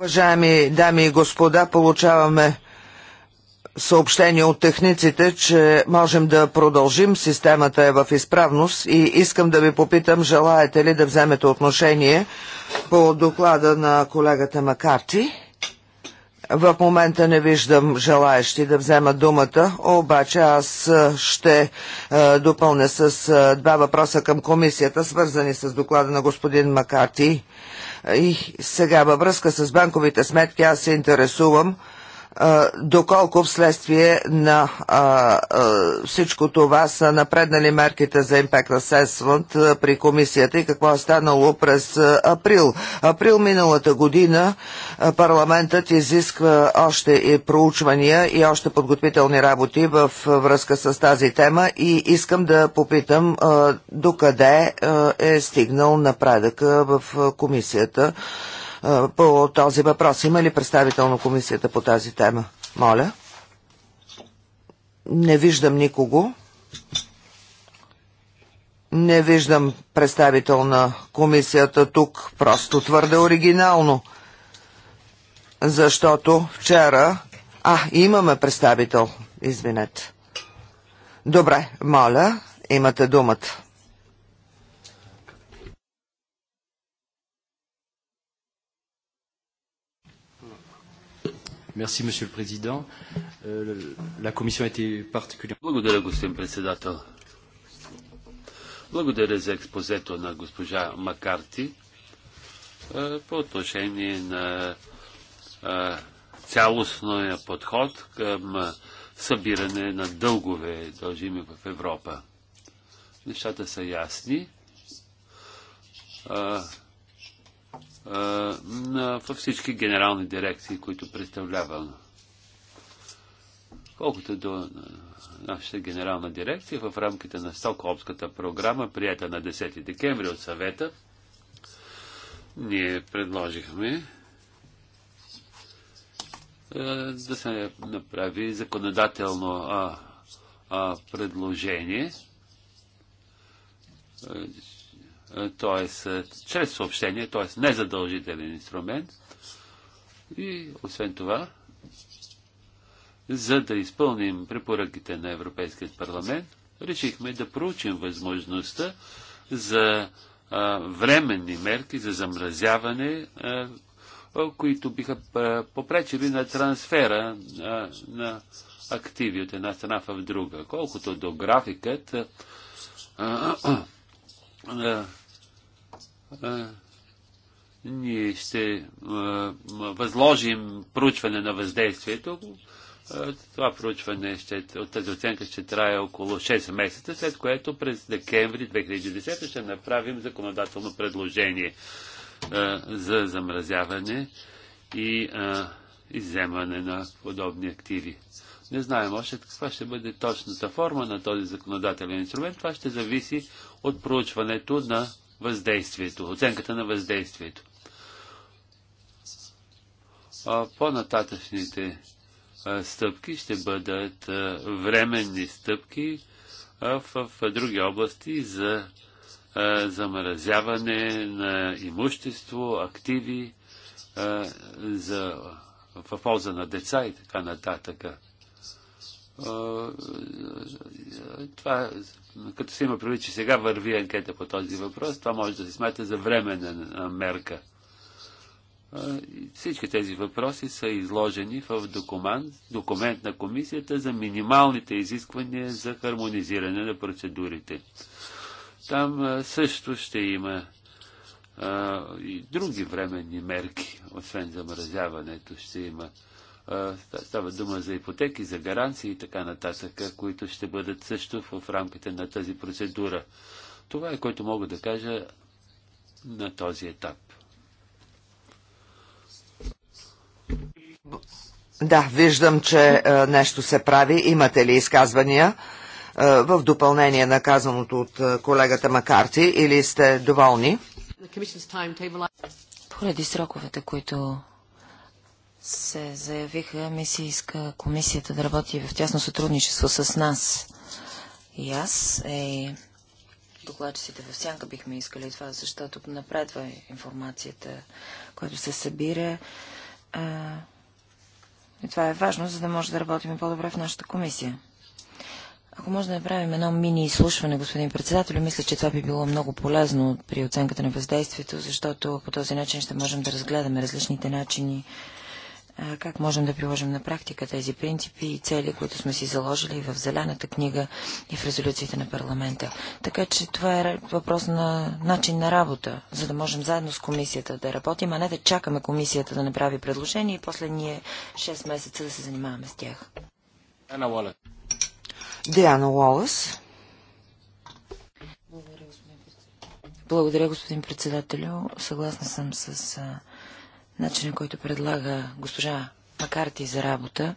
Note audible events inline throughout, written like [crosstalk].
Уважаеми дами и господа, получаваме съобщение от техниците, че можем да продължим, системата е в изправност и искам да ви попитам, желаете ли да вземете отношение по доклада на колегата Макарти? В момента не виждам желаящи да вземат думата, обаче аз е, ще е, допълня с е, два въпроса към комисията, свързани с доклада на господин Макарти. И сега във връзка с банковите сметки аз се интересувам доколко вследствие на а, а, всичко това са напреднали мерките за Impact Assessment при комисията и какво е станало през април. Април миналата година парламентът изисква още и проучвания и още подготвителни работи в връзка с тази тема и искам да попитам а, докъде е стигнал напредък в комисията по този въпрос. Има ли представител на комисията по тази тема? Моля. Не виждам никого. Не виждам представител на комисията тук. Просто твърде оригинално. Защото вчера... А, имаме представител. Извинете. Добре, моля, имате думата. Merci, Monsieur le Président. Euh, la Commission a été particulièrement... Благодаря, господин председател. Благодаря за експозето на госпожа Макарти по отношение на цялостния подход към събиране на дългове, дължими в Европа. Нещата са ясни във всички генерални дирекции, които представлявам. Колкото до нашата генерална дирекция, в рамките на Стокхолмската програма, прията на 10 декември от съвета, ние предложихме да се направи законодателно предложение, т.е. Е, чрез съобщение, т.е. незадължителен инструмент. И освен това, за да изпълним препоръките на Европейския парламент, решихме да проучим възможността за а, временни мерки за замразяване, а, които биха попречили на трансфера а, на активи от една страна в друга. Колкото до графикът, а, ние ще а, възложим проучване на въздействието. А, това проучване, ще, от тази оценка ще трае около 6 месеца, след което през декември 2010 ще направим законодателно предложение а, за замразяване и а, на подобни активи. Не знаем още каква ще бъде точната форма на този законодателен инструмент. Това ще зависи от проучването на въздействието, оценката на въздействието. По-нататъчните стъпки ще бъдат временни стъпки в, в други области за замразяване на имущество, активи за, в полза на деца и така нататък. Това, като се има предвид, че сега върви анкета по този въпрос, това може да се смята за временна мерка. Всички тези въпроси са изложени в документ, документ на комисията за минималните изисквания за хармонизиране на процедурите. Там също ще има и други временни мерки, освен замразяването, ще има Става дума за ипотеки, за гаранции и така нататък, които ще бъдат също в рамките на тази процедура. Това е което мога да кажа на този етап. Да, виждам, че нещо се прави. Имате ли изказвания в допълнение на казаното от колегата Макарти или сте доволни? Поради сроковете, които се заявиха, ми се иска комисията да работи в тясно сътрудничество с нас. И аз, е, докладчиците в сянка бихме искали това, защото напредва информацията, която се събира. А, и това е важно, за да може да работим по-добре в нашата комисия. Ако може да направим едно мини изслушване, господин председател, мисля, че това би било много полезно при оценката на въздействието, защото по този начин ще можем да разгледаме различните начини как можем да приложим на практика тези принципи и цели, които сме си заложили в Зелената книга и в резолюциите на парламента. Така че това е въпрос на начин на работа, за да можем заедно с комисията да работим, а не да чакаме комисията да направи предложение и после ние 6 месеца да се занимаваме с тях. Диана Уолес. Диана Уолес. Благодаря, господин председателю. Съгласна съм с начинът, който предлага госпожа Макарти за работа,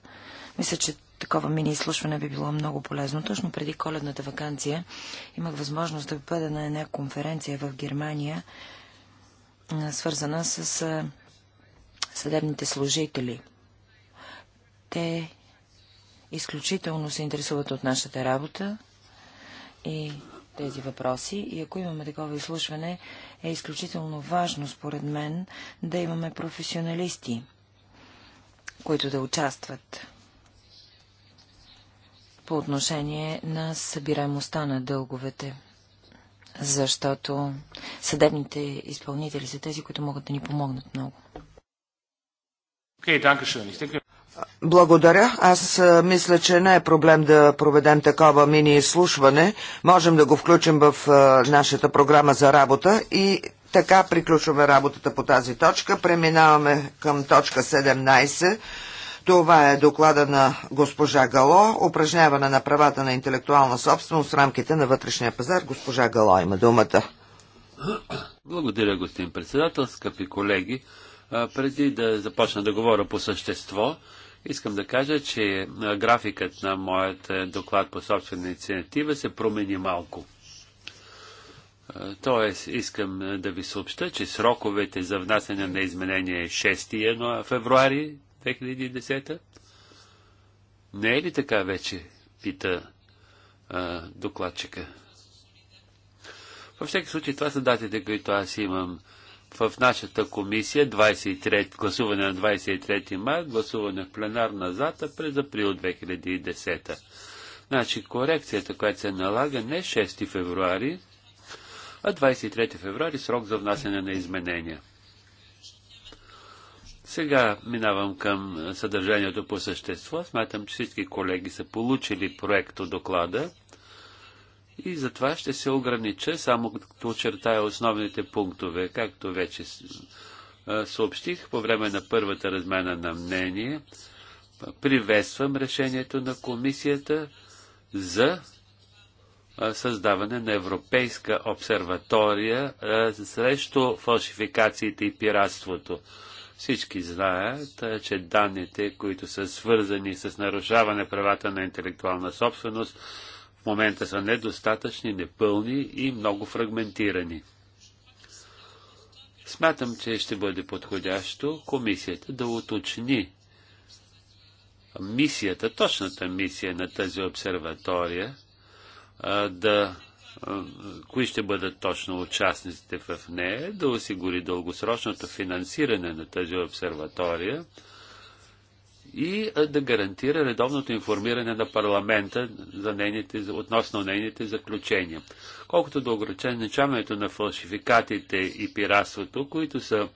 мисля, че такова мини-изслушване би било много полезно. Точно преди коледната вакансия имах възможност да бъда на една конференция в Германия, свързана с съдебните служители. Те изключително се интересуват от нашата работа и тези въпроси и ако имаме такова изслушване, е изключително важно, според мен, да имаме професионалисти, които да участват по отношение на събираемостта на дълговете. Защото съдебните изпълнители са тези, които могат да ни помогнат много. Okay, благодаря. Аз мисля, че не е проблем да проведем такова мини-изслушване. Можем да го включим в нашата програма за работа и така приключваме работата по тази точка. Преминаваме към точка 17. Това е доклада на госпожа Гало, упражняване на правата на интелектуална собственост в рамките на вътрешния пазар. Госпожа Гало има думата. Благодаря, господин председател, скъпи колеги. А, преди да започна да говоря по същество, Искам да кажа, че графикът на моят доклад по собствена инициатива се промени малко. Тоест, искам да ви съобща, че сроковете за внасяне на изменение е 6 февруари 2010. Не е ли така вече, пита а, докладчика. Във всеки случай, това са датите, които аз имам в нашата комисия 23, гласуване на 23 мая, гласуване в пленарна зата през април 2010. Значи корекцията, която се налага не 6 е февруари, а 23 февруари срок за внасяне на изменения. Сега минавам към съдържанието по същество. Смятам, че всички колеги са получили проект от доклада. И затова ще се огранича, само като очертая основните пунктове, както вече съобщих по време на първата размена на мнение. Приветствам решението на комисията за създаване на Европейска обсерватория срещу фалшификациите и пиратството. Всички знаят, че данните, които са свързани с нарушаване правата на интелектуална собственост, в момента са недостатъчни, непълни и много фрагментирани. Смятам, че ще бъде подходящо комисията да уточни мисията, точната мисия на тази обсерватория, да, кои ще бъдат точно участниците в нея, да осигури дългосрочното финансиране на тази обсерватория – и да гарантира редовното информиране на парламента за нейните, относно нейните заключения. Колкото до ограничаването на фалшификатите и пиратството, които са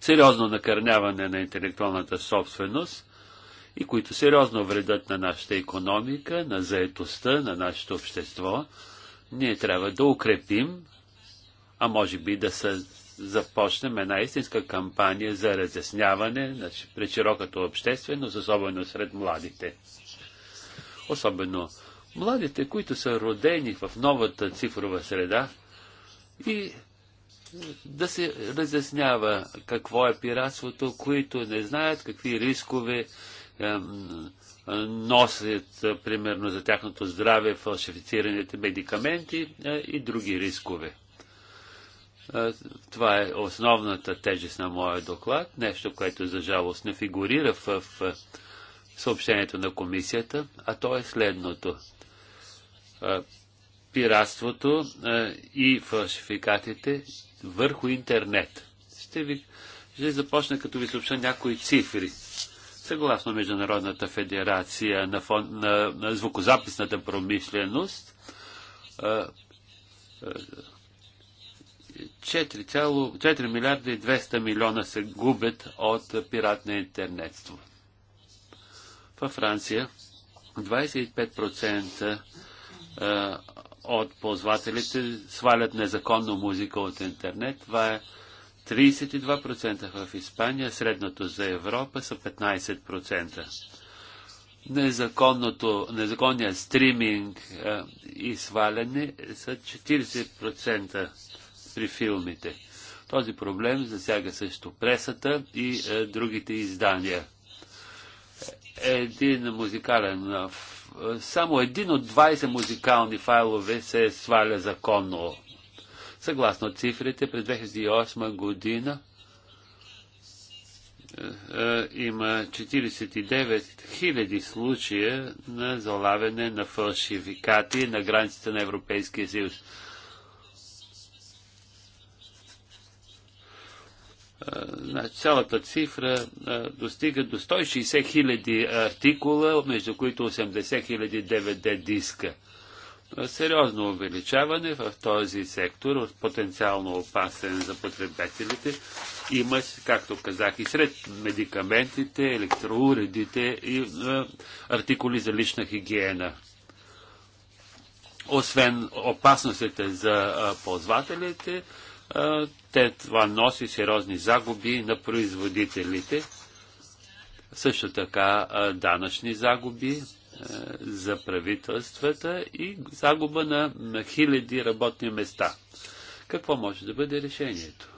сериозно накърняване на интелектуалната собственост и които сериозно вредят на нашата економика, на заетостта, на нашето общество, ние трябва да укрепим, а може би да се започнем една истинска кампания за разясняване значи, пред широката общественост, особено сред младите. Особено младите, които са родени в новата цифрова среда и да се разяснява какво е пиратството, които не знаят какви рискове носят, примерно, за тяхното здраве, фалшифицираните медикаменти е, и други рискове. Е, това е основната тежест на моя доклад, нещо, което за жалост не фигурира в съобщението на комисията, а то е следното. Е, пиратството е, и фалшификатите върху интернет. Ще ви ще започна като ви съобща някои цифри. Съгласно Международната федерация на, фон, на, на звукозаписната промишленост, 4 милиарда и 200 милиона се губят от пират на интернетство. Във Франция 25% от ползвателите свалят незаконно музика от интернет. Това е 32% в Испания, средното за Европа са 15%. Незаконното, незаконният стриминг и сваляне са 40% при филмите. Този проблем засяга също пресата и е, другите издания. Един музикален, само един от 20 музикални файлове се сваля законно. Съгласно цифрите, през 2008 година е, е, има 49 000 случая на залавяне на фалшификати на границите на Европейския съюз. значи, цялата цифра достига до 160 хиляди артикула, между които 80 хиляди DVD диска. Сериозно увеличаване в този сектор, потенциално опасен за потребителите, има, както казах, и сред медикаментите, електроуредите и артикули за лична хигиена освен опасностите за ползвателите, те това носи сериозни загуби на производителите, също така данъчни загуби за правителствата и загуба на хиляди работни места. Какво може да бъде решението?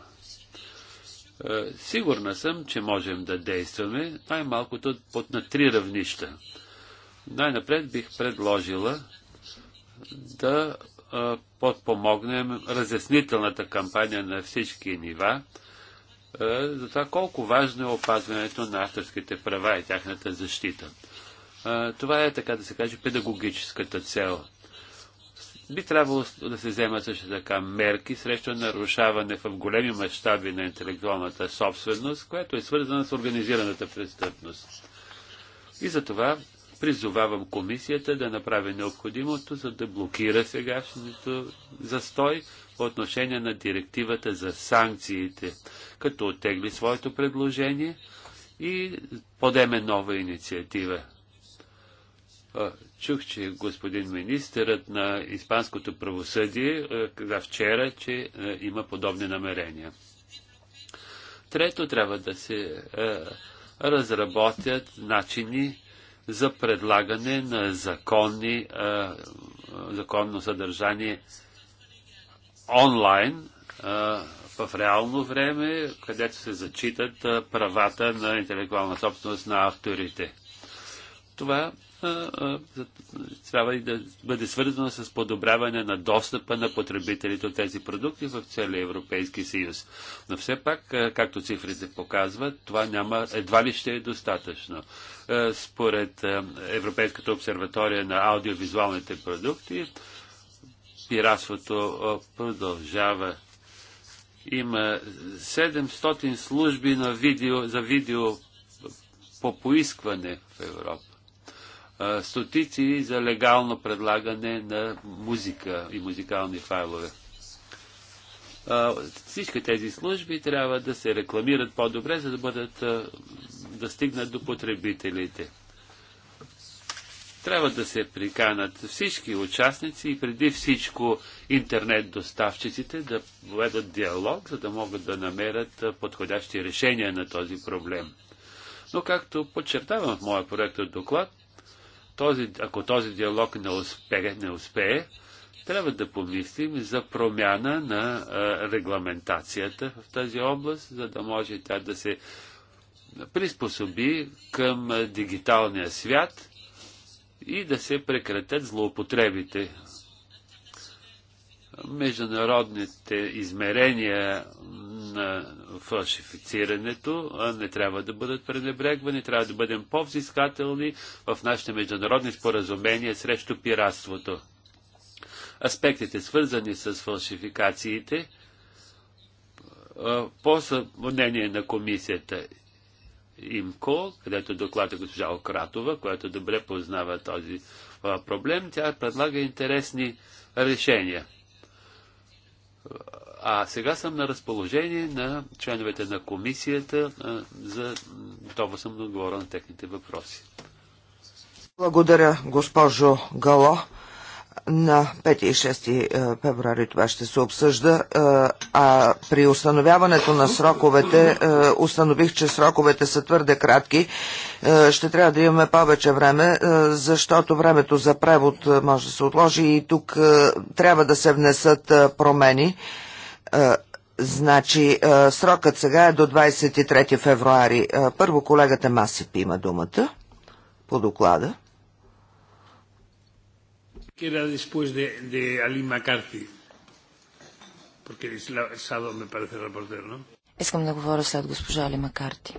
Сигурна съм, че можем да действаме най-малкото под на три равнища. Най-напред бих предложила да подпомогнем разяснителната кампания на всички нива е, за това колко важно е опазването на авторските права и тяхната защита. Е, това е, така да се каже, педагогическата цел. Би трябвало да се вземат също така мерки срещу нарушаване в големи мащаби на интелектуалната собственост, което е свързано с организираната престъпност. И за това призовавам комисията да направи необходимото, за да блокира сегашното застой по отношение на директивата за санкциите, като оттегли своето предложение и подеме нова инициатива. Чух, че господин министърът на Испанското правосъдие каза вчера, че има подобни намерения. Трето, трябва да се разработят начини за предлагане на законни, а, законно съдържание онлайн а, в реално време, където се зачитат а, правата на интелектуална собственост на авторите. Това трябва и да бъде свързано с подобряване на достъпа на потребителите от тези продукти в целия Европейски съюз. Но все пак, както цифрите показват, това няма, едва ли ще е достатъчно. Според Европейската обсерватория на аудиовизуалните продукти, пиратството продължава. Има 700 служби на видео, за видео по поискване в Европа стотици за легално предлагане на музика и музикални файлове. Всички тези служби трябва да се рекламират по-добре, за да бъдат да стигнат до потребителите. Трябва да се приканат всички участници и преди всичко интернет доставчиците да ведат диалог, за да могат да намерят подходящи решения на този проблем. Но както подчертавам в моя проект от доклад, този, ако този диалог не успее, не успее, трябва да помислим за промяна на регламентацията в тази област, за да може тя да се приспособи към дигиталния свят и да се прекратят злоупотребите международните измерения на фалшифицирането не трябва да бъдат пренебрегвани, трябва да бъдем по-взискателни в нашите международни споразумения срещу пиратството. Аспектите, свързани с фалшификациите, по мнение на комисията ИМКО, където доклада госпожа Ократова, която добре познава този проблем, тя предлага интересни решения. А сега съм на разположение на членовете на комисията, за това съм да отговоря на техните въпроси. Благодаря, госпожо Гало на 5 и 6 е, феврари това ще се обсъжда, е, а при установяването на сроковете е, установих, че сроковете са твърде кратки. Ще трябва да имаме повече време, защото времето за превод може да се отложи и тук трябва да се внесат промени. Значи, срокът сега е до 23 февруари. Първо колегата Масип има думата по доклада. Era después de, de Ali McCarthy? Porque es la, el sábado me parece el reportero, ¿no? Es como да говоря след госпожа Али Макарти.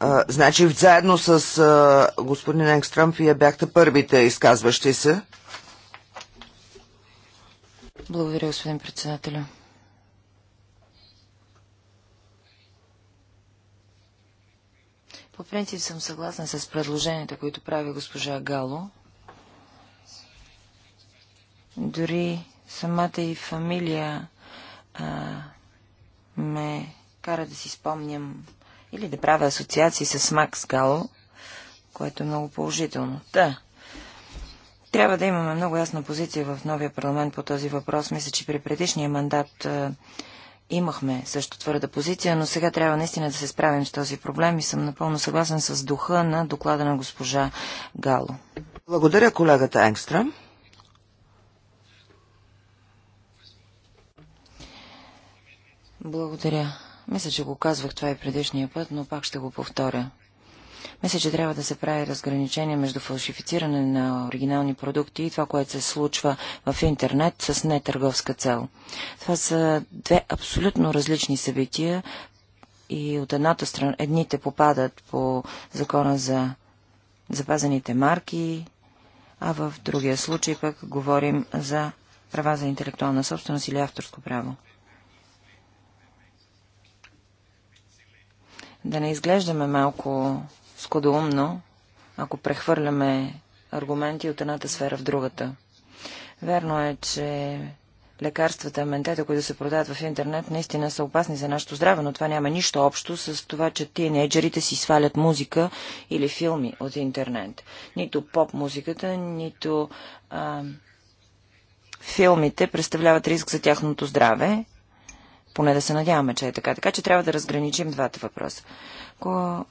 А, значи, заедно с uh, господин Енгстрам, вие бяхте първите изказващи се. Благодаря, господин председателю. По принцип съм съгласна с предложенията, които прави госпожа Гало. Дори самата и фамилия а, ме кара да си спомням или да правя асоциации с Макс Гало, което е много положително. Да. Трябва да имаме много ясна позиция в новия парламент по този въпрос. Мисля, че при предишния мандат а, Имахме също твърда позиция, но сега трябва наистина да се справим с този проблем и съм напълно съгласен с духа на доклада на госпожа Гало. Благодаря колегата Енгстрам. Благодаря. Мисля, че го казвах това и е предишния път, но пак ще го повторя. Мисля, че трябва да се прави разграничение между фалшифициране на оригинални продукти и това, което се случва в интернет с нетърговска цел. Това са две абсолютно различни събития и от едната страна едните попадат по закона за запазените марки, а в другия случай пък говорим за права за интелектуална собственост или авторско право. Да не изглеждаме малко скудоумно, ако прехвърляме аргументи от едната сфера в другата. Верно е, че лекарствата, ментета, които се продават в интернет, наистина са опасни за нашето здраве, но това няма нищо общо с това, че тинейджерите си свалят музика или филми от интернет. Нито поп-музиката, нито а, филмите представляват риск за тяхното здраве, поне да се надяваме, че е така. Така че трябва да разграничим двата въпроса. Ко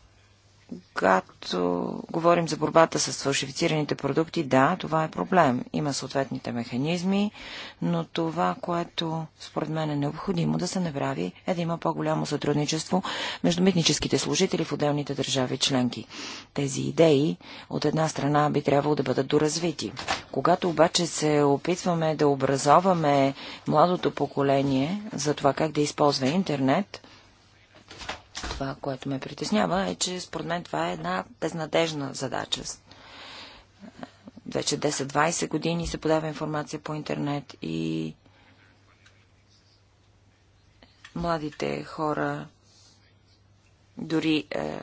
когато говорим за борбата с фалшифицираните продукти, да, това е проблем. Има съответните механизми, но това, което според мен е необходимо да се направи, е да има по-голямо сътрудничество между митническите служители в отделните държави членки. Тези идеи от една страна би трябвало да бъдат доразвити. Когато обаче се опитваме да образоваме младото поколение за това как да използва интернет, това, което ме притеснява е, че според мен това е една безнадежна задача. Вече 10-20 години се подава информация по интернет и младите хора дори е,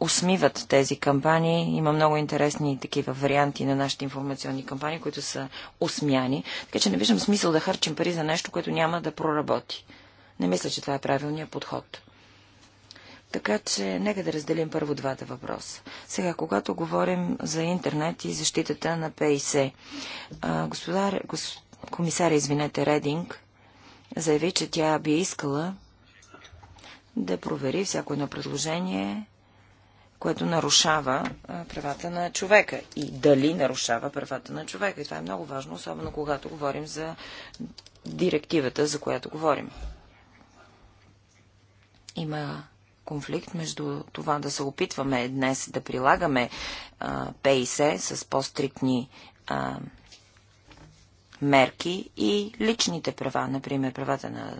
усмиват тези кампании. Има много интересни такива варианти на нашите информационни кампании, които са усмяни. Така че не виждам смисъл да харчим пари за нещо, което няма да проработи. Не мисля, че това е правилният подход. Така че нека да разделим първо двата въпроса. Сега, когато говорим за интернет и защитата на ПИС, господар, гос, комисаря, извинете, Рединг, заяви, че тя би искала да провери всяко едно предложение, което нарушава а, правата на човека и дали нарушава правата на човека. И това е много важно, особено когато говорим за директивата, за която говорим. Има конфликт между това да се опитваме днес да прилагаме ПИС с по-стриктни мерки и личните права, например правата на,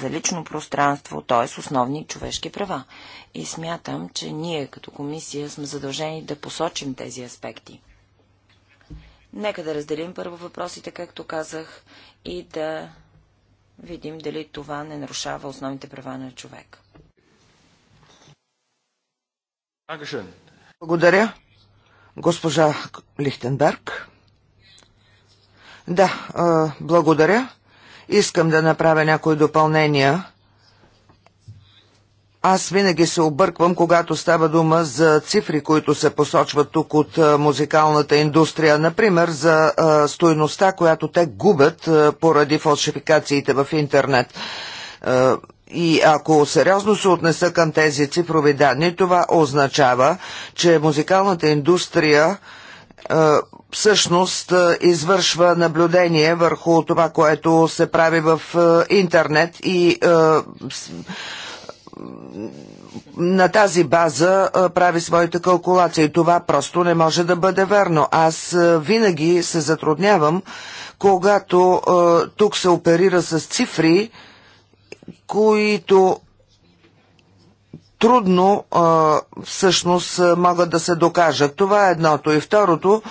за лично пространство, т.е. основни човешки права. И смятам, че ние като комисия сме задължени да посочим тези аспекти. Нека да разделим първо въпросите, както казах, и да видим дали това не нарушава основните права на човека. Благодаря, госпожа Лихтенберг. Да, благодаря. Искам да направя някои допълнения. Аз винаги се обърквам, когато става дума за цифри, които се посочват тук от музикалната индустрия. Например, за стоеността, която те губят поради фалшификациите в интернет. И ако сериозно се отнеса към тези цифрови данни, това означава, че музикалната индустрия е, всъщност е, извършва наблюдение върху това, което се прави в е, интернет и на тази база прави своите калкулации. Това просто не може да бъде верно. Аз винаги се затруднявам, когато тук се оперира с цифри, които трудно а, всъщност могат да се докажат. Това е едното. И второто,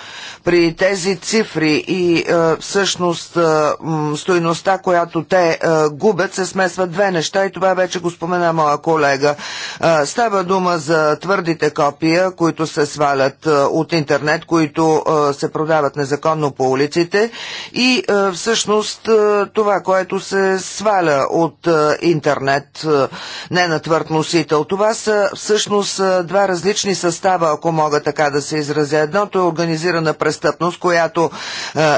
при тези цифри и а, всъщност а, стоиността, която те а, губят, се смесват две неща и това вече го спомена моя колега. А, става дума за твърдите копия, които се свалят а, от интернет, които а, се продават незаконно по улиците и а, всъщност а, това, което се сваля от а, интернет, а, не на твърд носител, това са всъщност два различни състава, ако мога така да се изразя. Едното е организирана престъпност, която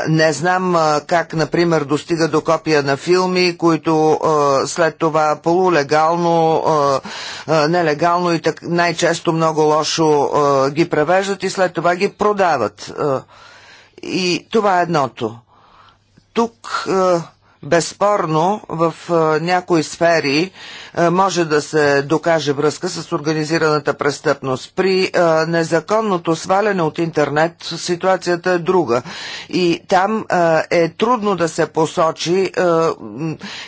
не знам как, например, достига до копия на филми, които след това полулегално, нелегално и най-често много лошо ги превеждат и след това ги продават. И това е едното. Тук Безспорно, в някои сфери може да се докаже връзка с организираната престъпност. При незаконното сваляне от интернет ситуацията е друга. И там е трудно да се посочи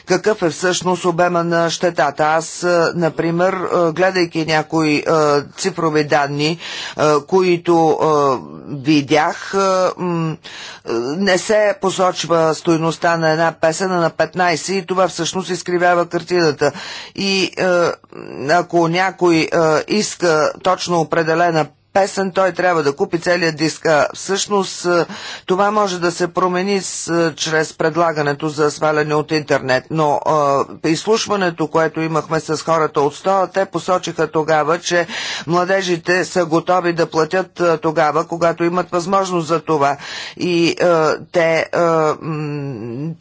какъв е всъщност обема на щетата. Аз, например, гледайки някои цифрови данни, които видях, не се посочва стоеността на една песен, написана на 15 и това всъщност изкривява картината. И е, ако някой е, иска точно определена песен той трябва да купи целият А Всъщност това може да се промени с, чрез предлагането за сваляне от интернет, но а, изслушването, което имахме с хората от стола, те посочиха тогава, че младежите са готови да платят тогава, когато имат възможност за това и а, те е,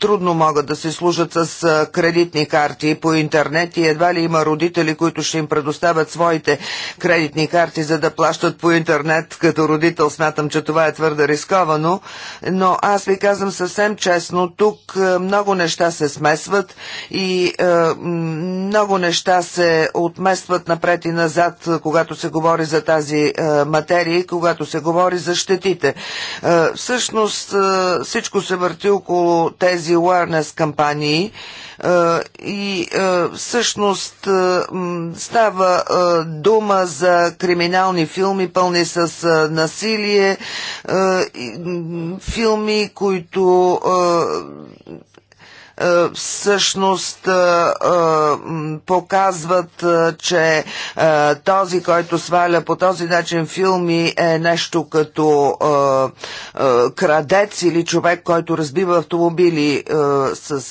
трудно могат да се служат с кредитни карти по интернет и едва ли има родители, които ще им предоставят своите кредитни карти, за да плащат по интернет като родител. Смятам, че това е твърде рисковано, но аз ви казвам съвсем честно, тук е, много неща се смесват и е, много неща се отместват напред и назад, когато се говори за тази е, материя и когато се говори за щетите. Е, всъщност е, всичко се върти около тези awareness кампании, е, и е, всъщност е, става дума за криминални филми, пълни с насилие, филми, които всъщност показват, че този, който сваля по този начин филми е нещо като крадец или човек, който разбива автомобили с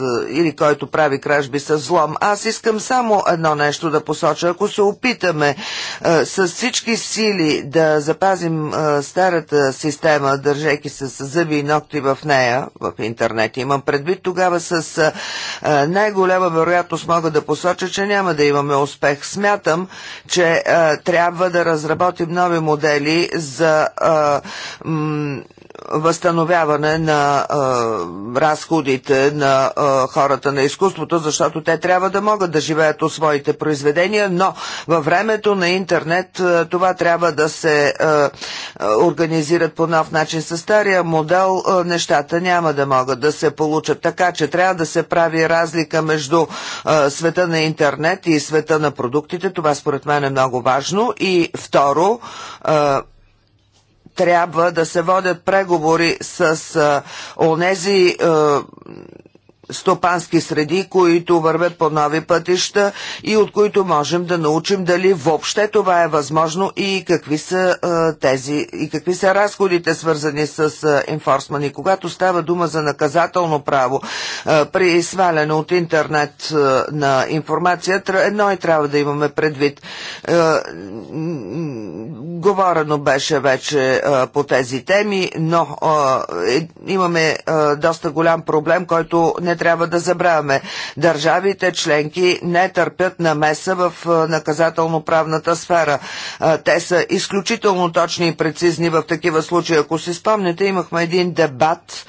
е, или който прави кражби с злом. Аз искам само едно нещо да посоча. Ако се опитаме а, е, с всички сили да запазим а, е, старата система, държейки се с зъби и ногти в нея, в интернет имам предвид, тогава с най-голяма вероятност мога да посоча, че няма да имаме успех. Смятам, че трябва да разработим нови модели за възстановяване на а, разходите на а, хората на изкуството, защото те трябва да могат да живеят от своите произведения, но във времето на интернет е, това трябва да се е, е, организират по нов начин. С стария модел нещата няма да могат да се получат. Така че трябва да се прави разлика между света на интернет и света на продуктите. Това според мен е много важно. И второ, трябва да се водят преговори с а, онези стопански среди, които вървят по нови пътища и от които можем да научим дали въобще това е възможно и какви са тези и какви са разходите свързани с енфорсман. когато става дума за наказателно право при сваляне от интернет на информация, едно и трябва да имаме предвид. Говорено беше вече по тези теми, но е, имаме доста голям проблем, който не трябва да забравяме. Държавите членки не търпят намеса в наказателно-правната сфера. Те са изключително точни и прецизни в такива случаи. Ако си спомняте, имахме един дебат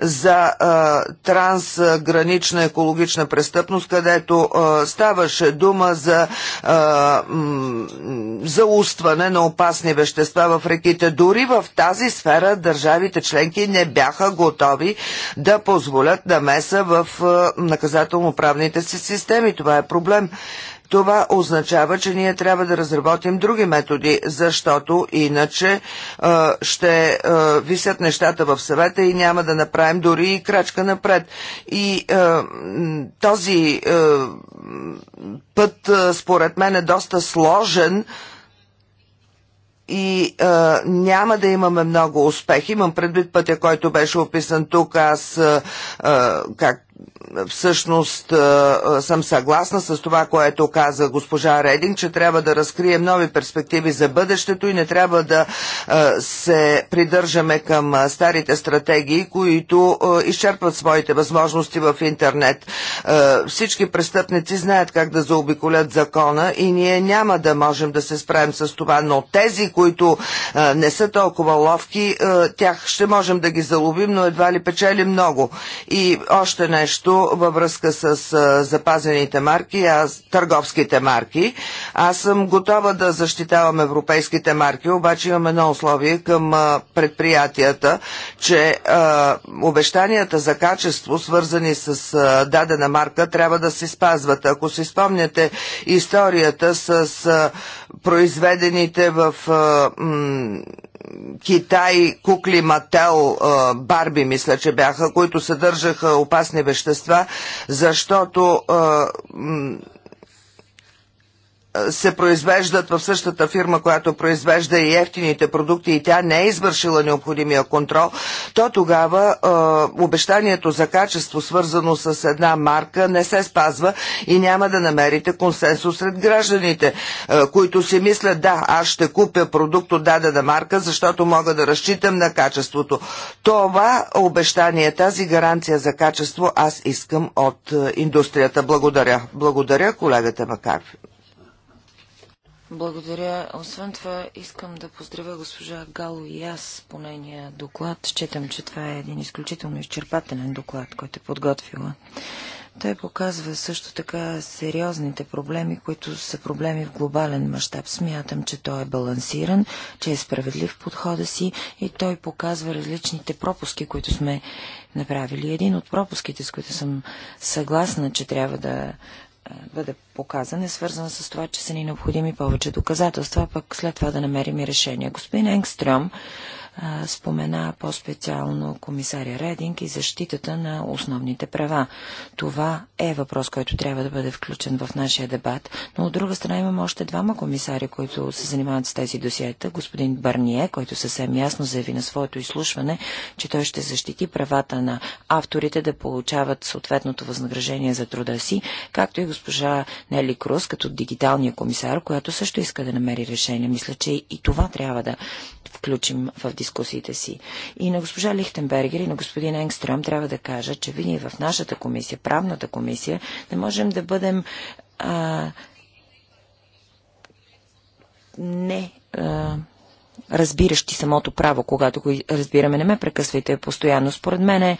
за а, трансгранична екологична престъпност, където а, ставаше дума за заустване на опасни вещества в реките. Дори в тази сфера държавите членки не бяха готови да позволят намеса в наказателно-правните си системи. Това е проблем. Това означава, че ние трябва да разработим други методи, защото иначе е, ще е, висят нещата в съвета и няма да направим дори и крачка напред. И е, този път, според мен, е доста сложен и а, няма да имаме много успех. Имам предвид пътя, който беше описан тук. Аз, а, как всъщност съм съгласна с това, което каза госпожа Рединг, че трябва да разкрием нови перспективи за бъдещето и не трябва да се придържаме към старите стратегии, които изчерпват своите възможности в интернет. Всички престъпници знаят как да заобиколят закона и ние няма да можем да се справим с това, но тези, които не са толкова ловки, тях ще можем да ги заловим, но едва ли печели много. И още нещо нещо във връзка с а, запазените марки, аз, търговските марки. Аз съм готова да защитавам европейските марки, обаче имам едно условие към а, предприятията, че а, обещанията за качество, свързани с а, дадена марка, трябва да се спазват. Ако си спомняте историята с а, произведените в а, Китай, кукли Мател, Барби, мисля, че бяха, които съдържаха опасни вещества, защото се произвеждат в същата фирма, която произвежда и ефтините продукти и тя не е извършила необходимия контрол, то тогава е, обещанието за качество, свързано с една марка, не се спазва и няма да намерите консенсус сред гражданите, е, които си мислят, да, аз ще купя продукт от дадена марка, защото мога да разчитам на качеството. Това обещание, тази гаранция за качество аз искам от индустрията. Благодаря. Благодаря колегата Макар. Благодаря. Освен това, искам да поздравя госпожа Гало и аз по нейния доклад. Считам, че това е един изключително изчерпателен доклад, който е подготвила. Той показва също така сериозните проблеми, които са проблеми в глобален мащаб. Смятам, че той е балансиран, че е справедлив в подхода си и той показва различните пропуски, които сме направили. Един от пропуските, с които съм съгласна, че трябва да бъде показан е свързан с това, че са ни необходими повече доказателства, а пък след това да намерим и решение. Господин Енгстрем спомена по-специално комисаря Рединг и защитата на основните права. Това е въпрос, който трябва да бъде включен в нашия дебат, но от друга страна имаме още двама комисари, които се занимават с тези досиета. Господин Барние, който съвсем ясно заяви на своето изслушване, че той ще защити правата на авторите да получават съответното възнаграждение за труда си, както и госпожа Нели Крус, като дигиталния комисар, която също иска да намери решение. Мисля, че и това трябва да включим в дискусиите си. И на госпожа Лихтенбергер и на господин Енгстрем трябва да кажа, че винаги в нашата комисия, правната комисия, не можем да бъдем а, не а, разбиращи самото право, когато го разбираме. Не ме прекъсвайте постоянно. Според мен е,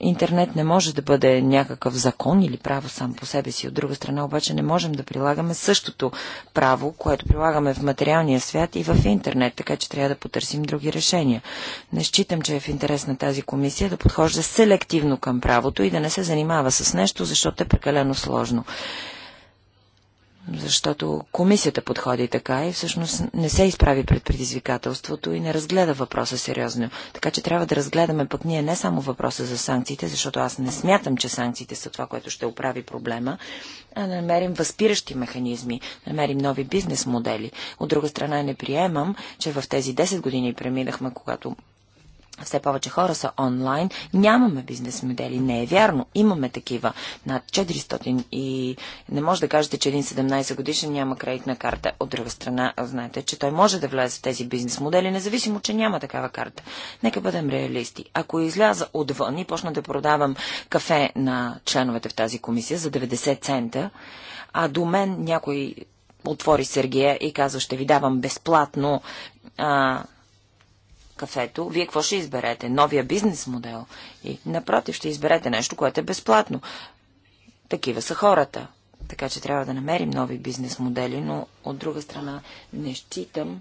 интернет не може да бъде някакъв закон или право сам по себе си. От друга страна обаче не можем да прилагаме същото право, което прилагаме в материалния свят и в интернет, така че трябва да потърсим други решения. Не считам, че е в интерес на тази комисия да подхожда селективно към правото и да не се занимава с нещо, защото е прекалено сложно защото комисията подходи така и всъщност не се изправи пред предизвикателството и не разгледа въпроса сериозно. Така че трябва да разгледаме пък ние не само въпроса за санкциите, защото аз не смятам, че санкциите са това, което ще оправи проблема, а да намерим възпиращи механизми, да намерим нови бизнес модели. От друга страна не приемам, че в тези 10 години преминахме, когато все повече хора са онлайн. Нямаме бизнес модели. Не е вярно. Имаме такива. Над 400 и не може да кажете, че един 17 годишен няма кредитна карта. От друга страна, знаете, че той може да влезе в тези бизнес модели, независимо, че няма такава карта. Нека бъдем реалисти. Ако изляза отвън и почна да продавам кафе на членовете в тази комисия за 90 цента, а до мен някой отвори Сергия и казва, ще ви давам безплатно а, кафето, вие какво ще изберете? Новия бизнес модел? И напротив, ще изберете нещо, което е безплатно. Такива са хората. Така че трябва да намерим нови бизнес модели, но от друга страна не считам,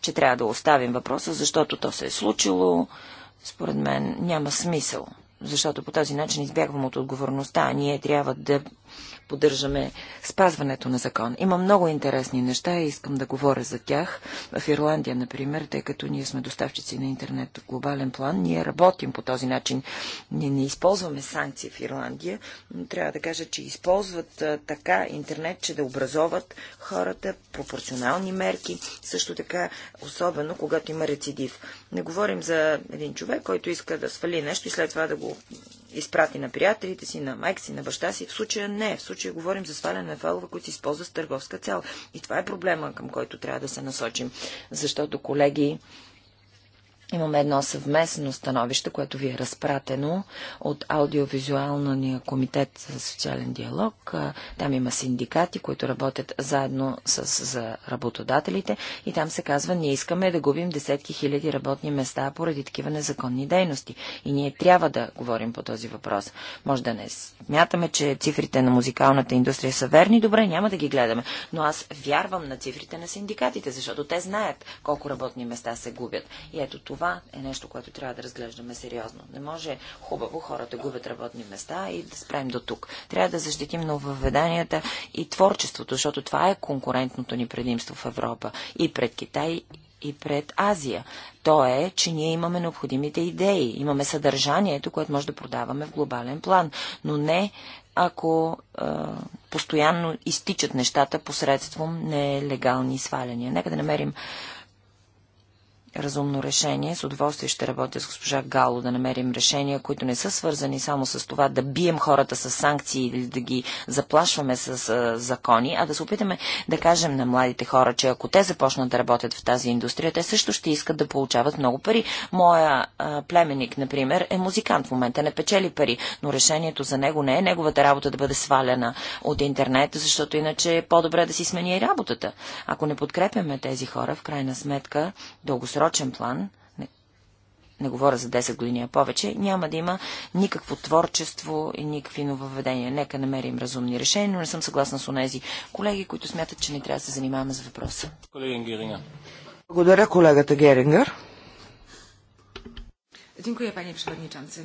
че трябва да оставим въпроса, защото то се е случило. Според мен няма смисъл, защото по този начин избягвам от отговорността. Ние трябва да поддържаме спазването на закон. Има много интересни неща и искам да говоря за тях. В Ирландия, например, тъй като ние сме доставчици на интернет в глобален план, ние работим по този начин. Ние не използваме санкции в Ирландия, но трябва да кажа, че използват така интернет, че да образоват хората пропорционални мерки, също така, особено когато има рецидив. Не говорим за един човек, който иска да свали нещо и след това да го изпрати на приятелите си, на майка си, на баща си. В случая не. В случая говорим за сваляне на файлове, които се използват с търговска цел. И това е проблема, към който трябва да се насочим. Защото, колеги, Имаме едно съвместно становище, което ви е разпратено от аудиовизуалния комитет за социален диалог. Там има синдикати, които работят заедно с за работодателите и там се казва, ние искаме да губим десетки хиляди работни места поради такива незаконни дейности. И ние трябва да говорим по този въпрос. Може да не смятаме, че цифрите на музикалната индустрия са верни, добре, няма да ги гледаме. Но аз вярвам на цифрите на синдикатите, защото те знаят колко работни места се губят. И ето това това е нещо, което трябва да разглеждаме сериозно. Не може хубаво хората губят работни места и да спрем до тук. Трябва да защитим нововведанията и творчеството, защото това е конкурентното ни предимство в Европа и пред Китай, и пред Азия. То е, че ние имаме необходимите идеи, имаме съдържанието, което може да продаваме в глобален план, но не ако е, постоянно изтичат нещата посредством нелегални сваляния. Нека да намерим разумно решение. С удоволствие ще работя с госпожа Гало да намерим решения, които не са свързани само с това да бием хората с санкции или да ги заплашваме с а, закони, а да се опитаме да кажем на младите хора, че ако те започнат да работят в тази индустрия, те също ще искат да получават много пари. Моя а, например, е музикант в момента, не печели пари, но решението за него не е неговата работа да бъде свалена от интернет, защото иначе е по-добре да си смени работата. Ако не подкрепяме тези хора, в крайна сметка, дългосрочно дългосрочен план, не, не говоря за 10 години, а повече, няма да има никакво творчество и никакви нововведения. Нека намерим разумни решения, но не съм съгласна с онези колеги, които смятат, че не трябва да се занимаваме с въпроса. Колегин Геринга. Благодаря, колегата Герингър. Dziękuję, panie przewodniczący.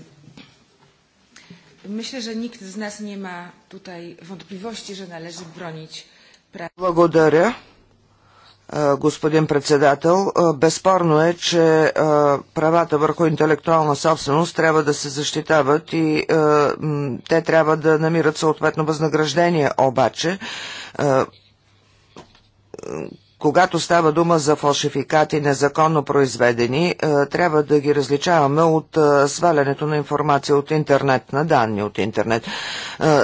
Myślę, że nikt z nas nie ma tutaj wątpliwości, że należy bronić praw. Благодаря господин председател. Безспорно е, че правата върху интелектуална собственост трябва да се защитават и те трябва да намират съответно възнаграждение. Обаче, когато става дума за фалшификати, незаконно произведени, трябва да ги различаваме от свалянето на информация от интернет, на данни от интернет,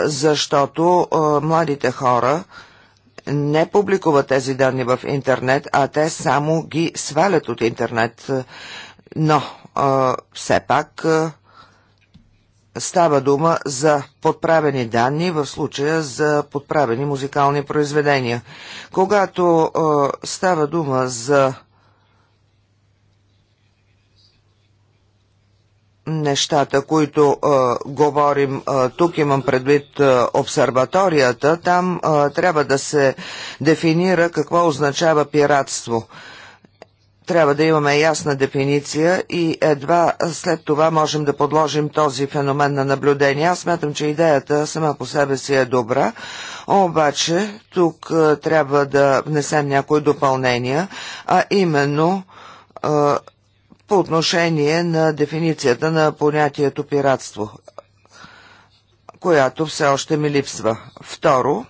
защото младите хора – не публикуват тези данни в интернет, а те само ги свалят от интернет. Но а, все пак а, става дума за подправени данни, в случая за подправени музикални произведения. Когато а, става дума за нещата, които а, е, говорим а, е, тук, имам предвид а, е, обсерваторията, там а, трябва да се дефинира какво означава пиратство. Трябва да имаме ясна дефиниция и едва след това можем да подложим този феномен на наблюдение. Аз смятам, че идеята сама по себе си е добра, обаче тук а, трябва да внесем някои допълнения, а именно а, по отношение на дефиницията на понятието пиратство, която все още ми липсва. Второ,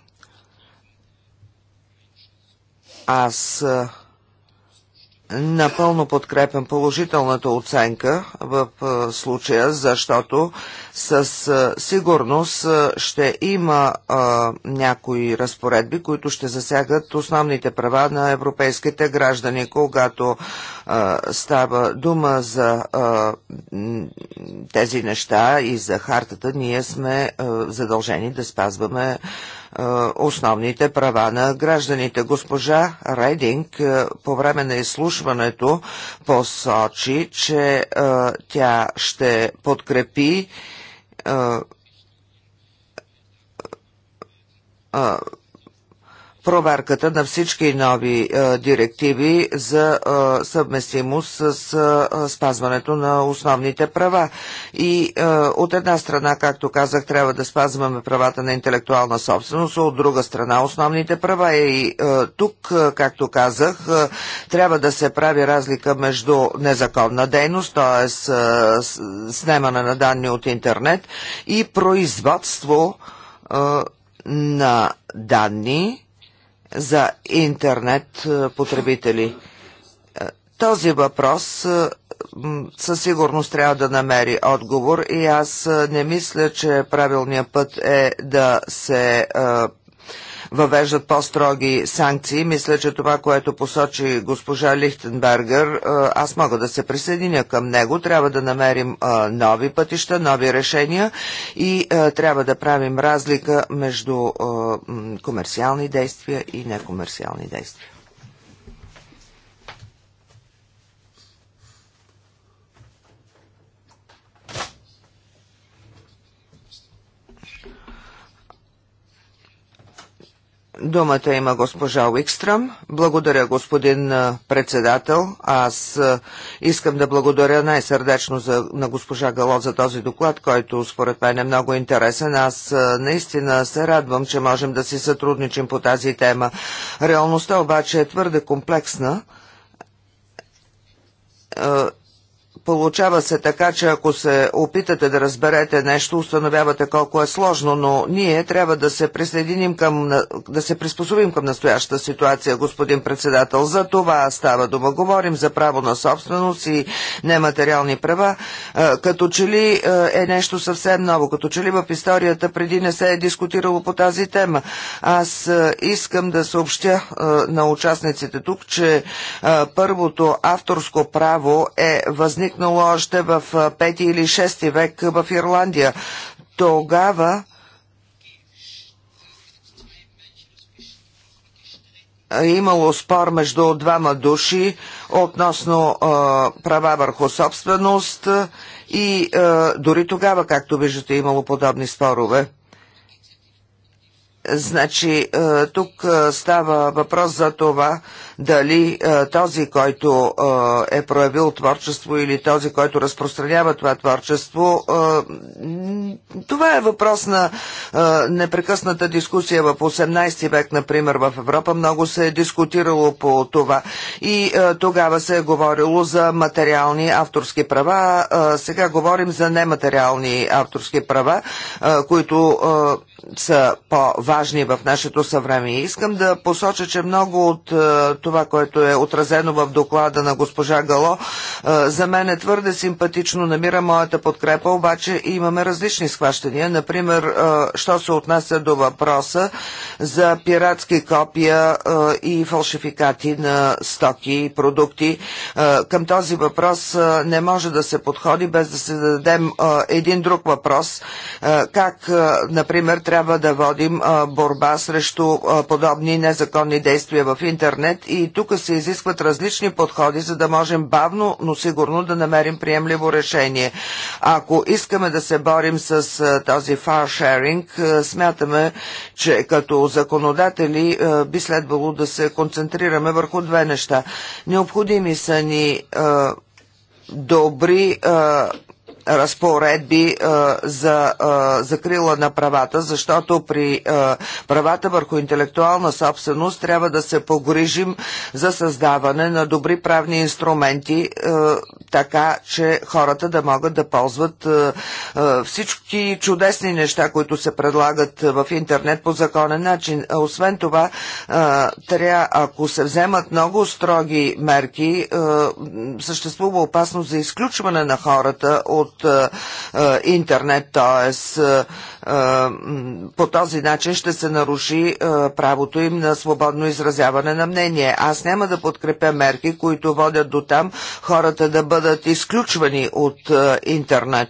аз Напълно подкрепям положителната оценка в е, случая, защото със е, сигурност е, ще има някои разпоредби, които ще засягат основните права на европейските граждани, когато става дума за тези неща и за хартата, ние сме задължени да спазваме е, основните права на гражданите. Госпожа Рейдинг е, по време на изслушването посочи, че е, тя ще подкрепи проверката на всички нови е, директиви за е, съвместимост с е, спазването на основните права. И от една страна, както казах, трябва да спазваме правата на интелектуална собственост, от друга страна основните права. И тук, както казах, трябва да се прави разлика между незаконна дейност, т.е. снемане на данни от интернет и производство на данни, за интернет е, потребители. Е, този въпрос е, със сигурност трябва да намери отговор и аз не мисля, че правилният път е да се въвеждат по-строги санкции. Мисля, че това, което посочи госпожа Лихтенбергер, е, аз мога да се присъединя към него. Трябва да намерим е, нови пътища, нови решения и е, трябва да правим разлика между комерциални действия и некомерциални действия. Думата има госпожа Уикстрам. Благодаря, господин председател. Аз искам да благодаря най-сърдечно на госпожа Гало за този доклад, който според мен е много интересен. Аз наистина се радвам, че можем да си сътрудничим по тази тема. Реалността обаче е твърде комплексна Получава се така, че ако се опитате да разберете нещо, установявате колко е сложно, но ние трябва да се присъединим към, да се приспособим към настоящата ситуация, господин председател. За това става дума. Говорим за право на собственост и нематериални права. Е, като че ли е, е нещо съвсем ново, като че ли в историята преди не се е дискутирало по тази тема. Аз е, искам да съобщя на участниците тук, че първото авторско право е възможност възникнало още в 5 или 6 век в Ирландия. Тогава е имало спор между двама души относно е, права върху собственост и е, дори тогава, както виждате, е имало подобни спорове. Значи, тук става въпрос за това, дали този, който е проявил творчество или този, който разпространява това творчество, това е въпрос на непрекъсната дискусия в 18 век, например, в Европа. Много се е дискутирало по това и тогава се е говорило за материални авторски права. Сега говорим за нематериални авторски права, които са по-важни в нашето съвреме. Искам да посоча, че много от това, което е отразено в доклада на госпожа Гало, е, за мен е твърде симпатично, намира моята подкрепа, обаче имаме различни схващания. Например, е, що се отнася до въпроса за пиратски копия е, и фалшификати на стоки и продукти. Към този въпрос не може да се подходи без да се дадем един друг въпрос. Как, например, трябва да водим борба срещу подобни незаконни действия в интернет и и тук се изискват различни подходи, за да можем бавно, но сигурно да намерим приемливо решение. Ако искаме да се борим с този фаршеринг, смятаме, че като законодатели би следвало да се концентрираме върху две неща. Необходими са ни добри разпоредби е, за е, закрила на правата, защото при е, правата върху интелектуална собственост трябва да се погрижим за създаване на добри правни инструменти, така че хората да могат да ползват всички чудесни неща, които се предлагат в интернет по законен начин. Освен това, трябва, ако се вземат много строги мерки, съществува опасност за изключване на хората от от интернет, т.е. по този начин ще се наруши правото им на свободно изразяване на мнение. Аз няма да подкрепя мерки, които водят до там хората да бъдат изключвани от интернет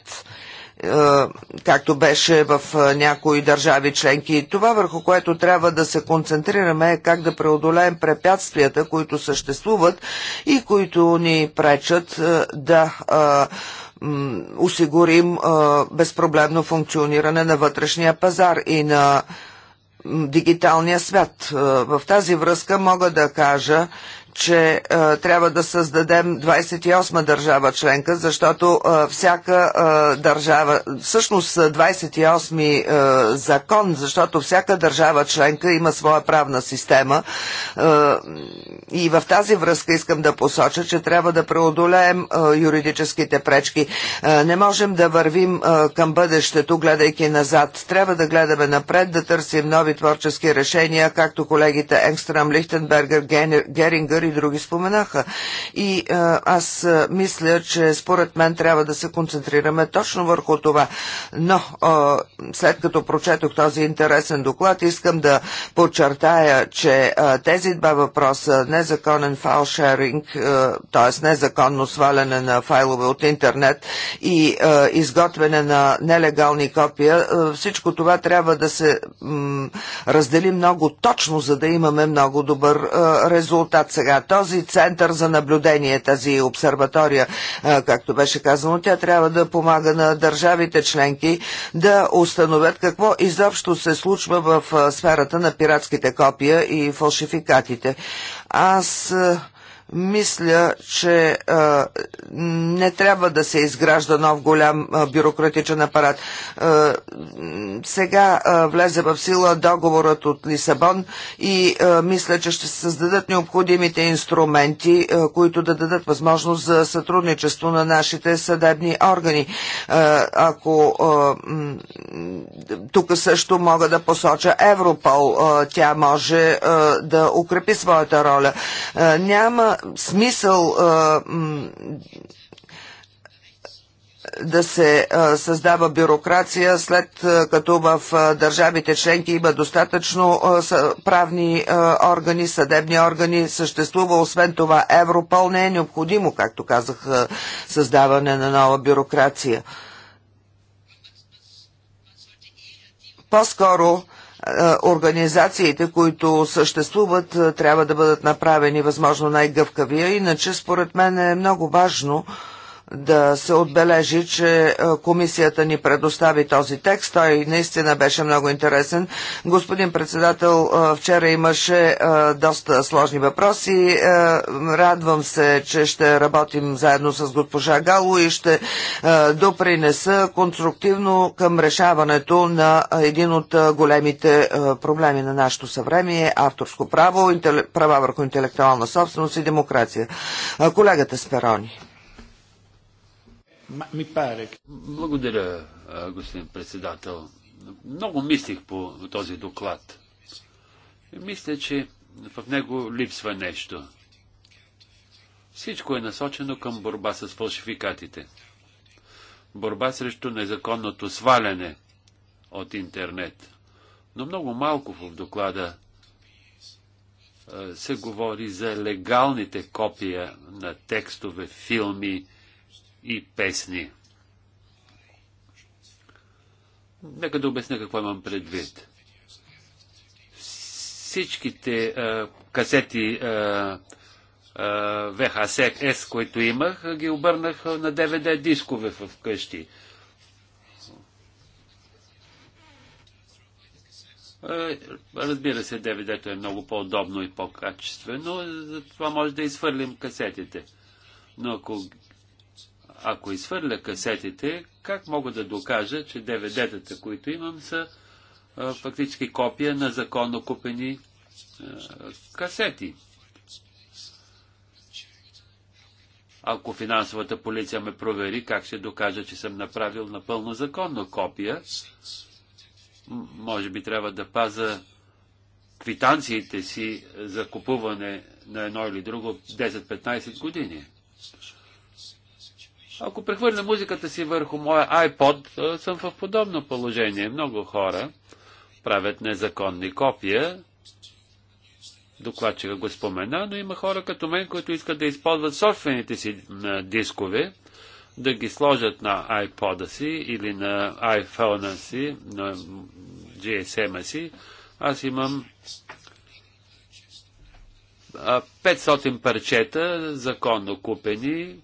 както беше в някои държави членки. Това върху което трябва да се концентрираме е как да преодолеем препятствията, които съществуват и които ни пречат да осигурим безпроблемно функциониране на вътрешния пазар и на дигиталния свят. В тази връзка мога да кажа, че а, е, трябва да създадем 28 държава членка, защото а, е, всяка а, е, държава, всъщност 28 ми закон, защото всяка държава членка има своя правна система а, и в тази връзка искам да посоча, че трябва да преодолеем а, юридическите пречки. А, не можем да вървим а, към бъдещето, гледайки назад. Трябва да гледаме напред, да търсим нови творчески решения, както колегите Енгстрам, Лихтенбергер, Герингър и други споменаха. И аз мисля, че според мен трябва да се концентрираме точно върху това. Но след като прочетох този интересен доклад, искам да подчертая, че тези два въпроса, незаконен файлшеринг, т.е. незаконно сваляне на файлове от интернет и изготвяне на нелегални копия, всичко това трябва да се раздели много точно, за да имаме много добър резултат. Сега сега този център за наблюдение, тази обсерватория, както беше казано, тя трябва да помага на държавите членки да установят какво изобщо се случва в сферата на пиратските копия и фалшификатите. Аз мисля, че не трябва да се изгражда нов голям бюрократичен апарат. сега влезе в сила договорът от Лисабон и мисля, че ще се създадат необходимите инструменти, които да дадат възможност за сътрудничество на нашите съдебни органи. ако тук също мога да посоча Европол, тя може да укрепи своята роля. няма смисъл да се създава бюрокрация, след като в държавите членки има достатъчно правни органи, съдебни органи, съществува освен това Европол, не е необходимо, както казах, създаване на нова бюрокрация. По-скоро е, организациите, които съществуват, е, трябва да бъдат направени възможно най-гъвкавия. Иначе, според мен е много важно да се отбележи, че е, комисията ни предостави този текст. Той наистина беше много интересен. Господин председател, е, вчера имаше е, доста сложни въпроси. Радвам се, че ще работим заедно с госпожа Гало и ще допринеса конструктивно към решаването на един от големите проблеми на нашето съвремие – авторско право, права върху интелектуална собственост и демокрация. Колегата Сперони. Ми Благодаря, господин председател. Много мислих по този доклад. Мисля, че в него липсва нещо. Всичко е насочено към борба с фалшификатите. Борба срещу незаконното сваляне от интернет. Но много малко в доклада се говори за легалните копия на текстове, филми, и песни. Нека да обясня какво имам предвид. Всичките а, касети а, а, VHS, които имах, ги обърнах на DVD дискове в къщи. Разбира се, DVD-то е много по-удобно и по-качествено, затова може да изхвърлим касетите. Но ако ако изхвърля касетите, как мога да докажа, че деведетата, тата които имам, са а, фактически копия на законно купени а, касети? Ако финансовата полиция ме провери, как ще докажа, че съм направил напълно законно копия? Може би трябва да паза квитанциите си за купуване на едно или друго 10-15 години. Ако прехвърля музиката си върху моя iPod, съм в подобно положение. Много хора правят незаконни копия. Докладчика го спомена, но има хора като мен, които искат да използват собствените си дискове, да ги сложат на iPod-а си или на iPhone-а си, на GSM-а си. Аз имам 500 парчета, законно купени,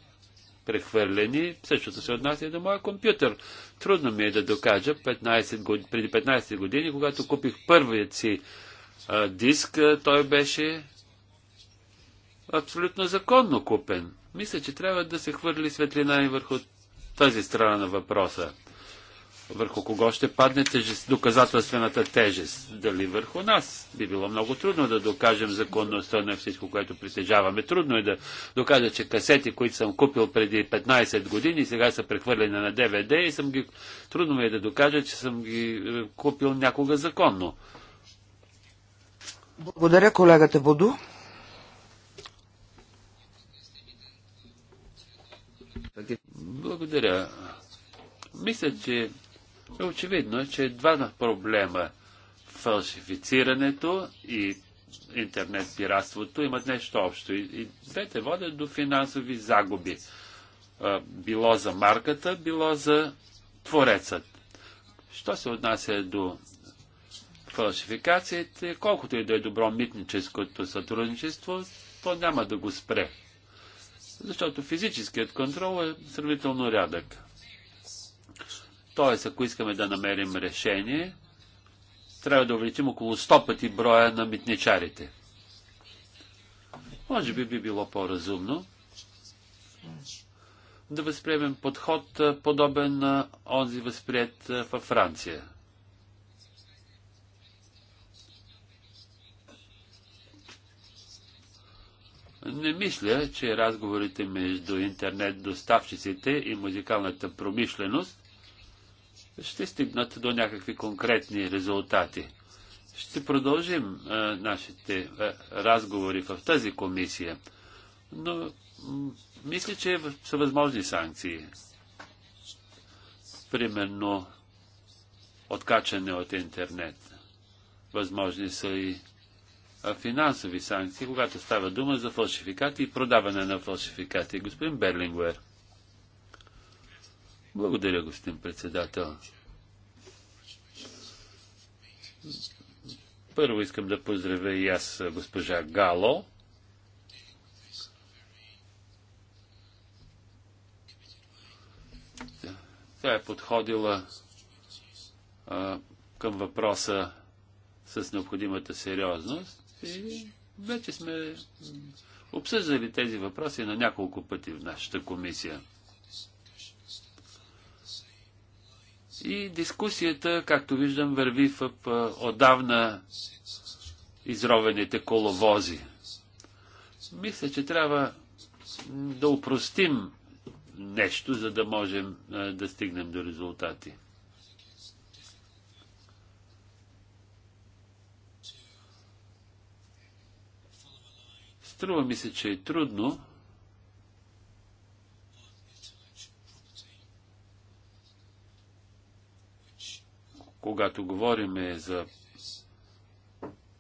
прехвърлени, същото се отнася и до моя компютър. Трудно ми е да докажа 15 год... преди 15 години, когато купих първият си а, диск, а, той беше абсолютно законно купен. Мисля, че трябва да се хвърли светлина и върху тази страна на въпроса върху кого ще падне тежест, доказателствената тежест. Дали върху нас? Би било много трудно да докажем законността на всичко, което притежаваме. Трудно е да докажа, че касети, които съм купил преди 15 години, сега са прехвърлени на ДВД и съм ги... трудно ми е да докажа, че съм ги е, купил някога законно. Благодаря, колегата Буду. Благодаря. Мисля, че Очевидно е, че два проблема фалшифицирането и интернет пиратството имат нещо общо. И, и двете водят до финансови загуби. Било за марката, било за творецът. Що се отнася до фалшификациите, колкото и да е добро митническото сътрудничество, то няма да го спре. Защото физическият контрол е сравнително рядък. Тоест, ако искаме да намерим решение, трябва да увеличим около 100 пъти броя на митничарите. Може би би било по-разумно да възприемем подход, подобен на онзи възприят във Франция. Не мисля, че разговорите между интернет доставчиците и музикалната промишленост ще стигнат до някакви конкретни резултати. Ще продължим а, е, нашите а, е, разговори в тази комисия, но мисля, че е са възможни санкции. Примерно откачане от интернет. Възможни са и финансови санкции, когато става дума за фалшификати и продаване на фалшификати. Господин Берлингуер. Благодаря, господин председател. Първо искам да поздравя и аз госпожа Гало. Тя е подходила а, към въпроса с необходимата сериозност и вече сме обсъждали тези въпроси на няколко пъти в нашата комисия. И дискусията, както виждам, върви в е, отдавна изровените коловози. Мисля, че трябва да упростим нещо, за да можем е, да стигнем до резултати. Струва ми се, че е трудно когато говорим е за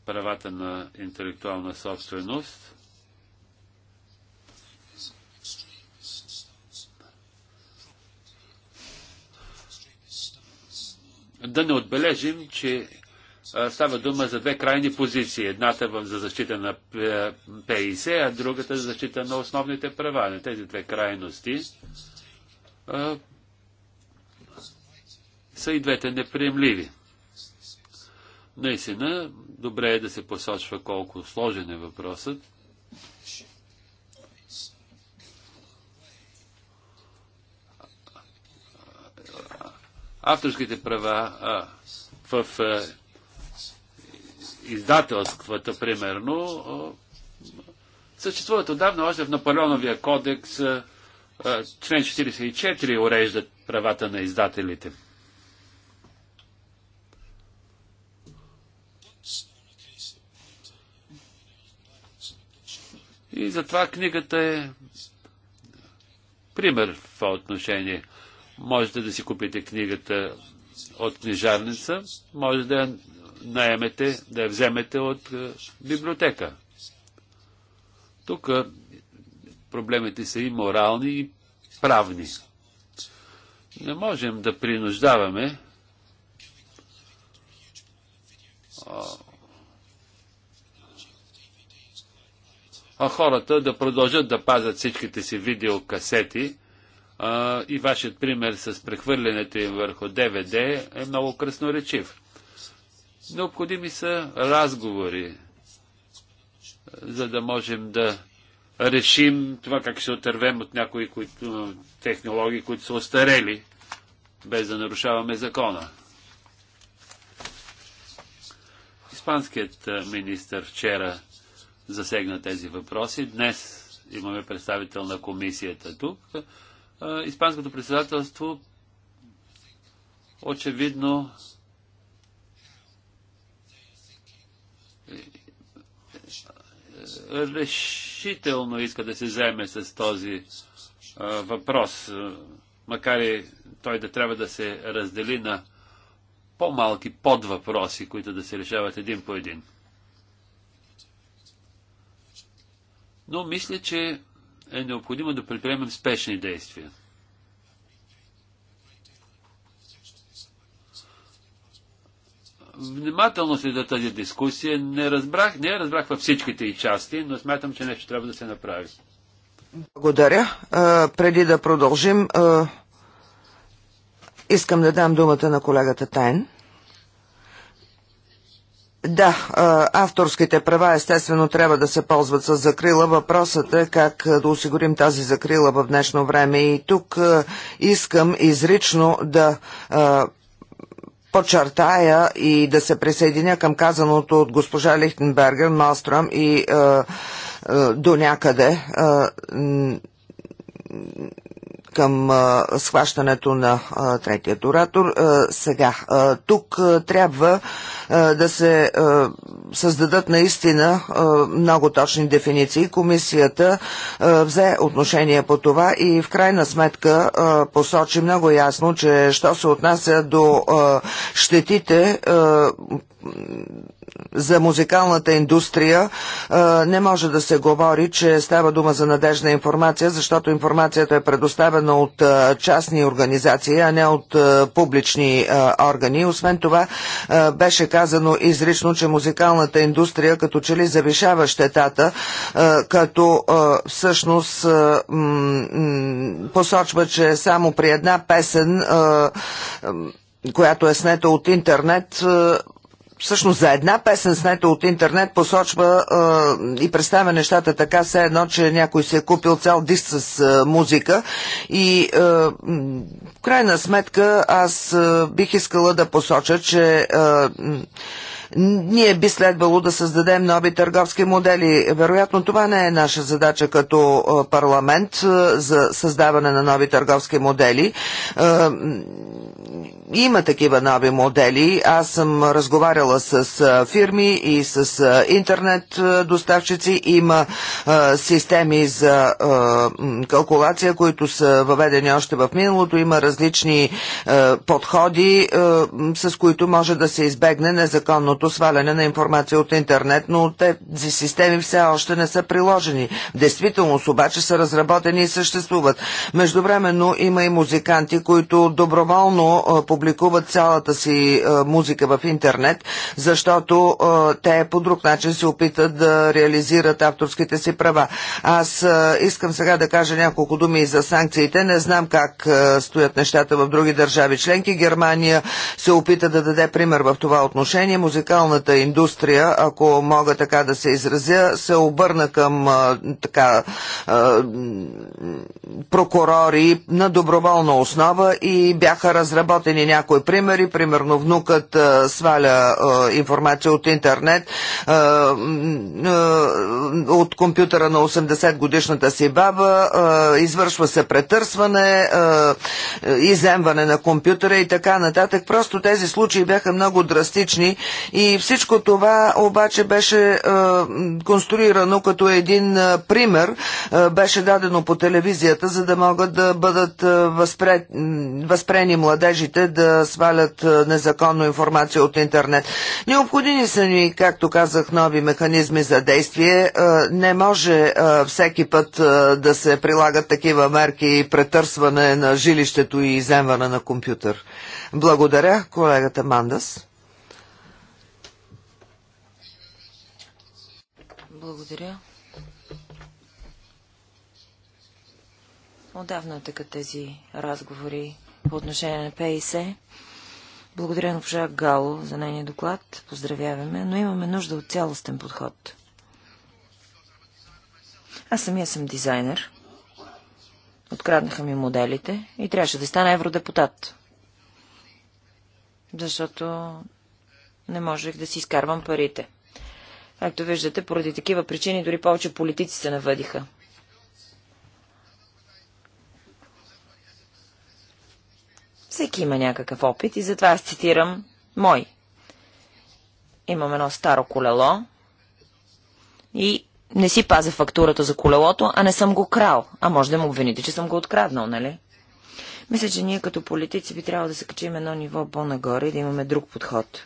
правата на интелектуална собственост, да не отбележим, че става дума за две крайни позиции. Едната за защита на е, ПИС, а другата за защита на основните права. На тези две крайности са и двете неприемливи. Наистина, добре е да се посочва колко сложен е въпросът. Авторските права а, в а, издателствата, примерно, а, съществуват отдавна още в Наполеоновия кодекс. А, член 44 уреждат правата на издателите – И затова книгата е пример в това отношение. Можете да си купите книгата от книжарница, може да я наемете, да я вземете от е, библиотека. Тук проблемите са и морални, и правни. Не можем да принуждаваме а хората да продължат да пазят всичките си видеокасети. А, и вашият пример с прехвърлянето им върху ДВД е много красноречив. Необходими са разговори, за да можем да решим това как ще отървем от някои които, технологии, които са остарели, без да нарушаваме закона. Испанският министр вчера засегна тези въпроси. Днес имаме представител на комисията тук. Испанското председателство очевидно решително иска да се заеме с този въпрос, макар и той да трябва да се раздели на по-малки подвъпроси, които да се решават един по един. Но мисля, че е необходимо да предприемем спешни действия. Внимателно след тази дискусия. Не разбрах, не разбрах във всичките и части, но смятам, че нещо трябва да се направи. Благодаря. А, преди да продължим, а, искам да дам думата на колегата Тайн. Да, авторските права естествено трябва да се ползват с закрила. Въпросът е как да осигурим тази закрила в днешно време. И тук искам изрично да подчертая и да се присъединя към казаното от госпожа Лихтенбергер, Малстром и до някъде към а, схващането на а, третият оратор. А, сега, а, тук а, трябва а, да се а, създадат наистина а, много точни дефиниции. Комисията а, взе отношение по това и в крайна сметка а, посочи много ясно, че що се отнася до а, щетите, а, за музикалната индустрия не може да се говори, че става дума за надежна информация, защото информацията е предоставена от частни организации, а не от публични органи. Освен това беше казано изрично, че музикалната индустрия като че ли завишава щетата, като всъщност посочва, че само при една песен която е снета от интернет, всъщност за една песен снета от интернет посочва е, и представя нещата така, все едно, че някой се е купил цял диск с е, музика и е, в крайна сметка аз е, бих искала да посоча, че е, ние би следвало да създадем нови търговски модели. Вероятно това не е наша задача като парламент за създаване на нови търговски модели. Има такива нови модели. Аз съм разговаряла с фирми и с интернет доставчици. Има системи за калкулация, които са въведени още в миналото. Има различни подходи, с които може да се избегне незаконното сваляне на информация от интернет, но тези системи все още не са приложени. Действително, действителност обаче са разработени и съществуват. Междувременно има и музиканти, които доброволно публикуват публикува цялата си е, музика в интернет, защото е, те по друг начин се опитат да реализират авторските си права. Аз е, искам сега да кажа няколко думи за санкциите. Не знам как стоят нещата в други държави членки. Германия се опита да даде пример в това отношение. Музикалната индустрия, ако мога така да се изразя, се обърна към така прокурори на доброволна основа и бяха разработени някои примери. Примерно внукът а, сваля а, информация от интернет, а, а, от компютъра на 80 годишната си баба, а, извършва се претърсване, а, иземване на компютъра и така нататък. Просто тези случаи бяха много драстични и всичко това обаче беше а, конструирано като един а, пример, а, беше дадено по телевизията, за да могат да бъдат възпрени младежите да свалят е, незаконно информация от интернет. Необходими са ни, както казах, нови механизми за действие. Е, не може е, всеки път да се прилагат такива мерки и претърсване на жилището и иземване на компютър. Благодаря, колегата Мандас. Благодаря. Отдавна така тези разговори по отношение на ПИС. Благодаря на госпожа Гало за нейния доклад. Поздравяваме, но имаме нужда от цялостен подход. Аз самия съм дизайнер. Откраднаха ми моделите и трябваше да стана евродепутат. Защото не можех да си изкарвам парите. Както виждате, поради такива причини дори повече политици се навъдиха. Всеки има някакъв опит и затова аз цитирам мой. Имам едно старо колело и не си пазя фактурата за колелото, а не съм го крал. А може да му обвините, че съм го откраднал, нали? Мисля, че ние като политици би трябвало да се качим едно ниво по-нагоре и да имаме друг подход.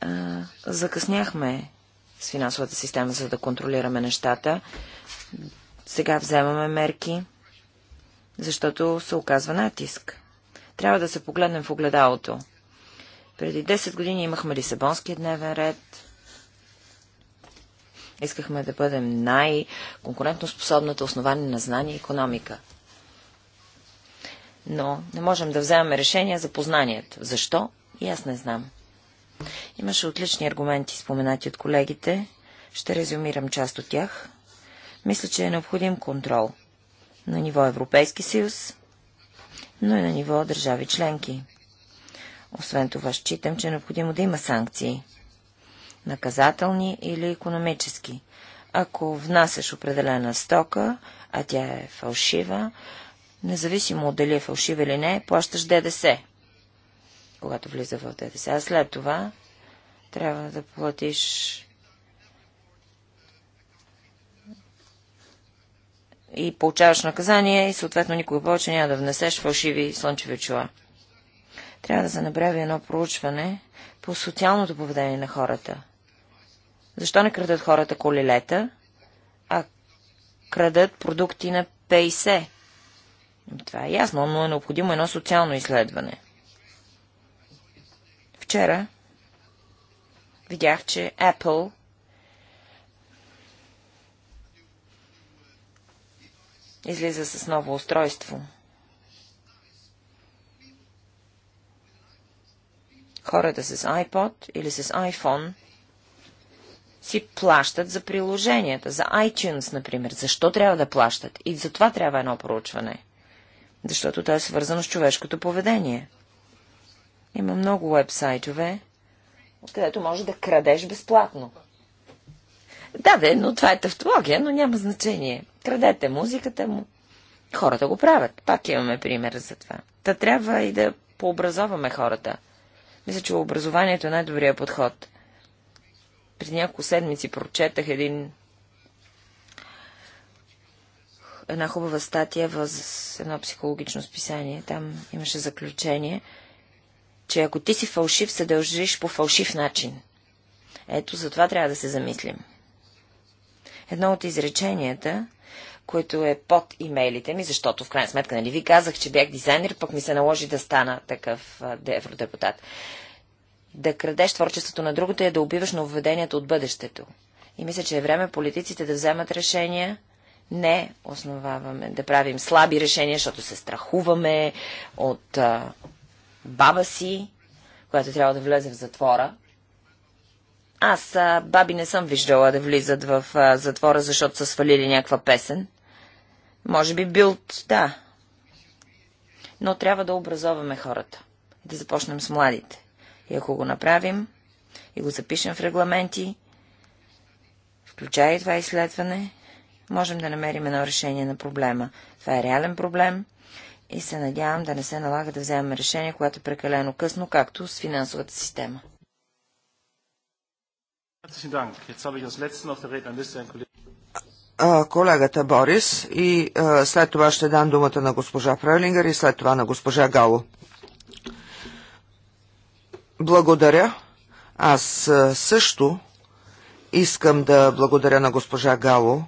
А, закъсняхме с финансовата система, за да контролираме нещата. Сега вземаме мерки, защото се оказва натиск. Трябва да се погледнем в огледалото. Преди 10 години имахме Лисабонския дневен ред. Искахме да бъдем най-конкурентно способната основание на знание и економика. Но не можем да вземем решение за познанието. Защо? И аз не знам. Имаше отлични аргументи, споменати от колегите. Ще резюмирам част от тях. Мисля, че е необходим контрол на ниво Европейски съюз, но и е на ниво държави членки. Освен това, считам, че е необходимо да има санкции. Наказателни или економически. Ако внасяш определена стока, а тя е фалшива, независимо дали е фалшива или не, плащаш ДДС. Когато влиза в ДДС, а след това трябва да платиш и получаваш наказание и съответно никога повече няма да внесеш фалшиви слънчеви очила. Трябва да се направи едно проучване по социалното поведение на хората. Защо не крадат хората колелета, а крадат продукти на пейсе? Това е ясно, но е необходимо едно социално изследване. Вчера видях, че Apple излиза с ново устройство. Хората с iPod или с iPhone си плащат за приложенията, за iTunes, например. Защо трябва да плащат? И за това трябва едно проучване. Защото то е свързано с човешкото поведение. Има много вебсайтове, където може да крадеш безплатно. Да, да, но това е тавтология, но няма значение. Крадете музиката му. Хората го правят. Пак имаме пример за това. Та трябва и да пообразоваме хората. Мисля, че образованието е най-добрият подход. През няколко седмици прочетах един една хубава статия в едно психологично списание. Там имаше заключение, че ако ти си фалшив, се дължиш по фалшив начин. Ето, за това трябва да се замислим едно от изреченията, което е под имейлите ми, защото в крайна сметка, нали ви казах, че бях дизайнер, пък ми се наложи да стана такъв евродепутат. Да крадеш творчеството на другото е да убиваш нововведението от бъдещето. И мисля, че е време политиците да вземат решения, не основаваме да правим слаби решения, защото се страхуваме от а, баба си, която трябва да влезе в затвора, аз а, баби не съм виждала да влизат в а, затвора, защото са свалили някаква песен. Може би билд, да. Но трябва да образоваме хората. Да започнем с младите. И ако го направим и го запишем в регламенти, включая и това изследване, можем да намерим едно решение на проблема. Това е реален проблем и се надявам да не се налага да вземем решение, което е прекалено късно, както с финансовата система колегата Борис и след това ще дам думата на госпожа Фрейлингър и след това на госпожа Гало. Благодаря. Аз също искам да благодаря на госпожа Гало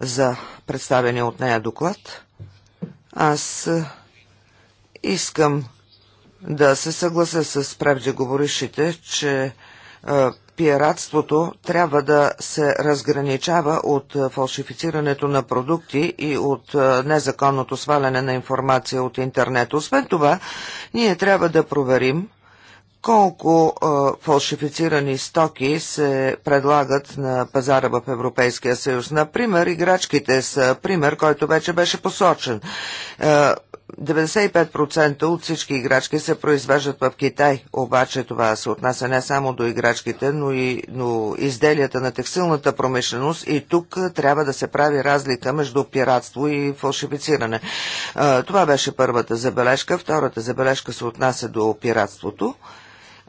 за представения от нея доклад. Аз искам да се съглася с правдеговорившите, че пиратството трябва да се разграничава от фалшифицирането на продукти и от незаконното сваляне на информация от интернет. Освен това, ние трябва да проверим колко а, фалшифицирани стоки се предлагат на пазара в Европейския съюз. Например, играчките са пример, който вече беше посочен. А, 95% от всички играчки се произвеждат в Китай, обаче това се отнася не само до играчките, но и до изделията на текстилната промишленост и тук трябва да се прави разлика между пиратство и фалшифициране. Това беше първата забележка. Втората забележка се отнася до пиратството.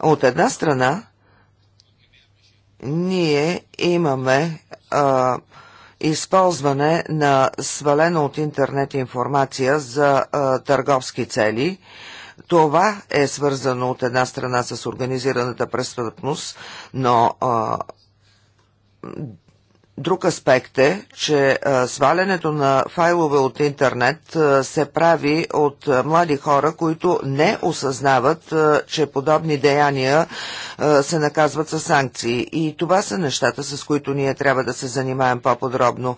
От една страна, ние имаме а, използване на свалена от интернет информация за а, търговски цели. Това е свързано от една страна с организираната престъпност, но а, Друг аспект е, че свалянето на файлове от интернет се прави от млади хора, които не осъзнават, че подобни деяния се наказват с санкции. И това са нещата, с които ние трябва да се занимаем по-подробно.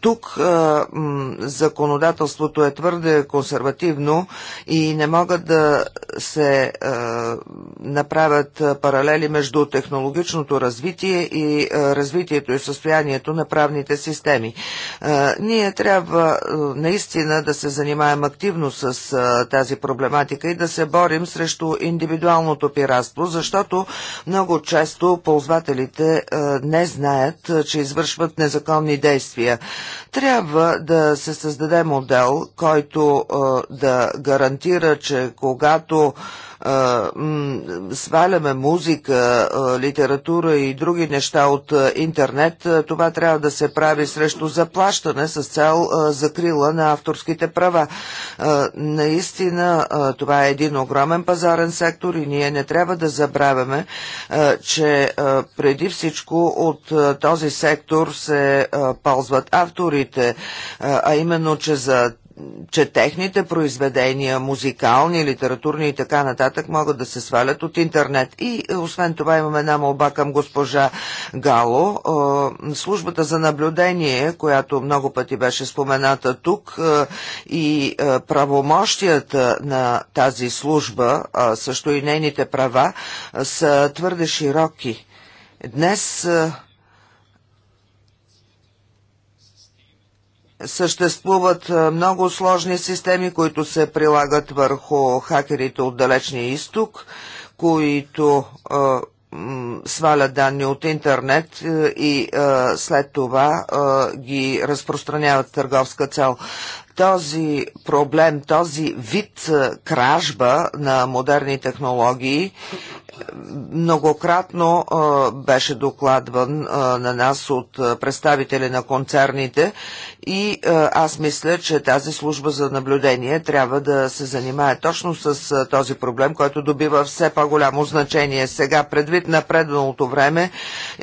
Тук законодателството е твърде консервативно и не могат да се направят паралели между технологичното развитие и развитието и състоянието състоянието на правните системи. Е, ние трябва е, наистина да се занимаем активно с е, тази проблематика и да се борим срещу индивидуалното пиратство, защото много често ползвателите не знаят, че извършват незаконни действия. Трябва да се създаде модел, който да гарантира, че когато сваляме музика, литература и други неща от интернет, това трябва да се прави срещу заплащане с цел закрила на авторските права. Наистина това е един огромен пазарен сектор и ние не трябва да забравяме, че преди всичко от този сектор се ползват авторите, а именно, че за че техните произведения, музикални, литературни и така нататък, могат да се свалят от интернет. И е, освен това имаме една молба към госпожа Гало. Е, службата за наблюдение, която много пъти беше спомената тук, е, и правомощията на тази служба, също и нейните права, са твърде широки. Днес Съществуват много сложни системи, които се прилагат върху хакерите от Далечния изток, които свалят данни от интернет и е, след това е, ги разпространяват в търговска цел този проблем, този вид е, кражба на модерни технологии многократно е, беше докладван е, на нас от представители на концерните и аз мисля, че тази служба за наблюдение трябва да се занимае точно с този проблем, който добива все по-голямо значение. Сега, предвид на преданото време,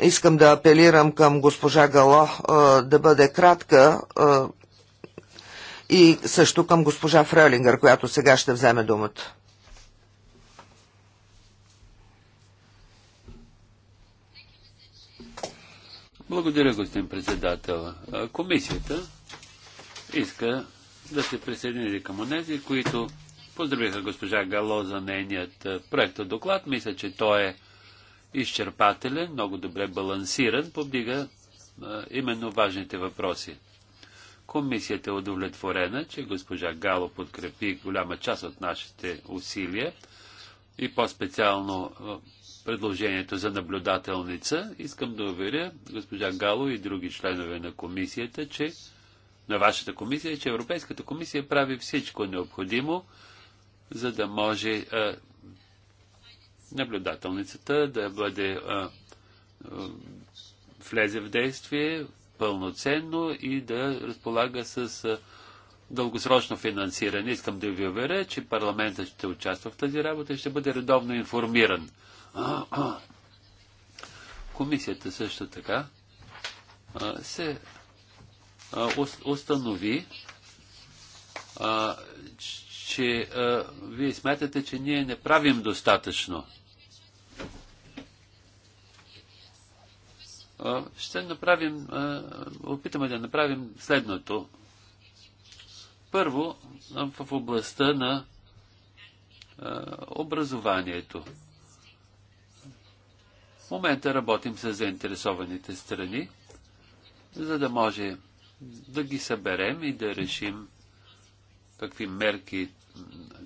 искам да апелирам към госпожа Гало да бъде кратка и също към госпожа Фрелингър, която сега ще вземе думата. Благодаря, господин председател. Комисията иска да се присъедини към онези, които поздравиха госпожа Гало за нейният проект доклад. Мисля, че той е изчерпателен, много добре балансиран, повдига именно важните въпроси. Комисията е удовлетворена, че госпожа Гало подкрепи голяма част от нашите усилия и по-специално предложението за наблюдателница. Искам да уверя госпожа Гало и други членове на комисията, че на вашата комисия, че Европейската комисия прави всичко необходимо, за да може а, наблюдателницата да бъде а, а, влезе в действие пълноценно и да разполага с дългосрочно финансиране. Искам да ви уверя, че парламентът ще участва в тази работа и ще бъде редовно информиран. [clears throat] Комисията също така се установи, че вие смятате, че ние не правим достатъчно. ще направим, опитаме да направим следното. Първо, в областта на образованието. В момента работим с заинтересованите страни, за да може да ги съберем и да решим какви мерки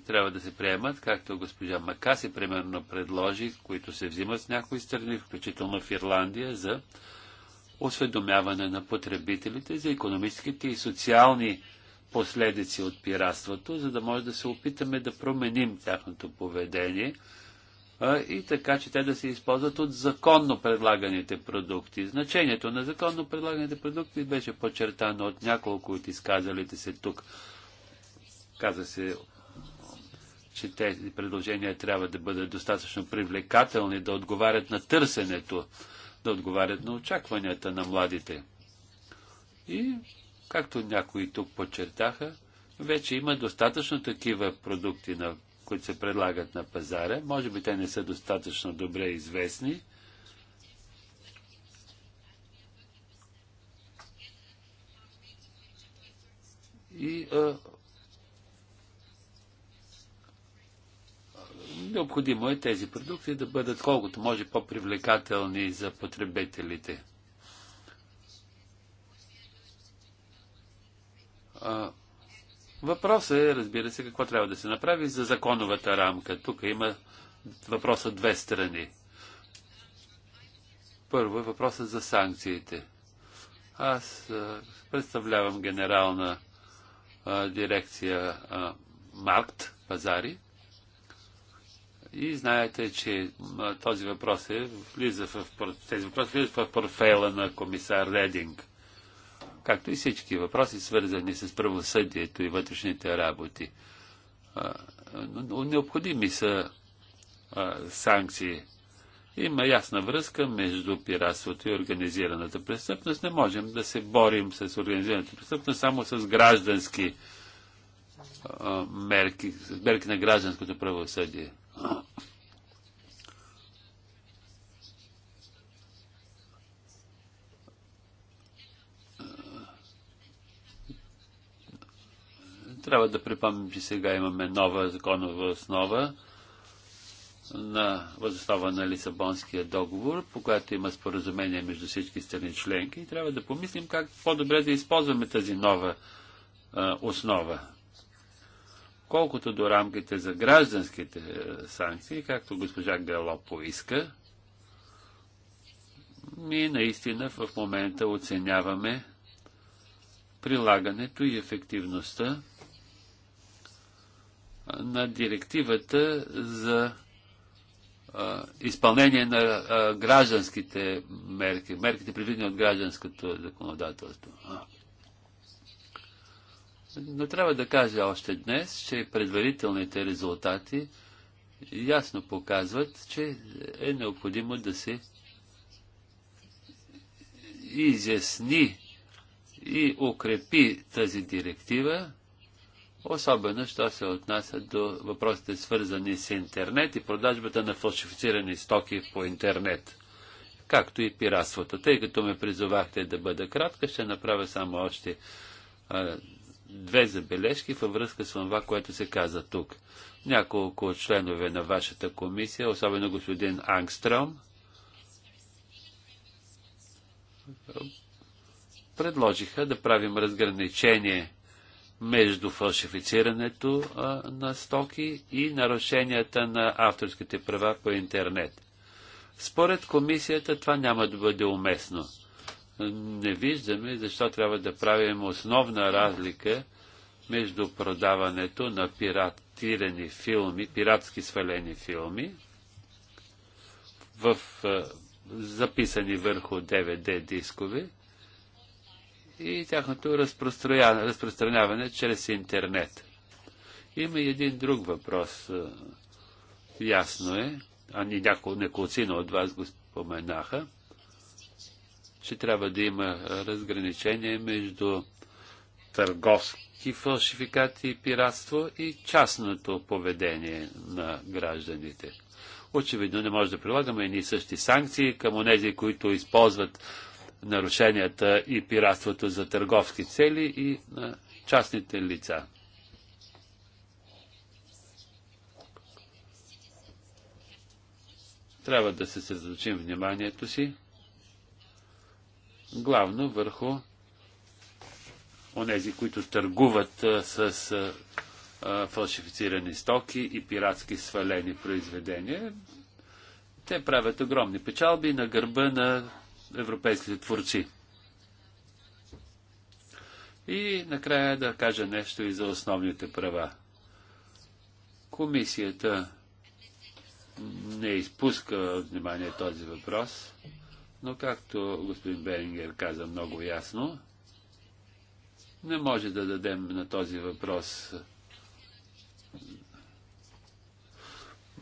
трябва да се приемат, както госпожа Макаси примерно предложи, които се взимат с някои страни, включително в Ирландия, за осведомяване на потребителите за економическите и социални последици от пиратството, за да може да се опитаме да променим тяхното поведение а, и така, че те да се използват от законно предлаганите продукти. Значението на законно предлаганите продукти беше подчертано от няколко от изказалите се тук. Каза се че тези предложения трябва да бъдат достатъчно привлекателни, да отговарят на търсенето, да отговарят на очакванията на младите. И, както някои тук подчертаха, вече има достатъчно такива продукти, на, които се предлагат на пазара. Може би те не са достатъчно добре известни. И а, необходимо е тези продукти да бъдат колкото може по-привлекателни за потребителите. Въпросът е, разбира се, какво трябва да се направи за законовата рамка. Тук има въпроса две страни. Първо е въпросът за санкциите. Аз представлявам генерална дирекция Маркт, пазари. И знаете, че този въпрос е, влиза в, тези въпроси влиза в портфейла на комисар Рединг, както и всички въпроси, свързани с правосъдието и вътрешните работи. Необходими са санкции. Има ясна връзка между пиратството и организираната престъпност. Не можем да се борим с организираната престъпност само с граждански мерки, мерки на гражданското правосъдие. Трябва да припомним, че сега имаме нова законова основа на възоснова на Лисабонския договор, по която има споразумение между всички страни членки и трябва да помислим как по-добре да използваме тази нова а, основа. Колкото до рамките за гражданските е, санкции, както госпожа Гало поиска, ние наистина в момента оценяваме прилагането и ефективността на директивата за изпълнение на гражданските мерки, мерките предвидени от гражданското законодателство. Но трябва да кажа още днес, че предварителните резултати ясно показват, че е необходимо да се изясни и укрепи тази директива, особено, що се отнася до въпросите свързани с интернет и продажбата на фалшифицирани стоки по интернет, както и пиратството. Тъй като ме призовахте да бъда кратка, ще направя само още две забележки във връзка с това, което се каза тук. Няколко от членове на вашата комисия, особено господин Ангстром, предложиха да правим разграничение между фалшифицирането на стоки и нарушенията на авторските права по интернет. Според комисията това няма да бъде уместно не виждаме защо трябва да правим основна разлика между продаването на пиратирани филми, пиратски свалени филми, в, записани върху DVD дискове и тяхното разпространяване чрез интернет. Има и един друг въпрос. Ясно е, а ни няколко, от вас го споменаха – че трябва да има разграничение между търговски фалшификати и пиратство и частното поведение на гражданите. Очевидно не може да прилагаме едни същи санкции към онези, които използват нарушенията и пиратството за търговски цели и на частните лица. Трябва да се съсредоточим вниманието си главно върху онези, които търгуват с фалшифицирани стоки и пиратски свалени произведения. Те правят огромни печалби на гърба на европейските творци. И накрая да кажа нещо и за основните права. Комисията не изпуска внимание този въпрос. Но както господин Берингер каза много ясно, не може да дадем на този въпрос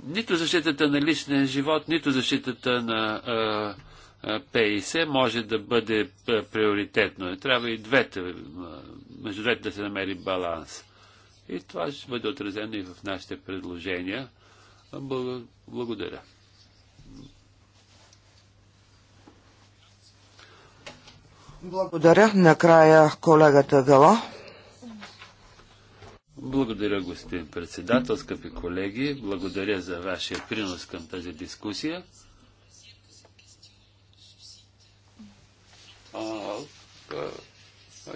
нито защитата на личния живот, нито защитата на ПИС може да бъде приоритетно. Трябва и двете, между двете да се намери баланс. И това ще бъде отразено и в нашите предложения. Благодаря. Благодаря. Накрая колегата Гала. Благодаря, господин председател, скъпи колеги. Благодаря за вашия принос към тази дискусия. А,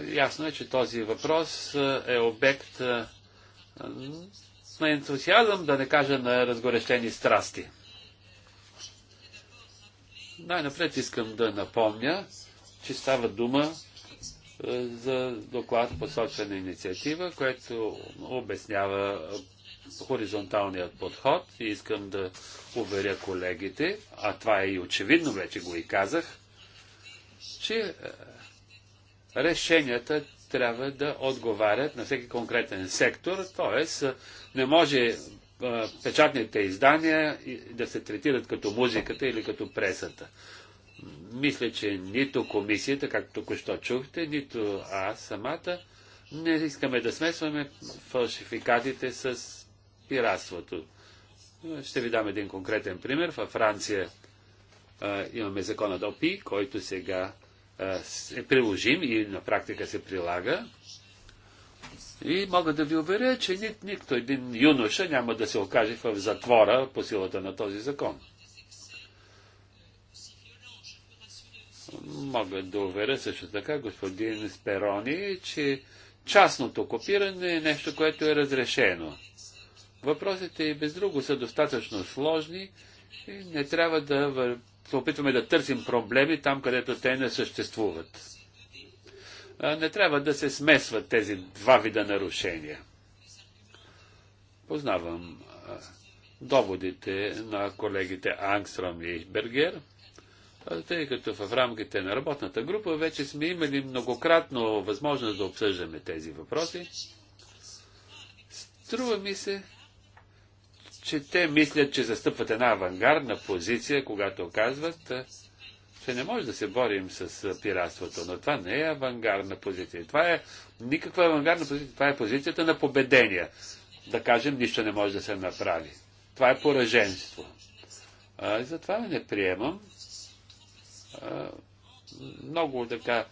ясно е, че този въпрос е обект на ентусиазъм, да не кажа на разгорещени страсти. Най-напред искам да напомня, че става дума е, за доклад посочена инициатива, което обяснява хоризонталният подход и искам да уверя колегите, а това е и очевидно, вече го и казах, че е, решенията трябва да отговарят на всеки конкретен сектор, т.е. не може е, печатните издания да се третират като музиката или като пресата. Мисля, че нито комисията, както току-що чухте, нито аз самата, не искаме да смесваме фалшификатите с пиратството. Ще ви дам един конкретен пример. Във Франция а, имаме закона ДОПИ, който сега а, е приложим и на практика се прилага. И мога да ви уверя, че ни, нито един юноша няма да се окаже в затвора по силата на този закон. Мога да уверя също така господин Сперони, че частното копиране е нещо, което е разрешено. Въпросите и без друго са достатъчно сложни и не трябва да се опитваме да търсим проблеми там, където те не съществуват. Не трябва да се смесват тези два вида нарушения. Познавам доводите на колегите Ангстром и Бергер – тъй като в рамките на работната група вече сме имали многократно възможност да обсъждаме тези въпроси. Струва ми се, че те мислят, че застъпват една авангардна позиция, когато казват, че не може да се борим с пиратството. Но това не е авангардна позиция. Това е никаква авангардна позиция. Това е позицията на победения. Да кажем, нищо не може да се направи. Това е пораженство. А, и затова не приемам много така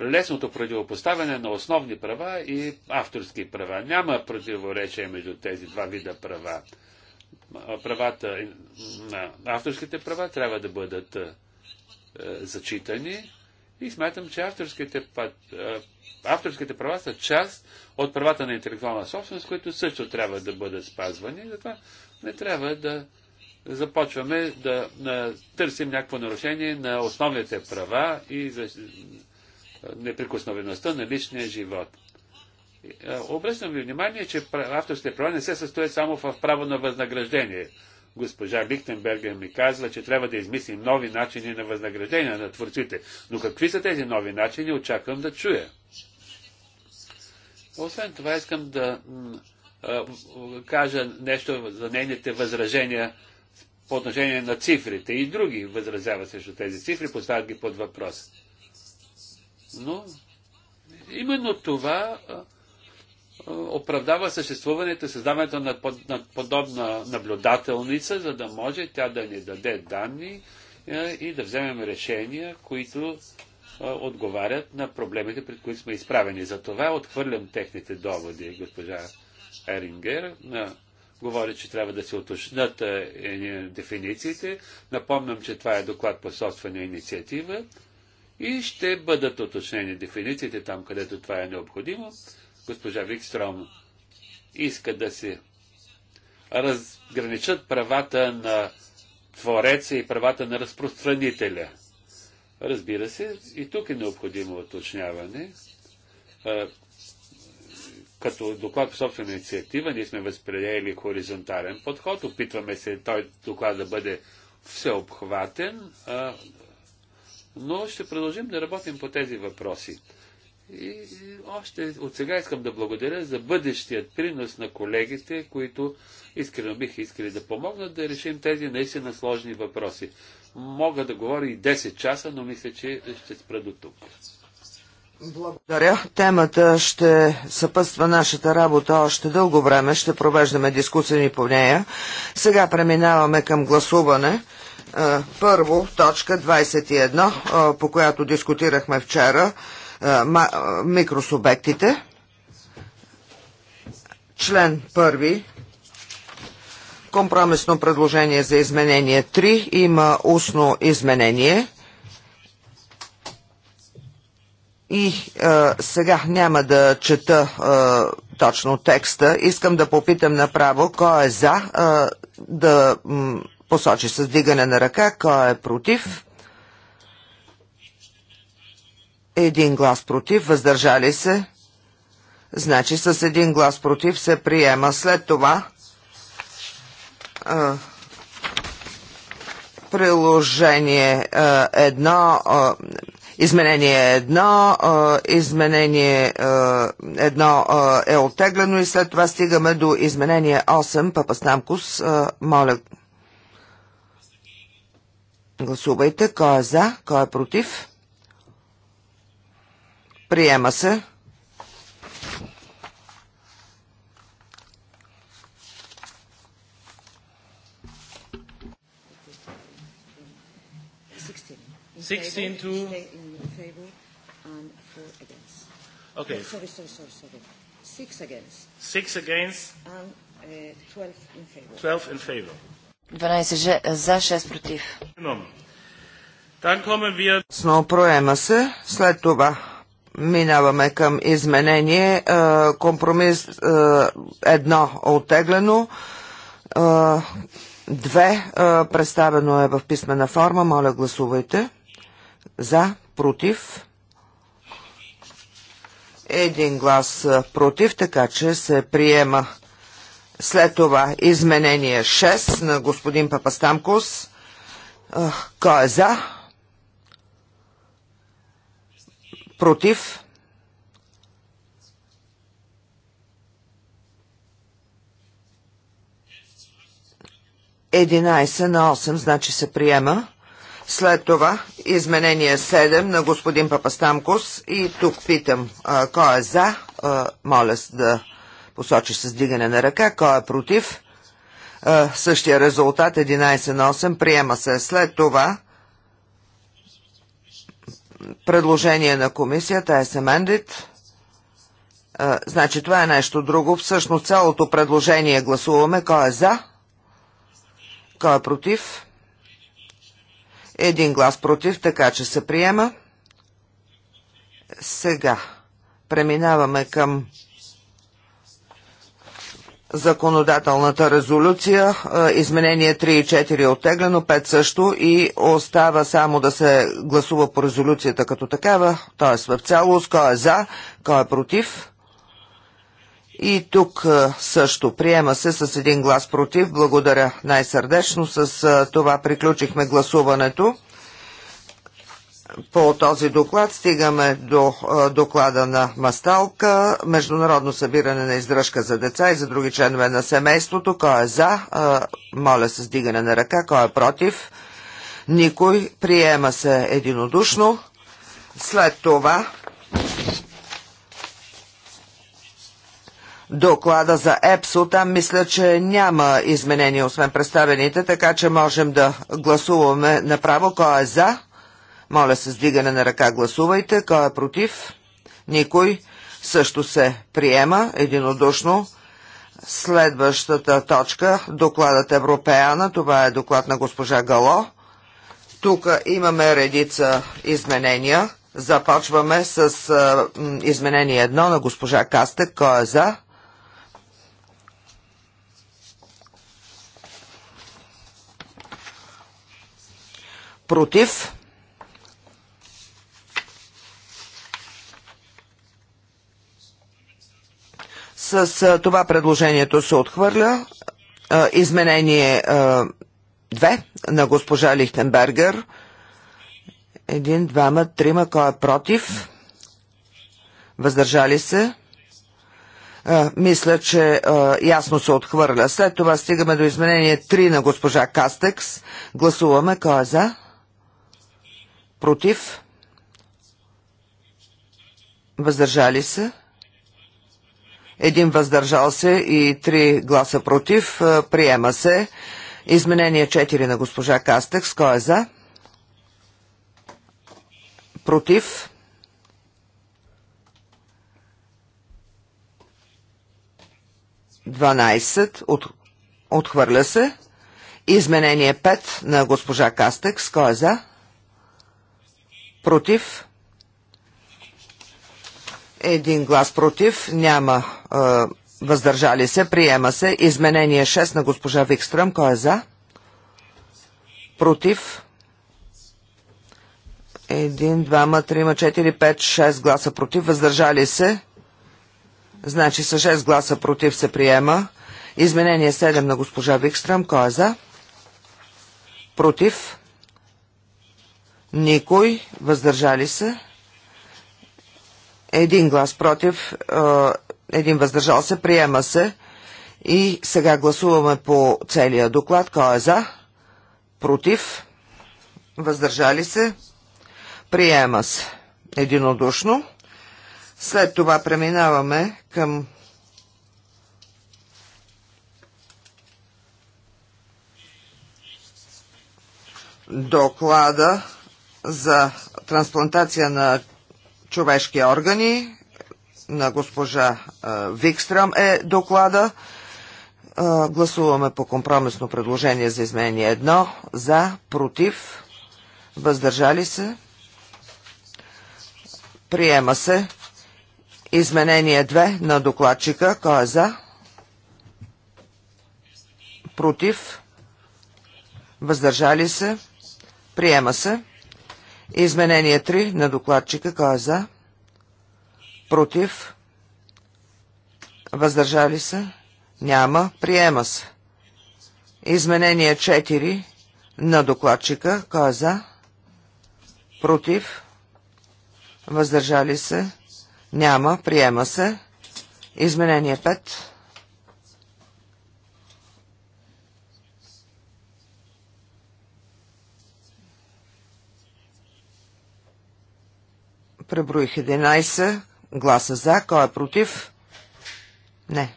лесното противопоставяне на основни права и авторски права. Няма противоречие между тези два вида права. Правата, авторските права трябва да бъдат зачитани и смятам, че авторските, авторските права са част от правата на интелектуална собственост, които също трябва да бъдат спазвани. Затова не трябва да започваме да на, търсим някакво нарушение на основните права и за неприкосновеността на личния живот. Обръщам ви внимание, че авторските права не се състоят само в право на възнаграждение. Госпожа Лихтенберга ми казва, че трябва да измислим нови начини на възнаграждение на творците. Но какви са тези нови начини, очаквам да чуя. Освен това, искам да кажа нещо за нейните възражения по отношение на цифрите и други възразяват срещу тези цифри, поставят ги под въпрос. Но именно това оправдава съществуването, създаването на, подобна наблюдателница, за да може тя да ни даде данни и да вземем решения, които отговарят на проблемите, пред които сме изправени. За това отхвърлям техните доводи, госпожа Ерингер. На говори, че трябва да се уточнят е, е, дефинициите. Напомням, че това е доклад по собствена инициатива и ще бъдат уточнени дефинициите там, където това е необходимо. Госпожа Викстром иска да се разграничат правата на твореца и правата на разпространителя. Разбира се, и тук е необходимо уточняване. Е, като доклад по собствена инициатива ние сме възприели хоризонтален подход. Опитваме се той доклад да бъде всеобхватен, а, но ще продължим да работим по тези въпроси. И, и още от сега искам да благодаря за бъдещият принос на колегите, които искрено бих искали да помогнат да решим тези наистина сложни въпроси. Мога да говоря и 10 часа, но мисля, че ще спра до тук. Благодаря. Темата ще съпъства нашата работа още дълго време. Ще провеждаме дискусии по нея. Сега преминаваме към гласуване. Първо, точка 21, по която дискутирахме вчера, микросубектите. Член първи, компромисно предложение за изменение 3, има устно изменение. И а, сега няма да чета а, точно текста. Искам да попитам направо кой е за а, да м, посочи с дигане на ръка, кой е против. Един глас против, въздържали се. Значи с един глас против се приема. След това а, приложение а, едно. А, Изменение едно, изменение едно е оттеглено и след това стигаме до изменение 8, Папа Папастамкус. Моля, гласувайте. Кой е за, кой е против? Приема се. Sixteen to Okay. Sorry, sorry, sorry, sorry. Six against. Six against. And uh, 12 in favor. 12 in favor. 12 е, за, 6 против. Сно проема се. След това минаваме към изменение. Е, компромис е, едно оттеглено, две представено е в писмена форма. Моля, гласувайте. За, против един глас против, така че се приема след това изменение 6 на господин Папастамкос. Кой е за? Против? Единайсет на 8, значи се приема. След това изменение 7 на господин Папастамкос и тук питам а, кой е за, а, моля да посочи с дигане на ръка, кой е против. А, същия резултат 11 на 8 приема се. След това предложение на комисията е семендит. Значи това е нещо друго. Всъщност цялото предложение гласуваме. Кой е за? Кой е против? Един глас против, така че се приема. Сега преминаваме към законодателната резолюция. Изменение 3 и 4 е оттеглено, 5 също и остава само да се гласува по резолюцията като такава, т.е. в цялост, кой е за, кой е против. И тук също приема се с един глас против. Благодаря най-сърдечно. С това приключихме гласуването. По този доклад стигаме до доклада на Масталка, Международно събиране на издръжка за деца и за други членове на семейството. Кой е за? Моля с дигане на ръка. Кой е против? Никой. Приема се единодушно. След това доклада за ЕПСО. Там мисля, че няма изменения, освен представените, така че можем да гласуваме направо. Кой е за? Моля се, сдигане на ръка гласувайте. Кой е против? Никой. Също се приема единодушно. Следващата точка, докладът Европеана, това е доклад на госпожа Гало. Тук имаме редица изменения. Започваме с а, изменение 1 на госпожа Кастек. Кой е за? против, С това предложението се отхвърля изменение 2 на госпожа Лихтенбергер. Един, двама, трима, кой е против? Въздържали се? Мисля, че ясно се отхвърля. След това стигаме до изменение 3 на госпожа Кастекс. Гласуваме кой е за? против, въздържали се, един въздържал се и три гласа против, приема се. Изменение 4 на госпожа Кастекс, кой е за? Против. Дванайсет. От, отхвърля се. Изменение 5 на госпожа Кастекс. Кой е за? против, един глас против, няма а, е, въздържали се, приема се. Изменение 6 на госпожа Викстръм, кой е за? Против, Един, двама, трима, 4, 5, 6 гласа против, въздържали се, значи с 6 гласа против се приема. Изменение 7 на госпожа Викстръм, Кой е за? Против? Никой. Въздържали се. Един глас против. Един въздържал се. Приема се. И сега гласуваме по целия доклад. Кой е за? Против? Въздържали се? Приема се единодушно. След това преминаваме към доклада за трансплантация на човешки органи на госпожа е, Викстрам е доклада. Е, гласуваме по компромисно предложение за изменение едно. За, против, въздържали се. Приема се изменение 2 на докладчика. Кой е за? Против. Въздържали се. Приема се. Изменение 3 на докладчика. Кой е за? Против? Въздържали се? Няма. Приема се. Изменение 4 на докладчика. Кой е за? Против? Въздържали се? Няма. Приема се. Изменение 5. Преброих 11 гласа за. Кой е против? Не.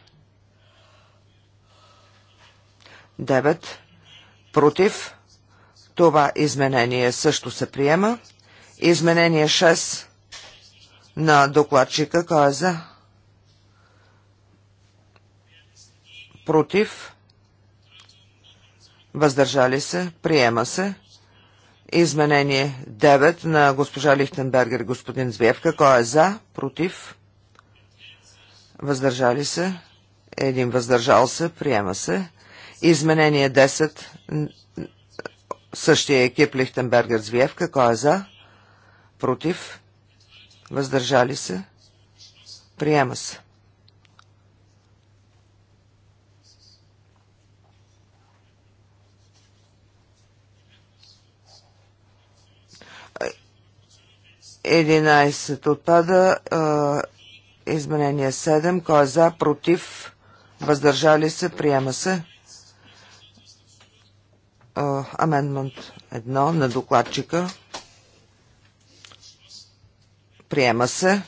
9 против. Това изменение също се приема. Изменение 6 на докладчика. Кой е за? Против. Въздържали се. Приема се. Изменение 9 на госпожа Лихтенбергер и господин Звевка. Кой е за? Против? Въздържали се? Един въздържал се. Приема се. Изменение 10. Същия екип Лихтенбергер Звиевка. Кой е за? Против? Въздържали се? Приема се. 11 отпада. Е, изменение 7. Кой е за, против, въздържали се, приема се. Амендмент 1 на докладчика. Приема се.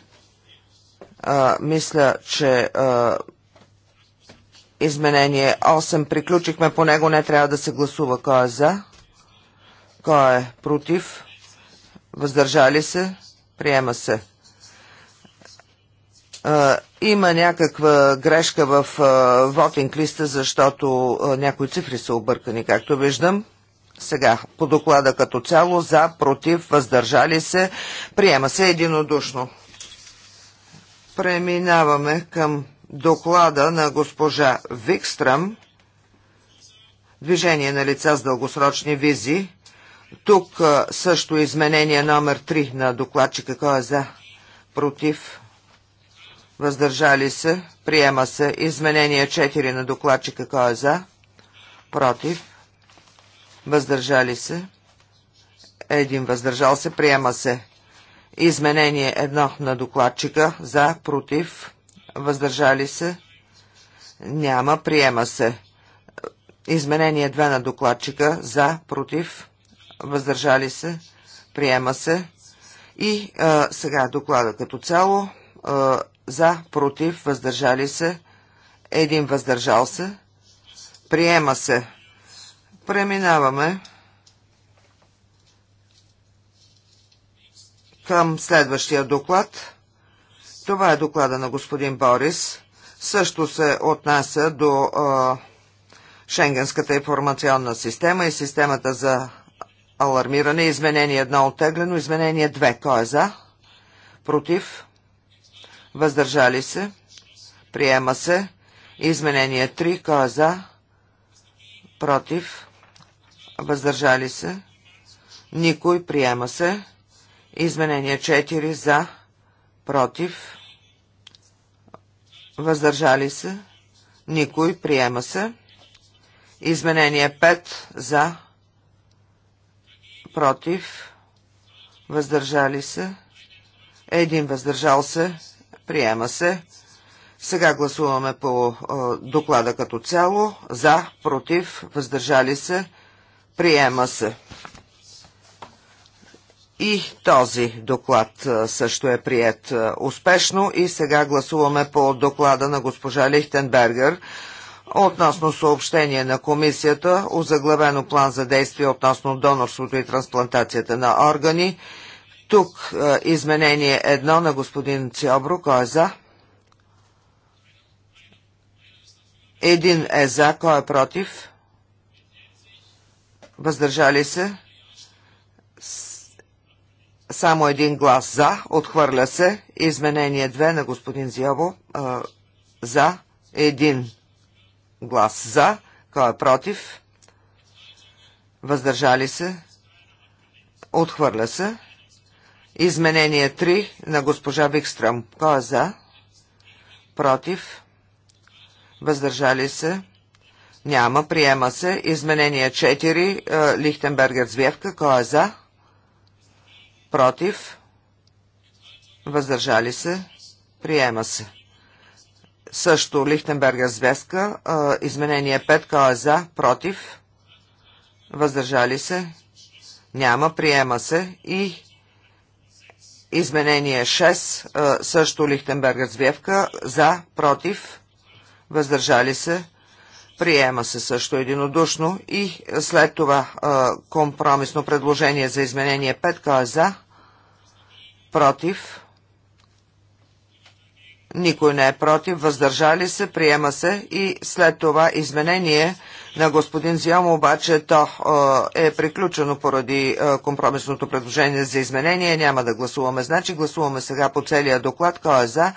А, мисля, че а, изменение 8 приключихме. По него не трябва да се гласува кой е за, кой е против, въздържали се. Приема се. Има някаква грешка в вотинг листа, защото някои цифри са объркани, както виждам. Сега, по доклада като цяло, за, против, въздържали се, приема се единодушно. Преминаваме към доклада на госпожа Викстрам, движение на лица с дългосрочни визи. Тук също е изменение номер 3 на докладчика. Кой е за? Против? Въздържали се? Приема се. Изменение 4 на докладчика. Кой е за? Против? Въздържали се? Един въздържал се. Приема се. Изменение 1 на докладчика. За? Против? Въздържали се? Няма. Приема се. Изменение 2 на докладчика. За? Против? въздържали се, приема се. И а, сега доклада като цяло а, за, против, въздържали се, един въздържал се, приема се. Преминаваме към следващия доклад. Това е доклада на господин Борис. Също се отнася до а, Шенгенската информационна система и системата за алармиране. Изменение 1 оттеглено. Изменение 2. Кой е за? Против? Въздържали се? Приема се. Изменение 3. Кой е за? Против? Въздържали се? Никой. Приема се. Изменение 4. За? Против? Въздържали се? Никой. Приема се. Изменение 5. За? против, въздържали се, един въздържал се, приема се. Сега гласуваме по е, доклада като цяло. За, против, въздържали се, приема се. И този доклад е, също е прият е, успешно и сега гласуваме по доклада на госпожа Лихтенбергер относно съобщение на комисията, озаглавено план за действие относно донорството и трансплантацията на органи. Тук е, изменение едно на господин Циобро. Кой е за? Един е за. Кой е против? Въздържали се? Само един глас за. Отхвърля се. Изменение 2 на господин Зиобо. Е, за. Един глас за, кой е против, въздържали се, отхвърля се. Изменение 3 на госпожа Викстрам. Кой е за? Против? Въздържали се? Няма. Приема се. Изменение 4. Е, Лихтенбергер Звевка. Кой е за? Против? Въздържали се? Приема се. Също Лихтенберга звездка, изменение 5, кой е за, против, въздържали се, няма, приема се и изменение 6, също Лихтенберга звездка. за, против, въздържали се, Приема се също единодушно и след това компромисно предложение за изменение 5 кой е за, против, никой не е против, въздържали се, приема се и след това изменение на господин Зиом, обаче то е, е приключено поради е, компромисното предложение за изменение, няма да гласуваме. Значи гласуваме сега по целия доклад, кой е за,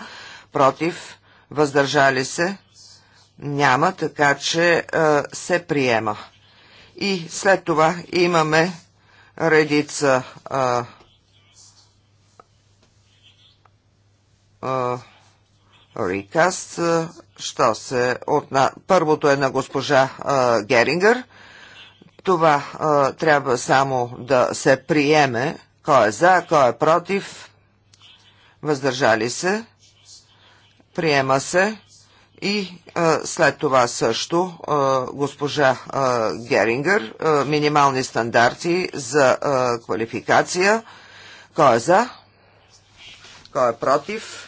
против, въздържали се, няма, така че е, се приема. И след това имаме редица Uh... Рикаст. Що се отна... Първото е на госпожа а, Герингър. Това а, трябва само да се приеме. Кой е за, кой е против. Въздържали се. Приема се. И а, след това също а, госпожа а, Герингър, а, минимални стандарти за а, квалификация. Кой е за? Кой е против?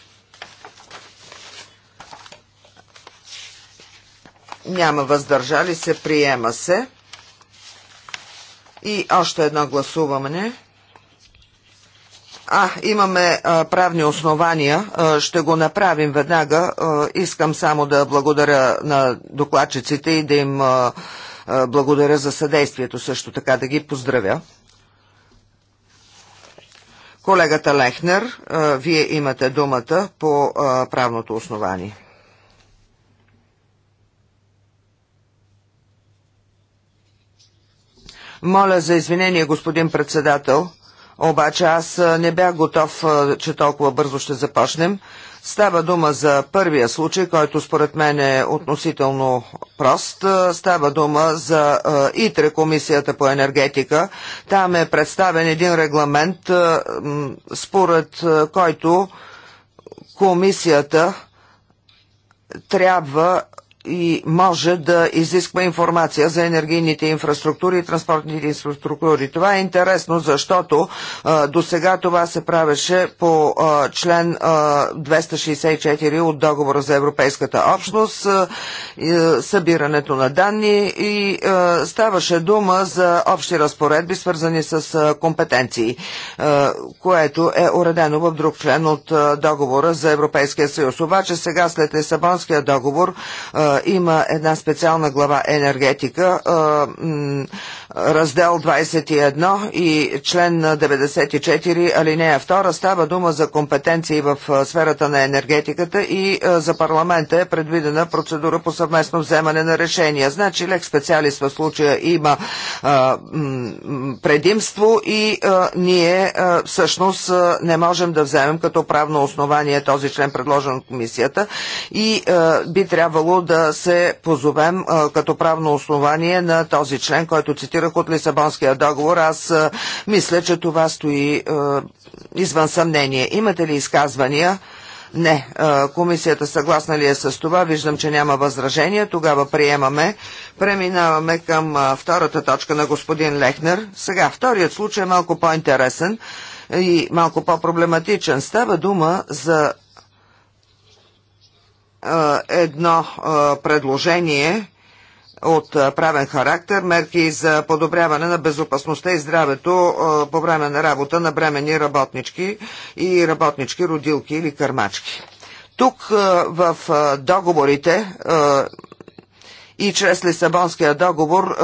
няма въздържали се, приема се. И още едно гласуване. А, имаме а, правни основания. А, ще го направим веднага. А, искам само да благодаря на докладчиците и да им а, а, благодаря за съдействието също така, да ги поздравя. Колегата Лехнер, а, вие имате думата по а, правното основание. Моля за извинение, господин председател, обаче аз не бях готов, че толкова бързо ще започнем. Става дума за първия случай, който според мен е относително прост. Става дума за ИТРЕ, Комисията по енергетика. Там е представен един регламент, според който комисията трябва и може да изисква информация за енергийните инфраструктури и транспортните инфраструктури. Това е интересно, защото до сега това се правеше по а, член а, 264 от договора за Европейската общност, а, събирането на данни и ставаше дума за общи разпоредби, свързани с компетенции, което е уредено в друг член от договора за Европейския съюз. Обаче сега след Лисабонския договор има една специална глава енергетика раздел 21 и член 94, алинея 2 става дума за компетенции в сферата на енергетиката и за парламента е предвидена процедура по съвместно вземане на решения. Значи лек специалист в случая има предимство и ние всъщност не можем да вземем като правно основание този член предложен от комисията и би трябвало да се позовем като правно основание на този член, който цитира цитирах от Лисабонския договор. Аз мисля, че това стои извън съмнение. Имате ли изказвания? Не. Комисията съгласна ли е с това? Виждам, че няма възражения. Тогава приемаме. Преминаваме към втората точка на господин Лехнер. Сега, вторият случай е малко по-интересен и малко по-проблематичен. Става дума за едно предложение от правен характер, мерки за подобряване на безопасността и здравето по време на работа на бремени работнички и работнички, родилки или кърмачки. Тук в договорите и чрез Лисабонския договор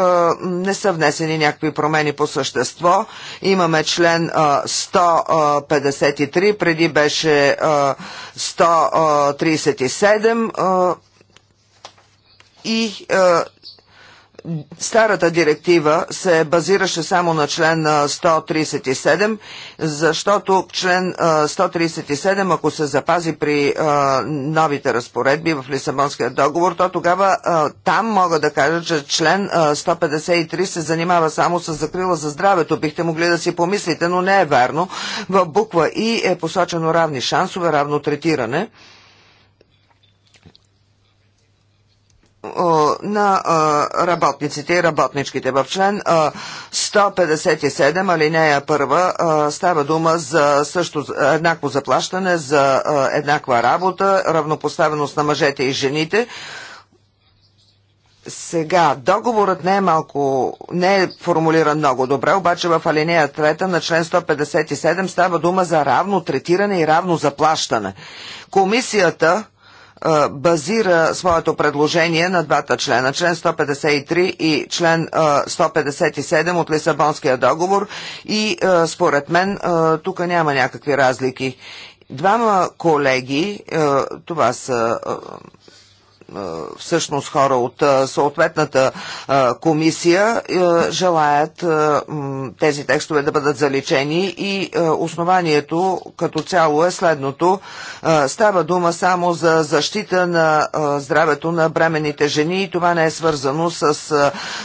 не са внесени някакви промени по същество. Имаме член 153, преди беше 137 и е, старата директива се базираше само на член 137, е, защото член 137, е, ако се запази при новите разпоредби в Лисабонския договор, то тогава там мога да кажа, че член 153 се занимава само с закрила за здравето. Бихте могли да си помислите, но не е вярно. В буква И е посочено равни шансове, равно третиране. на работниците и работничките. В член 157, алинея 1, става дума за също еднакво заплащане, за еднаква работа, равнопоставеност на мъжете и жените. Сега, договорът не е малко, не е формулиран много добре, обаче в алинея 3 на член 157 става дума за равно третиране и равно заплащане. Комисията базира своето предложение на двата члена, член 153 и член 157 от Лисабонския договор и според мен тук няма някакви разлики. Двама колеги, това са всъщност хора от съответната комисия желаят тези текстове да бъдат заличени и основанието като цяло е следното. Става дума само за защита на здравето на бременните жени и това не е свързано с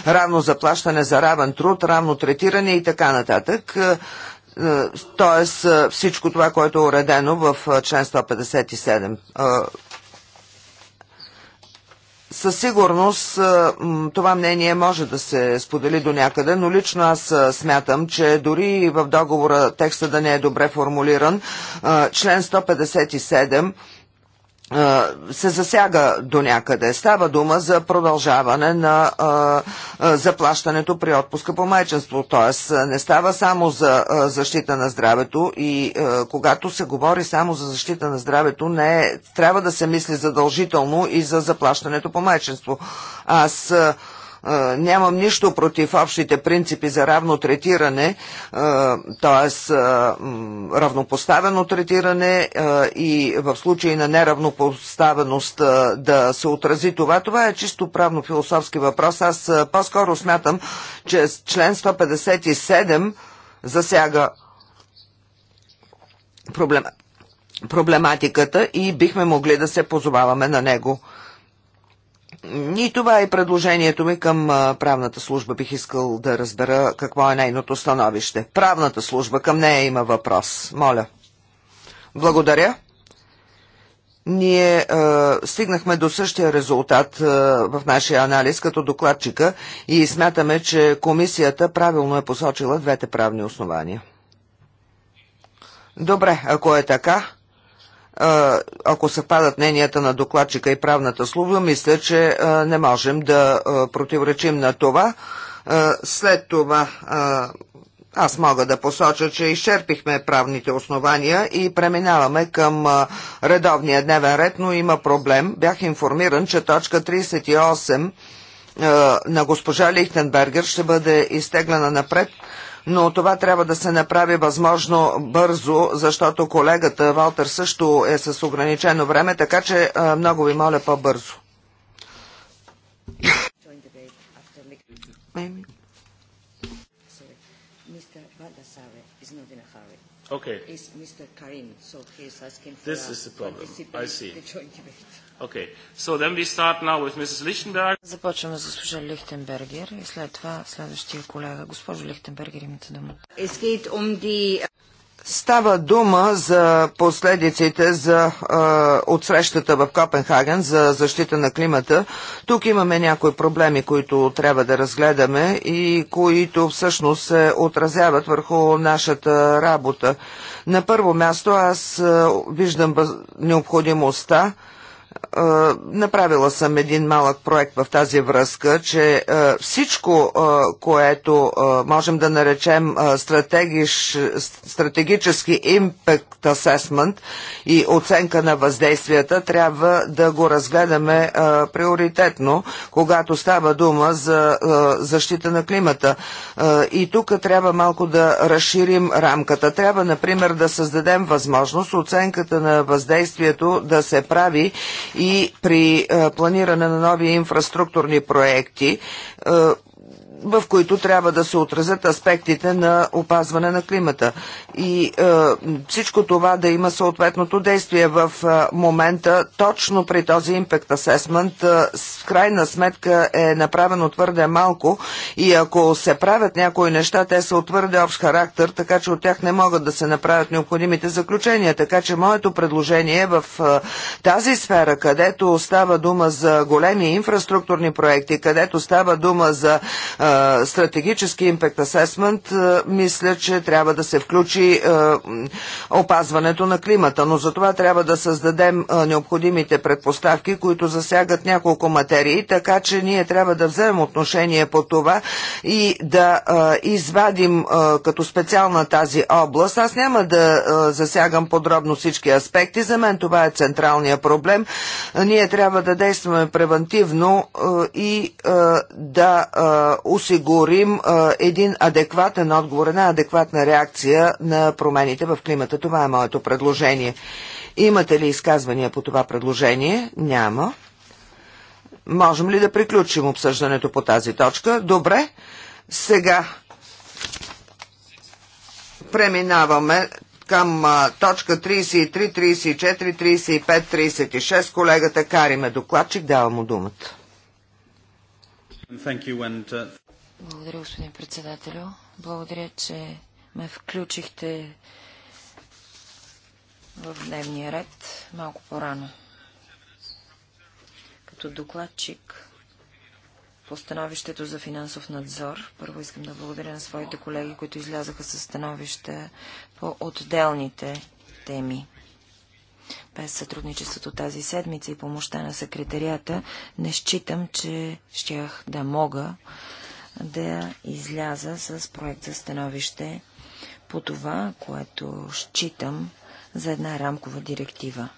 равно заплащане за равен труд, равно третиране и така нататък Тоест, всичко това, което е уредено в член 157. Със сигурност това мнение може да се сподели до някъде, но лично аз смятам, че дори в договора текста да не е добре формулиран, член 157 се засяга до някъде. Става дума за продължаване на заплащането при отпуска по майчинство. Т.е. не става само за защита на здравето и когато се говори само за защита на здравето, не е, трябва да се мисли задължително и за заплащането по майчинство. Аз Нямам нищо против общите принципи за равно третиране, т.е. равнопоставено третиране и в случай на неравнопоставеност да се отрази това. Това е чисто правно-философски въпрос. Аз по-скоро смятам, че член 157 засяга проблема, проблематиката и бихме могли да се позоваваме на него. И това е предложението ми към правната служба. Бих искал да разбера какво е нейното становище. Правната служба, към нея има въпрос. Моля. Благодаря. Ние е, стигнахме до същия резултат е, в нашия анализ като докладчика и смятаме, че комисията правилно е посочила двете правни основания. Добре, ако е така, ако съвпадат мненията на докладчика и правната служба, мисля, че не можем да противоречим на това. След това аз мога да посоча, че изчерпихме правните основания и преминаваме към редовния дневен ред, но има проблем. Бях информиран, че точка 38 на госпожа Лихтенбергер ще бъде изтеглена напред но това трябва да се направи възможно бързо, защото колегата Валтер също е с ограничено време, така че много ви моля по-бързо. Okay. Is Mr. Karim, so he is asking for this is the problem. I see. The joint debate. Okay. So then we start now with Mrs. Lichtenberg. Започваме с госпожа Лихтенбергер и след това следващия колега. Госпожо Лихтенбергер, имате думата. Става дума за последиците за, е, от срещата в Копенхаген за защита на климата. Тук имаме някои проблеми, които трябва да разгледаме и които всъщност се отразяват върху нашата работа. На първо място аз виждам необходимостта направила съм един малък проект в тази връзка, че всичко, което можем да наречем стратегиш, стратегически impact assessment и оценка на въздействията, трябва да го разгледаме приоритетно, когато става дума за защита на климата. И тук трябва малко да разширим рамката. Трябва, например, да създадем възможност оценката на въздействието да се прави и при е, планиране на нови инфраструктурни проекти е, в които трябва да се отразят аспектите на опазване на климата. И е, всичко това да има съответното действие в е, момента, точно при този импект асесмент, е, в крайна сметка е направено твърде малко и ако се правят някои неща, те са от твърде общ характер, така че от тях не могат да се направят необходимите заключения. Така че моето предложение е в е, тази сфера, където става дума за големи инфраструктурни проекти, където става дума за е, стратегически импект асесмент, мисля, че трябва да се включи опазването на климата, но за това трябва да създадем необходимите предпоставки, които засягат няколко материи, така че ние трябва да вземем отношение по това и да извадим като специална тази област. Аз няма да засягам подробно всички аспекти, за мен това е централният проблем. Ние трябва да действаме превентивно и да осигурим един адекватен отговор, една адекватна реакция на промените в климата. Това е моето предложение. Имате ли изказвания по това предложение? Няма. Можем ли да приключим обсъждането по тази точка? Добре. Сега преминаваме към а, точка 33, 34, 35, 36. Колегата Кариме докладчик, давам му думата. Uh, благодаря, господин председателю. Благодаря, че ме включихте в дневния ред малко по-рано. Като докладчик по становището за финансов надзор, първо искам да благодаря на своите колеги, които излязаха със становища по отделните теми. Без сътрудничеството тази седмица и помощта на секретарията, не считам, че щях да мога да изляза с проект за становище по това, което считам за една рамкова директива.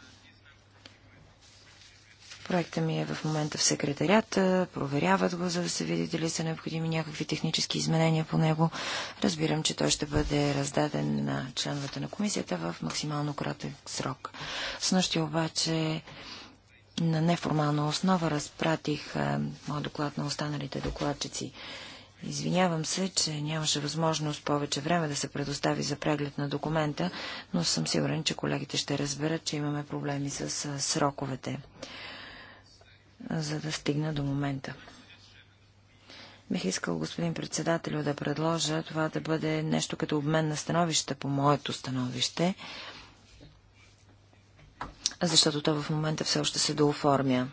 Проекта ми е в момента в секретарията, проверяват го, за да се види дали са необходими някакви технически изменения по него. Разбирам, че той ще бъде раздаден на членовете на комисията в максимално кратък срок. С нощи обаче на неформална основа разпратих моят доклад на останалите докладчици Извинявам се, че нямаше възможност повече време да се предостави за преглед на документа, но съм сигурен, че колегите ще разберат, че имаме проблеми с сроковете, за да стигна до момента. Бих искал, господин председател, да предложа това да бъде нещо като обмен на становище по моето становище, защото то в момента все още се дооформя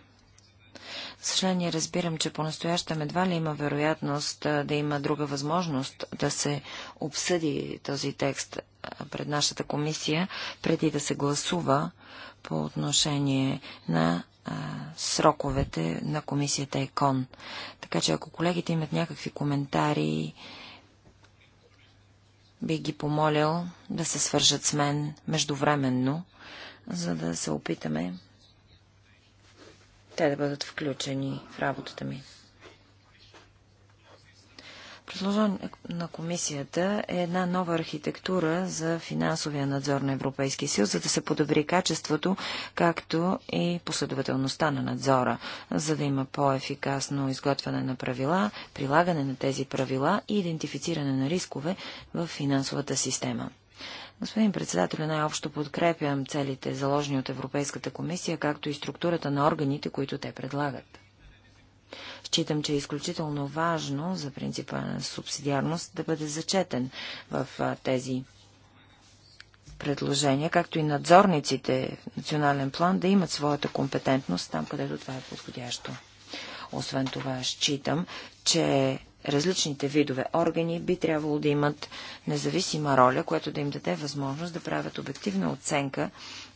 съжаление разбирам, че по-настоящем едва ли има вероятност да има друга възможност да се обсъди този текст пред нашата комисия, преди да се гласува по отношение на а, сроковете на комисията ЕКОН. Така че ако колегите имат някакви коментари, би ги помолил да се свържат с мен междувременно, за да се опитаме те да бъдат включени в работата ми. Предложен на комисията е една нова архитектура за финансовия надзор на Европейския съюз, за да се подобри качеството, както и последователността на надзора, за да има по-ефикасно изготвяне на правила, прилагане на тези правила и идентифициране на рискове в финансовата система. Господин председател, най-общо подкрепям целите, заложени от Европейската комисия, както и структурата на органите, които те предлагат. Считам, че е изключително важно за принципа на субсидиарност да бъде зачетен в тези предложения, както и надзорниците в национален план да имат своята компетентност там, където това е подходящо. Освен това, считам, че различните видове органи би трябвало да имат независима роля, което да им даде възможност да правят обективна оценка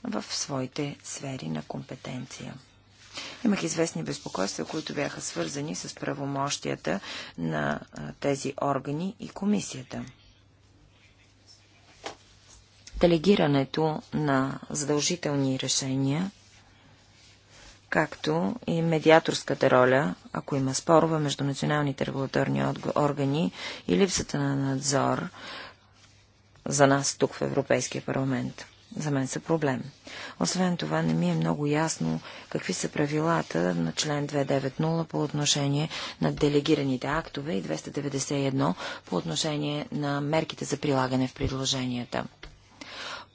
в своите сфери на компетенция. Имах известни безпокойства, които бяха свързани с правомощията на тези органи и комисията. Делегирането на задължителни решения както и медиаторската роля, ако има спорове между националните регулаторни органи и липсата на надзор за нас тук в Европейския парламент. За мен са проблем. Освен това, не ми е много ясно какви са правилата на член 290 по отношение на делегираните актове и 291 по отношение на мерките за прилагане в предложенията.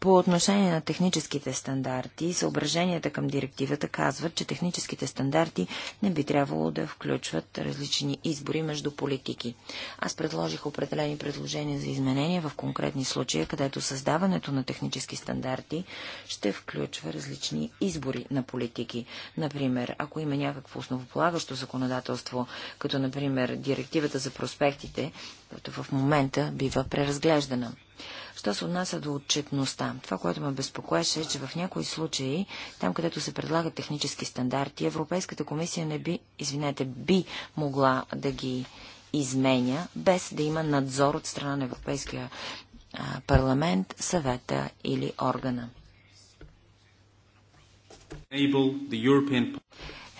По отношение на техническите стандарти, съображенията към директивата казват, че техническите стандарти не би трябвало да включват различни избори между политики. Аз предложих определени предложения за изменения в конкретни случаи, където създаването на технически стандарти ще включва различни избори на политики. Например, ако има някакво основополагащо законодателство, като например директивата за проспектите, която в момента бива преразглеждана. Що се отнася до отчетността? Това, което ме безпокоеше, е, че в някои случаи, там където се предлагат технически стандарти, Европейската комисия не би, извинете, би могла да ги изменя, без да има надзор от страна на Европейския парламент, съвета или органа.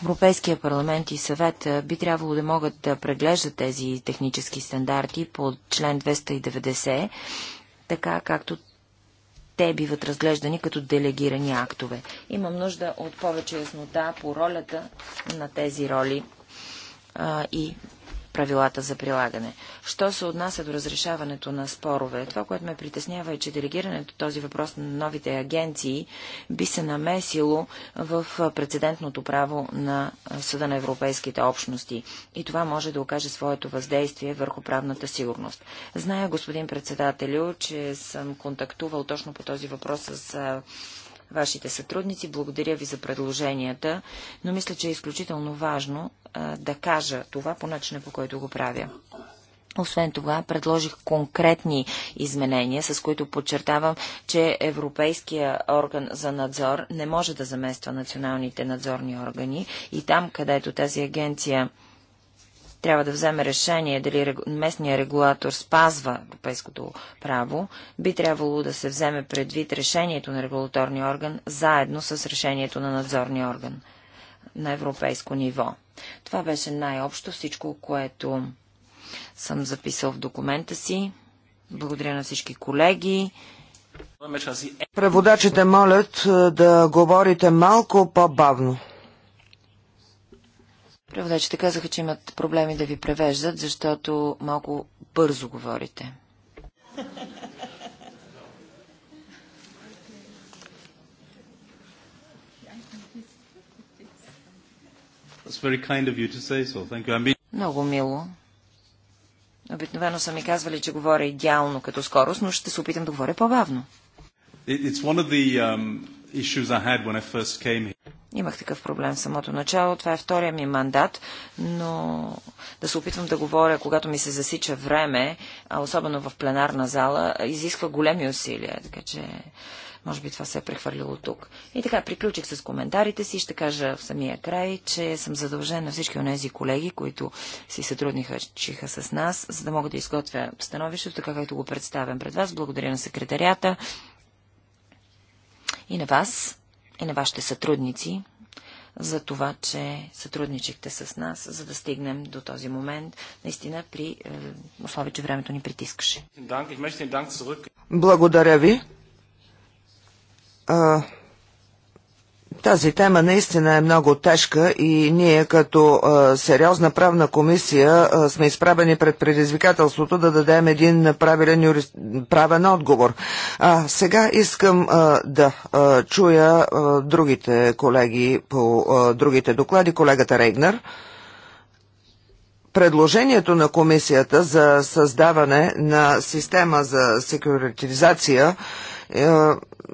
Европейския парламент и съвет би трябвало да могат да преглеждат тези технически стандарти по член 290 така както те биват разглеждани като делегирани актове. Имам нужда от повече яснота по ролята на тези роли а, и правилата за прилагане. Що се отнася до разрешаването на спорове? Това, което ме притеснява е, че делегирането този въпрос на новите агенции би се намесило в прецедентното право на Съда на Европейските общности и това може да окаже своето въздействие върху правната сигурност. Зная, господин председателю, че съм контактувал точно по този въпрос с вашите сътрудници. Благодаря ви за предложенията, но мисля, че е изключително важно да кажа това по начина, по който го правя. Освен това, предложих конкретни изменения, с които подчертавам, че Европейския орган за надзор не може да замества националните надзорни органи и там, където тази агенция трябва да вземе решение дали местния регулатор спазва европейското право, би трябвало да се вземе предвид решението на регулаторния орган заедно с решението на надзорния орган на европейско ниво. Това беше най-общо всичко, което съм записал в документа си. Благодаря на всички колеги. Преводачите молят е, да говорите малко по-бавно. Преводачите казаха, че имат проблеми да ви превеждат, защото малко бързо говорите. Много мило. Обикновено са ми казвали, че говоря идеално като скорост, но ще се опитам да говоря по-бавно. Имах такъв проблем в самото начало. Това е втория ми мандат, но да се опитвам да говоря, когато ми се засича време, а особено в пленарна зала, изисква големи усилия. Така че, може би това се е прехвърлило тук. И така, приключих с коментарите си. Ще кажа в самия край, че съм задължен на всички от тези колеги, които си сътрудничиха с нас, за да мога да изготвя становището, така както го представям пред вас. Благодаря на секретарията и на вас и на вашите сътрудници за това, че сътрудничихте с нас, за да стигнем до този момент, наистина при е, условие, че времето ни притискаше. Благодаря ви. А... Тази тема наистина е много тежка и ние като а, сериозна правна комисия а, сме изправени пред предизвикателството да дадем един правилен юрист, правен отговор. А, сега искам а, да а, чуя а, другите колеги по а, другите доклади. Колегата Рейгнер. Предложението на комисията за създаване на система за секюритизация е,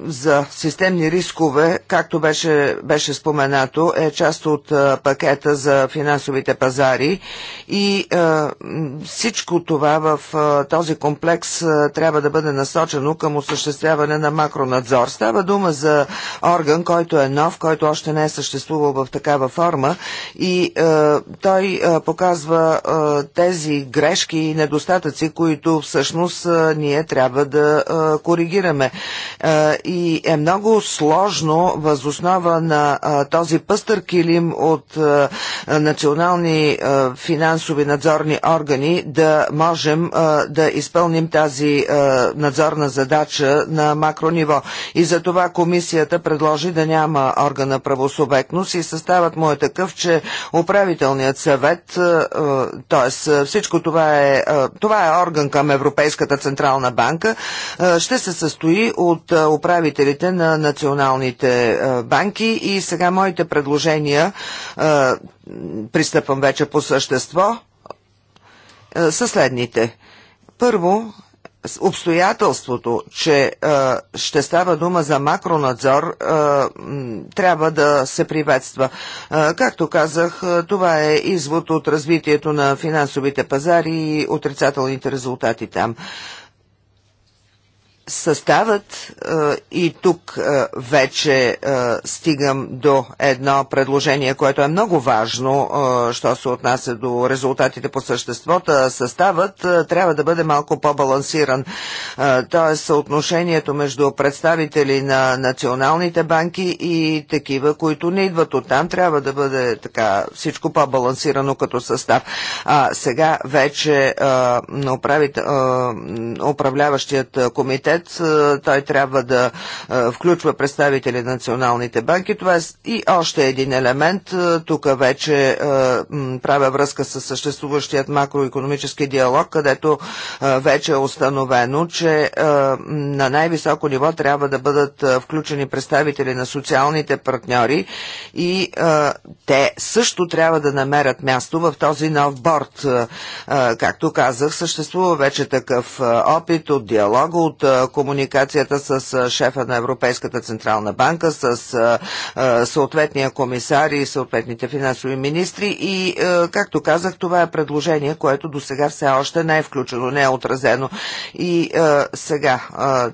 за системни рискове, както беше, беше споменато, е част от пакета за финансовите пазари и а, всичко това в а, този комплекс а, трябва да бъде насочено към осъществяване на макронадзор. Става дума за орган, който е нов, който още не е съществувал в такава форма и а, той а, показва а, тези грешки и недостатъци, които всъщност а, ние трябва да а, коригираме. А, и е много сложно възоснова на този пъстър килим от национални финансови надзорни органи да можем да изпълним тази надзорна задача на макро ниво. И за това комисията предложи да няма органа правосубектност и съставът му е такъв, че управителният съвет, т.е. всичко това е, това е орган към Европейската централна банка, ще се състои от управителният управителите на националните банки и сега моите предложения, пристъпвам вече по същество, са следните. Първо, обстоятелството, че ще става дума за макронадзор, трябва да се приветства. както казах, това е извод от развитието на финансовите пазари и отрицателните резултати там съставът е, и тук е, вече е, стигам до едно предложение, което е много важно, що се отнася до резултатите по съществота. Съставът трябва да бъде малко по-балансиран, т.е. съотношението между представители на националните банки и такива, които не идват от там, трябва да бъде така всичко по-балансирано като състав. А сега вече управляващият комитет комитет. Е, той трябва да е, включва представители на националните банки. Това е и още един елемент. Е, тук вече правя връзка с съществуващият макроекономически диалог, където вече е установено, че на най-високо ниво трябва да бъдат включени представители на социалните партньори и те също трябва да намерят място в този нов борт. Както казах, съществува вече такъв опит от диалога, от комуникацията с шефа на Европейската Централна банка, с съответния комисар и съответните финансови министри и, както казах, това е предложение, което до сега все още не е включено, не е отразено. И сега,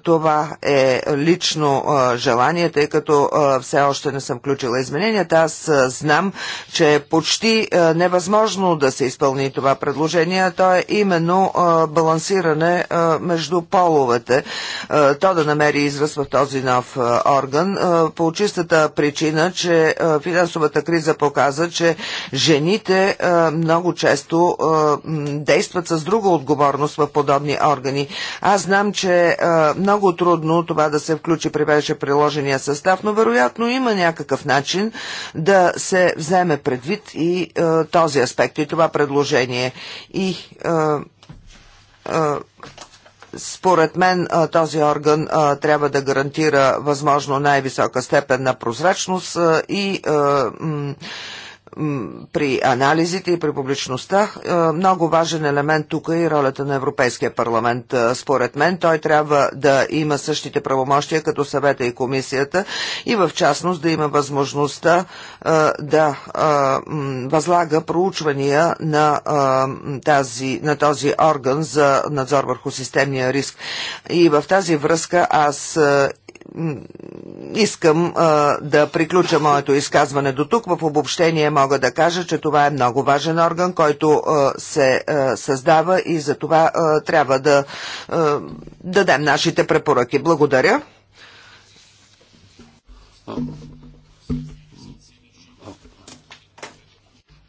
това е лично желание, тъй като все още не съм включила измененията. Аз знам, че е почти невъзможно да се изпълни това предложение. То е именно балансиране между половете е, то да намери израз в този нов е, орган е, по чистата причина, че финансовата криза показа, че жените много често действат с друга отговорност в подобни органи. Аз знам, че много трудно това да се включи при беше приложения състав, но вероятно има някакъв начин да се вземе предвид и този аспект и това предложение. И а, а, според мен този орган трябва да гарантира възможно най-висока степен на прозрачност и при анализите и при публичността. Е, много важен елемент тук е и ролята на Европейския парламент. Е, според мен той трябва да има същите правомощия като съвета и комисията и в частност да има възможността е, да възлага проучвания на, тази, на този орган за надзор върху системния риск. И в тази връзка аз искам а, да приключа моето изказване до тук. В обобщение мога да кажа, че това е много важен орган, който а, се а, създава и за това а, трябва да а, дадем нашите препоръки. Благодаря.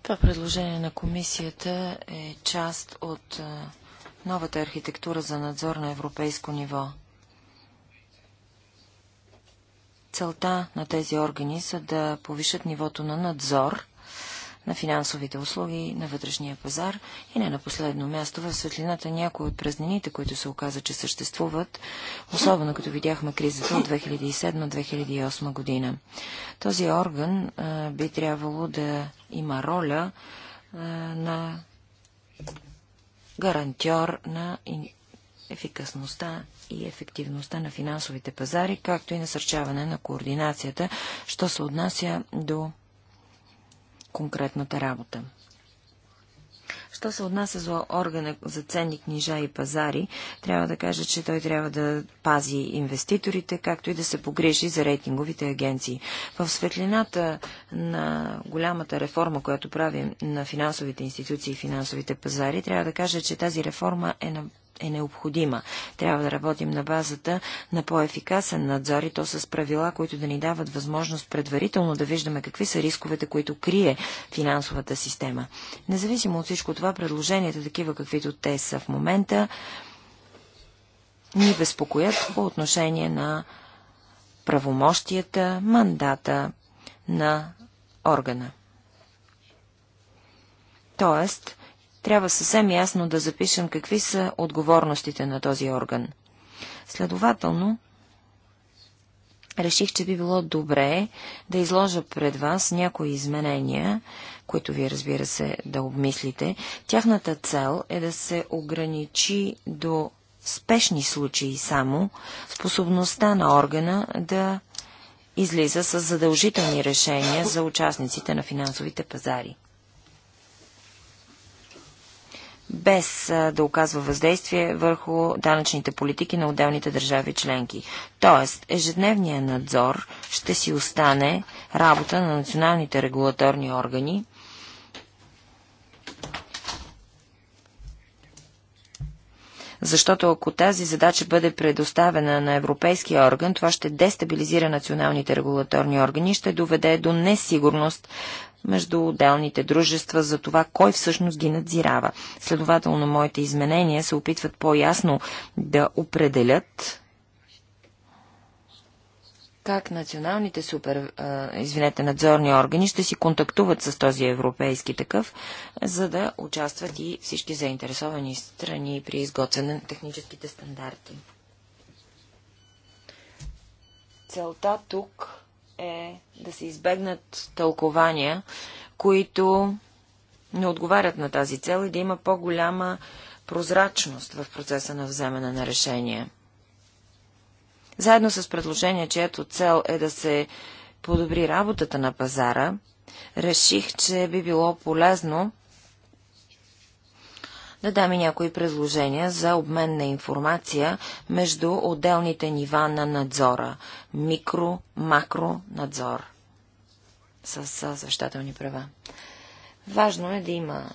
Това предложение на комисията е част от новата архитектура за надзор на европейско ниво. Целта на тези органи са да повишат нивото на надзор на финансовите услуги на вътрешния пазар и не на последно място в светлината някои от празнените, които се оказа, че съществуват, особено като видяхме кризата от 2007-2008 година. Този орган а, би трябвало да има роля а, на гарантьор на ефикасността и ефективността на финансовите пазари, както и насърчаване на координацията, що се отнася до конкретната работа. Що се отнася за органа за ценни книжа и пазари, трябва да кажа, че той трябва да пази инвеститорите, както и да се погрежи за рейтинговите агенции. В светлината на голямата реформа, която правим на финансовите институции и финансовите пазари, трябва да кажа, че тази реформа е на е необходима. Трябва да работим на базата на по-ефикасен надзор и то с правила, които да ни дават възможност предварително да виждаме какви са рисковете, които крие финансовата система. Независимо от всичко това, предложенията, такива каквито те са в момента, ни безпокоят по отношение на правомощията, мандата на органа. Тоест, трябва съвсем ясно да запишем какви са отговорностите на този орган. Следователно, реших, че би било добре да изложа пред вас някои изменения, които вие разбира се да обмислите. Тяхната цел е да се ограничи до спешни случаи само способността на органа да излиза с задължителни решения за участниците на финансовите пазари без да оказва въздействие върху данъчните политики на отделните държави членки. Тоест, ежедневният надзор ще си остане работа на националните регулаторни органи, защото ако тази задача бъде предоставена на европейския орган, това ще дестабилизира националните регулаторни органи и ще доведе до несигурност между отделните дружества за това, кой всъщност ги надзирава. Следователно, моите изменения се опитват по-ясно да определят как националните супер, извинете, надзорни органи ще си контактуват с този европейски такъв, за да участват и всички заинтересовани страни при изготвяне на техническите стандарти. Целта тук е да се избегнат тълкования, които не отговарят на тази цел и да има по-голяма прозрачност в процеса на вземане на решение. Заедно с предложение, чието цел е да се подобри работата на пазара, реших, че би било полезно да дам и някои предложения за обмен на информация между отделните нива на надзора – микро, макро надзор с завещателни права. Важно е да има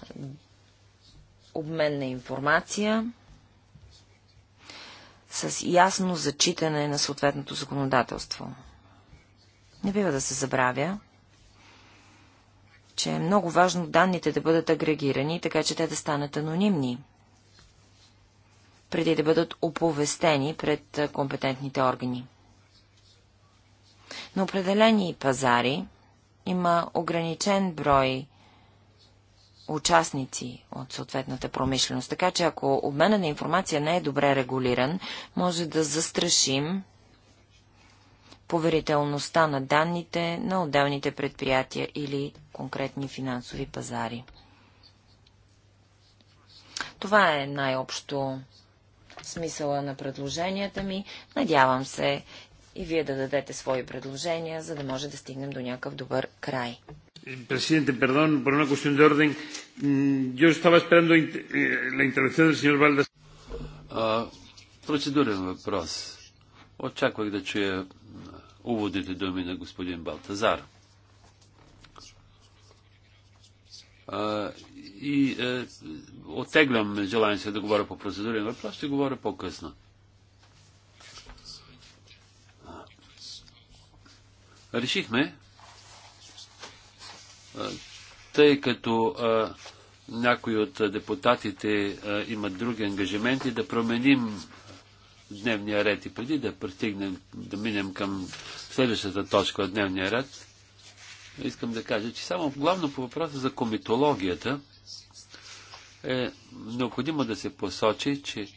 обмен на информация с ясно зачитане на съответното законодателство. Не бива да се забравя, че е много важно данните да бъдат агрегирани, така че те да станат анонимни, преди да бъдат оповестени пред компетентните органи. На определени пазари има ограничен брой участници от съответната промишленост. Така че ако обмена на информация не е добре регулиран, може да застрашим поверителността на данните на отделните предприятия или конкретни финансови пазари. Това е най-общо смисъла на предложенията ми. Надявам се и вие да дадете свои предложения, за да може да стигнем до някакъв добър край. Presidente, perdón por una cuestión de orden. Mm, yo estaba esperando eh, la intervención del señor Valdas. Процедурен въпрос. Очаквах да чуя уводите думи на господин Балтазар. И е, оттеглям желание се да говоря по процедурен въпрос, ще говоря по-късно. Решихме, тъй като някои от депутатите имат други ангажименти, да променим дневния ред и преди да пристигнем, да минем към следващата точка от дневния ред, искам да кажа, че само главно по въпроса за комитологията е необходимо да се посочи, че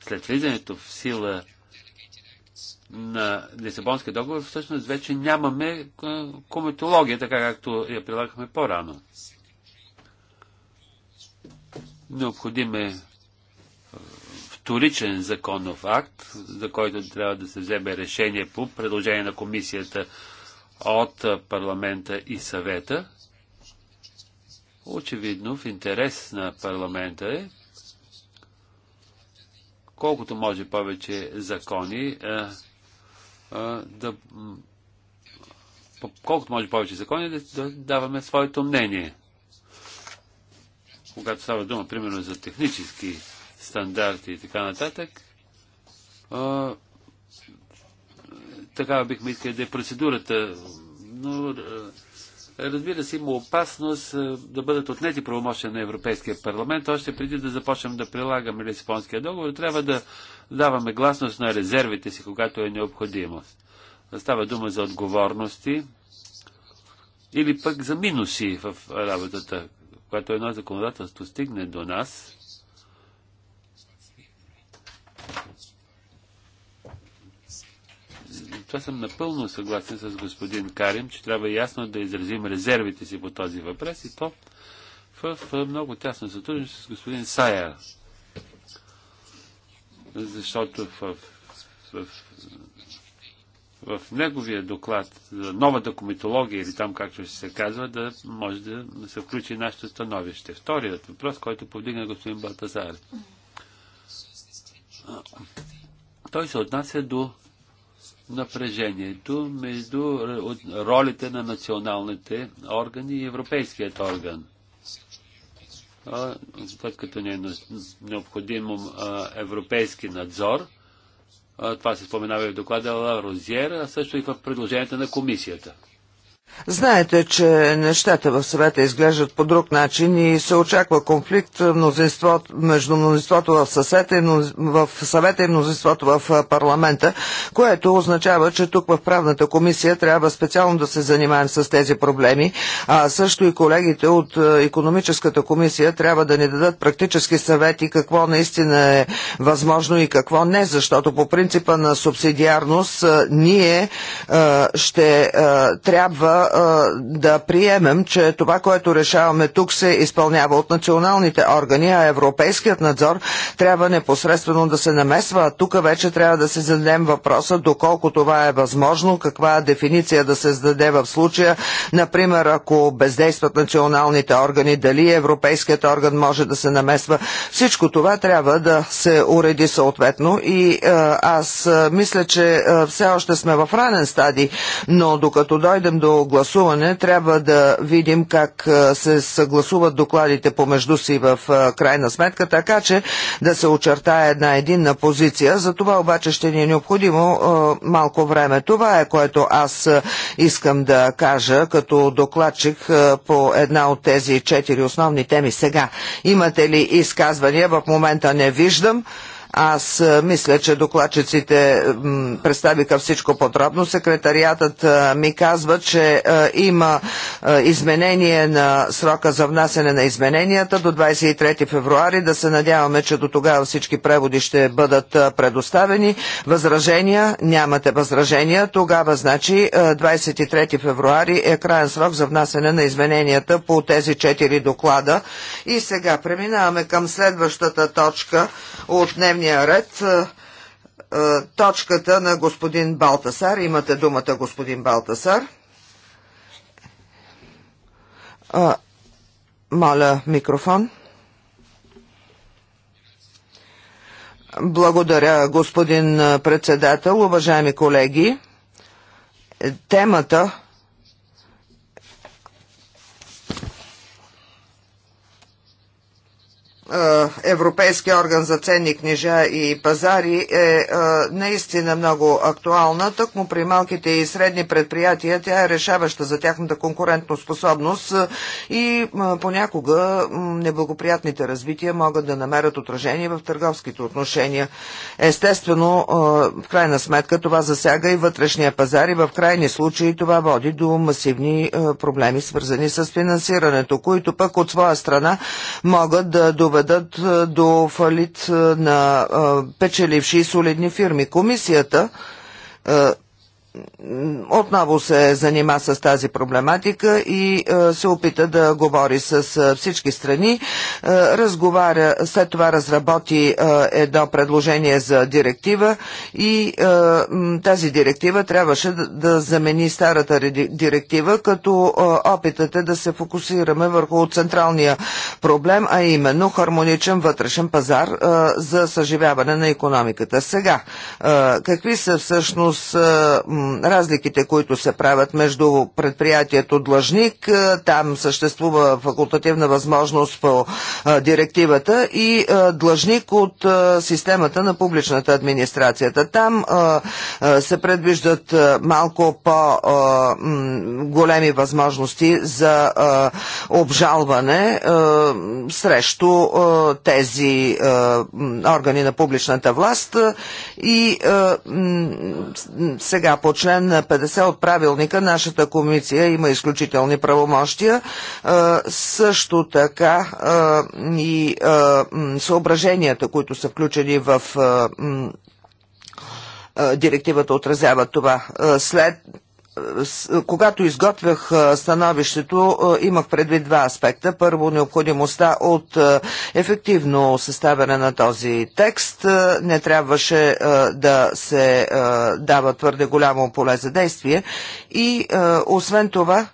след влизането в сила на Лисабонския договор, всъщност вече нямаме е, кометология, така както я прилагахме по-рано. Необходим е, е вторичен законов акт, за който трябва да се вземе решение по предложение на комисията от парламента и съвета. Очевидно в интерес на парламента е колкото може повече закони а, а, да колкото може повече закони да, да даваме своето мнение. Когато става дума, примерно, за технически стандарти и така нататък, а, такава бихме искали да е процедурата. Но е, разбира се, има опасност е, да бъдат отнети правомощия на Европейския парламент. Още преди да започнем да прилагаме Лисабонския договор, трябва да даваме гласност на резервите си, когато е необходимо. Става дума за отговорности или пък за минуси в работата. Когато едно законодателство стигне до нас, Това съм напълно съгласен с господин Карим, че трябва ясно да изразим резервите си по този въпрос и то в, в много тясно сътрудничество с господин Сая. Защото в, в, в, в неговия доклад за новата комитология или там както ще се казва, да може да се включи нашето становище. Вторият въпрос, който повдигна господин Балтазар. Той се отнася до напрежението между ролите на националните органи и европейският орган. След като не е необходим европейски надзор, това се споменава и в доклада Розиер, а също и в предложенията на комисията. Знаете, че нещата в съвета изглеждат по друг начин и се очаква конфликт между мнозинството в, и в съвета и мнозинството в парламента, което означава, че тук в правната комисия трябва специално да се занимаем с тези проблеми, а също и колегите от економическата комисия трябва да ни дадат практически съвети какво наистина е възможно и какво не, защото по принципа на субсидиарност ние ще трябва да приемем, че това, което решаваме тук, се изпълнява от националните органи, а европейският надзор трябва непосредствено да се намесва. А тук вече трябва да се зададем въпроса доколко това е възможно, каква дефиниция да се зададе в случая. Например, ако бездействат националните органи, дали европейският орган може да се намесва. Всичко това трябва да се уреди съответно и а, аз мисля, че все още сме в ранен стадий, но докато дойдем до гласуване трябва да видим как се съгласуват докладите помежду си в крайна сметка, така че да се очертае една единна позиция. За това обаче ще ни е необходимо малко време. Това е което аз искам да кажа като докладчик по една от тези четири основни теми сега. Имате ли изказвания? В момента не виждам. Аз мисля, че докладчиците представиха всичко подробно. Секретариатът ми казва, че има изменение на срока за внасене на измененията до 23 февруари. Да се надяваме, че до тогава всички преводи ще бъдат предоставени. Възражения? Нямате възражения. Тогава, значи, 23 февруари е крайен срок за внасене на измененията по тези 4 доклада. И сега преминаваме към следващата точка от дневния дневния ред е, е, точката на господин Балтасар. Имате думата, господин Балтасар. Е, моля, микрофон. Благодаря, господин председател, уважаеми колеги. Темата, Е, Европейския орган за ценни книжа и пазари е, е наистина много актуална. Тъкмо при малките и средни предприятия тя е решаваща за тяхната конкурентно способност е, и понякога неблагоприятните развития могат да намерят отражение в търговските отношения. Естествено, в крайна сметка това засяга и вътрешния пазар и в крайни случаи това води до масивни проблеми, свързани с финансирането, които пък от своя страна могат да доведат доведат е, до фалит е, на е, печеливши и солидни фирми. Комисията отново се занима с тази проблематика и е, се опита да говори с е, всички страни. Е, разговаря, след това разработи едно предложение за директива и тази директива трябваше да замени старата директива, като опитът е да се фокусираме върху централния проблем, а именно хармоничен вътрешен пазар за съживяване на економиката. Сега, какви са всъщност разликите, които се правят между предприятието длъжник, там съществува факултативна възможност по директивата и длъжник от системата на публичната администрацията. Там се предвиждат малко по-големи възможности за обжалване срещу тези органи на публичната власт и сега по член 50 от правилника нашата комисия има изключителни правомощия. Също така и съображенията, които са включени в директивата отразяват това. След когато изготвях становището, имах предвид два аспекта. Първо, необходимостта от ефективно съставяне на този текст. Не трябваше да се дава твърде голямо поле за действие. И освен това,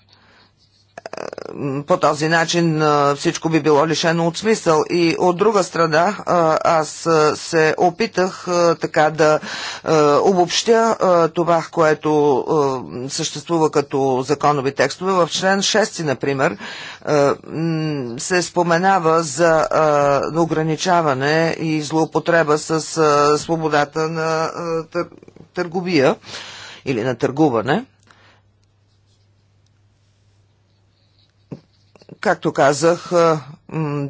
по този начин всичко би било лишено от смисъл. И от друга страна, аз се опитах така да обобщя това, което съществува като законови текстове. В член 6, например, се споменава за ограничаване и злоупотреба с свободата на търговия или на търгуване. Както казах,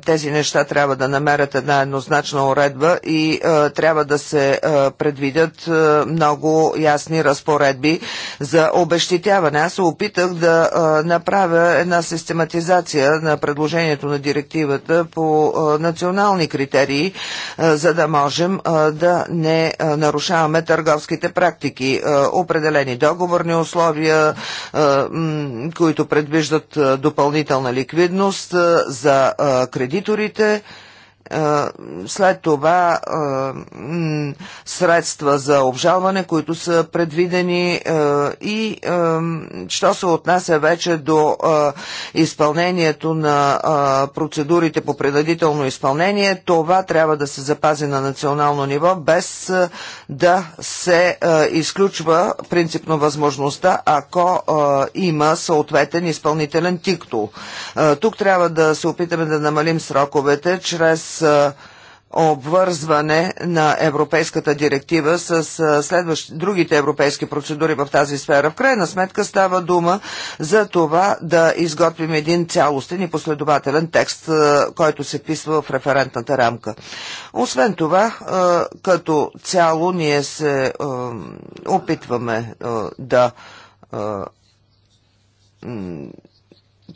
тези неща трябва да намерят една еднозначна уредба и е, трябва да се е, предвидят е, много ясни разпоредби за обещетяване. Аз се опитах да е, направя една систематизация на предложението на директивата по е, национални критерии, е, за да можем е, да не е, нарушаваме търговските практики. Е, определени договорни условия, е, м, които предвиждат е, допълнителна ликвидност е, за е, кредиторите, е, след това е, средства за обжалване, които са предвидени е, и що се отнася вече до изпълнението на процедурите по предадително изпълнение, това трябва да се запази на национално ниво, без да се изключва принципно възможността, ако има съответен изпълнителен тиктул. Тук трябва да се опитаме да намалим сроковете чрез обвързване на Европейската директива с следващи, другите европейски процедури в тази сфера. В крайна сметка става дума за това да изготвим един цялостен и последователен текст, който се вписва в референтната рамка. Освен това, като цяло ние се опитваме да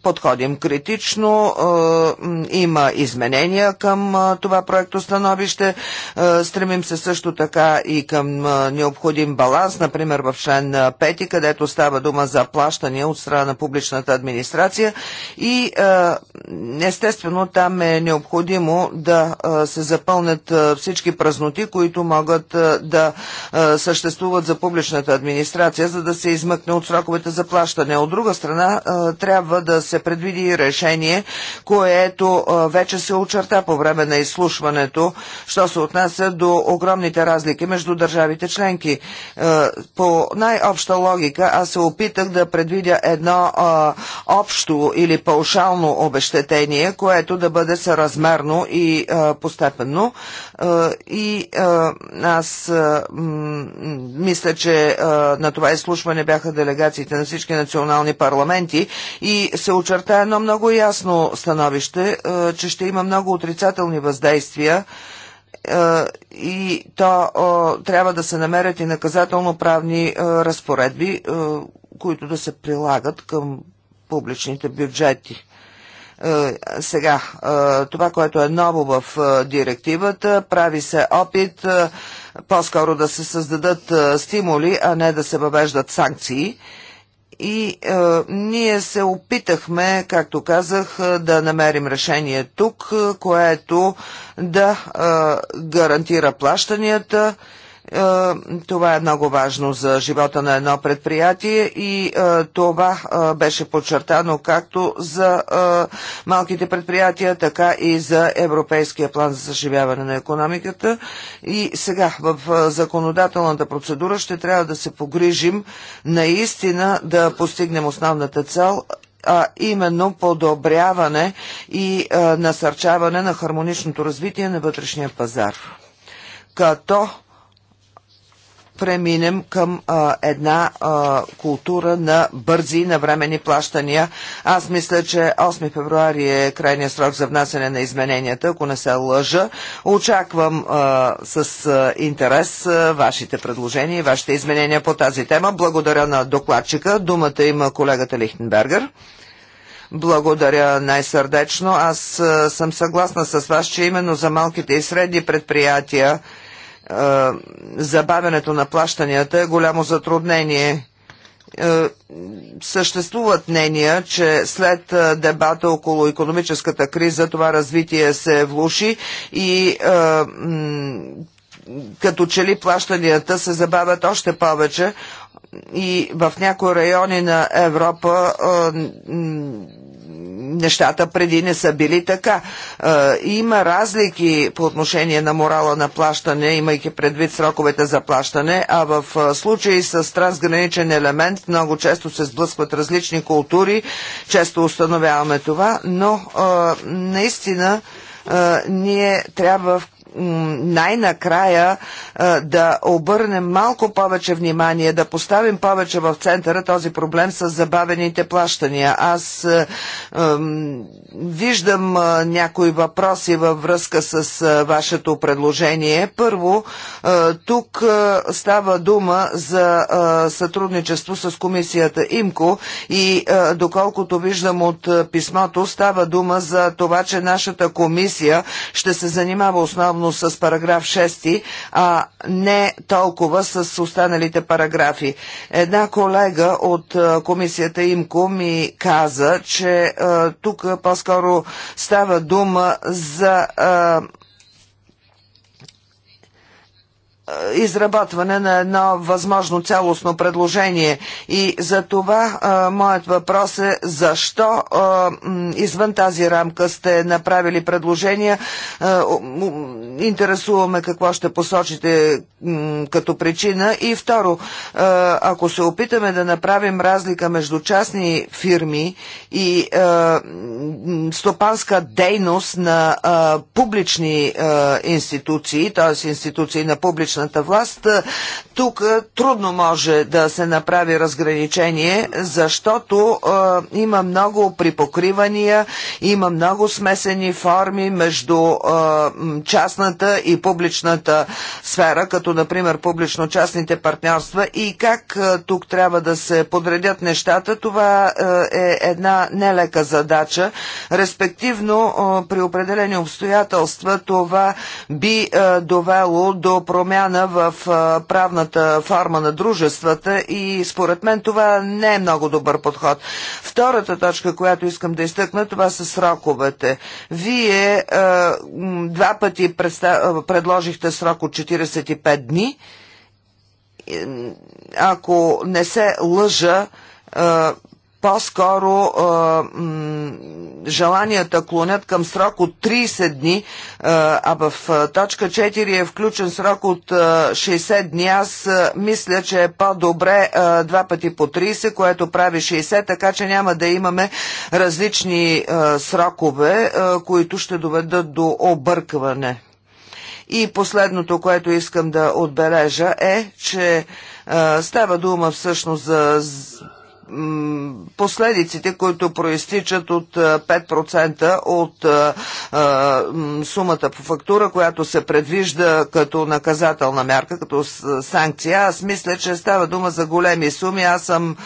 подходим критично. Е, има изменения към е, това проекто становище. Е, стремим се също така и към необходим баланс, например в член 5, където става дума за плащания от страна на публичната администрация и естествено там е необходимо да се запълнят всички празноти, които могат да съществуват за публичната администрация, за да се измъкне от сроковете за плащане. От друга страна трябва да се се предвиди решение, което вече се очерта по време на изслушването, що се отнася до огромните разлики между държавите членки. По най-обща логика аз се опитах да предвидя едно общо или паушално обещетение, което да бъде съразмерно и постепенно. И аз мисля, че на това изслушване бяха делегациите на всички национални парламенти и се очерта едно много ясно становище, е, че ще има много отрицателни въздействия е, и то е, трябва да се намерят и наказателно-правни разпоредби, които да се прилагат към публичните бюджети. Сега, това, което е ново в директивата, прави се опит по-скоро да се създадат стимули, а не да се въвеждат санкции – и е, ние се опитахме, както казах, е, да намерим решение тук, е, което да е, гарантира плащанията е, това е много важно за живота на едно предприятие и е, това е, беше подчертано както за малките предприятия, така и за Европейския план за съживяване на економиката. И сега в законодателната процедура ще трябва да се погрижим наистина да постигнем основната цел а именно подобряване и а, насърчаване на хармоничното развитие на вътрешния пазар. Като преминем към а, една а, култура на бързи и навремени плащания. Аз мисля, че 8 февруари е крайния срок за внасяне на измененията, ако не се лъжа. Очаквам а, с интерес а, вашите предложения и вашите изменения по тази тема. Благодаря на докладчика. Думата има колегата Лихтенбергер. Благодаря най-сърдечно. Аз а, съм съгласна с вас, че именно за малките и средни предприятия забавянето на плащанията е голямо затруднение. Съществуват мнения, че след дебата около економическата криза това развитие се влуши и като че ли плащанията се забавят още повече и в някои райони на Европа нещата преди не са били така. Има разлики по отношение на морала на плащане, имайки предвид сроковете за плащане, а в случаи с трансграничен елемент много често се сблъскват различни култури, често установяваме това, но наистина ние трябва в най-накрая да обърнем малко повече внимание, да поставим повече в центъра този проблем с забавените плащания. Аз виждам някои въпроси във връзка с вашето предложение. Първо, тук става дума за сътрудничество с комисията ИМКО и доколкото виждам от писмото, става дума за това, че нашата комисия ще се занимава основно основно с параграф 6, а не толкова с останалите параграфи. Една колега от е, комисията ИМКО ми каза, че е, тук по-скоро става дума за е, Е, изработване на едно възможно цялостно предложение. И за това а, е, моят въпрос е защо а, е, извън тази рамка сте направили предложения. А, интересуваме какво ще посочите като причина. И второ, а, ако се опитаме да направим разлика между частни фирми и а, стопанска дейност на а, публични а, институции, т.е. институции на публична данъчната власт. Тук трудно може да се направи разграничение, защото е, има много припокривания, има много смесени форми между е, частната и публичната сфера, като например публично-частните партньорства и как е, тук трябва да се подредят нещата. Това е една нелека задача. Респективно, при определени обстоятелства това би довело до промяна промяна в правната форма на дружествата и според мен това не е много добър подход. Втората точка, която искам да изтъкна, това са сроковете. Вие два пъти предложихте срок от 45 дни. Ако не се лъжа, по-скоро желанията клонят към срок от 30 дни, а в точка 4 е включен срок от 60 дни. Аз мисля, че е по-добре два пъти по 30, което прави 60, така че няма да имаме различни срокове, които ще доведат до объркване. И последното, което искам да отбележа е, че Става дума всъщност за последиците, които проистичат от 5% от а, сумата по фактура, която се предвижда като наказателна мярка, като санкция. Аз мисля, че става дума за големи суми. Аз съм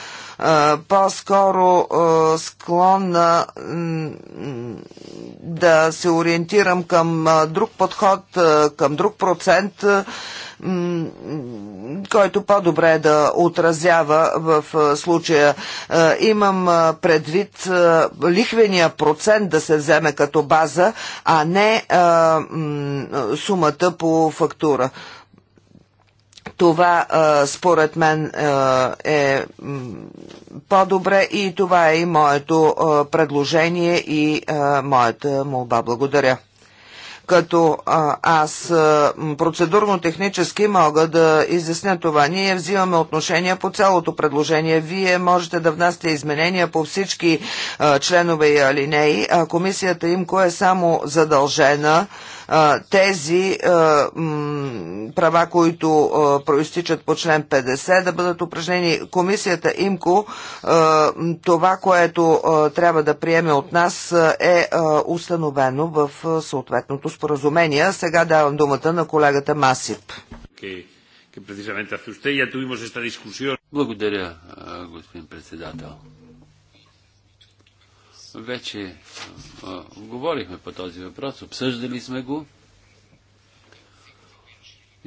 по-скоро склонна да се ориентирам към друг подход, към друг процент който по-добре е да отразява в случая. Имам предвид лихвения процент да се вземе като база, а не сумата по фактура. Това според мен е по-добре и това е и моето предложение и моята молба. Благодаря като а, аз процедурно-технически мога да изясня това. Ние взимаме отношение по цялото предложение. Вие можете да внасяте изменения по всички а, членове и алинеи, а комисията им кое е само задължена тези права, които проистичат по член 50, да бъдат упражнени. Комисията ИМКО, това, което трябва да приеме от нас е установено в съответното споразумение. Сега давам думата на колегата Масип. Благодаря, господин председател. Вече говорихме по този въпрос, обсъждали сме го.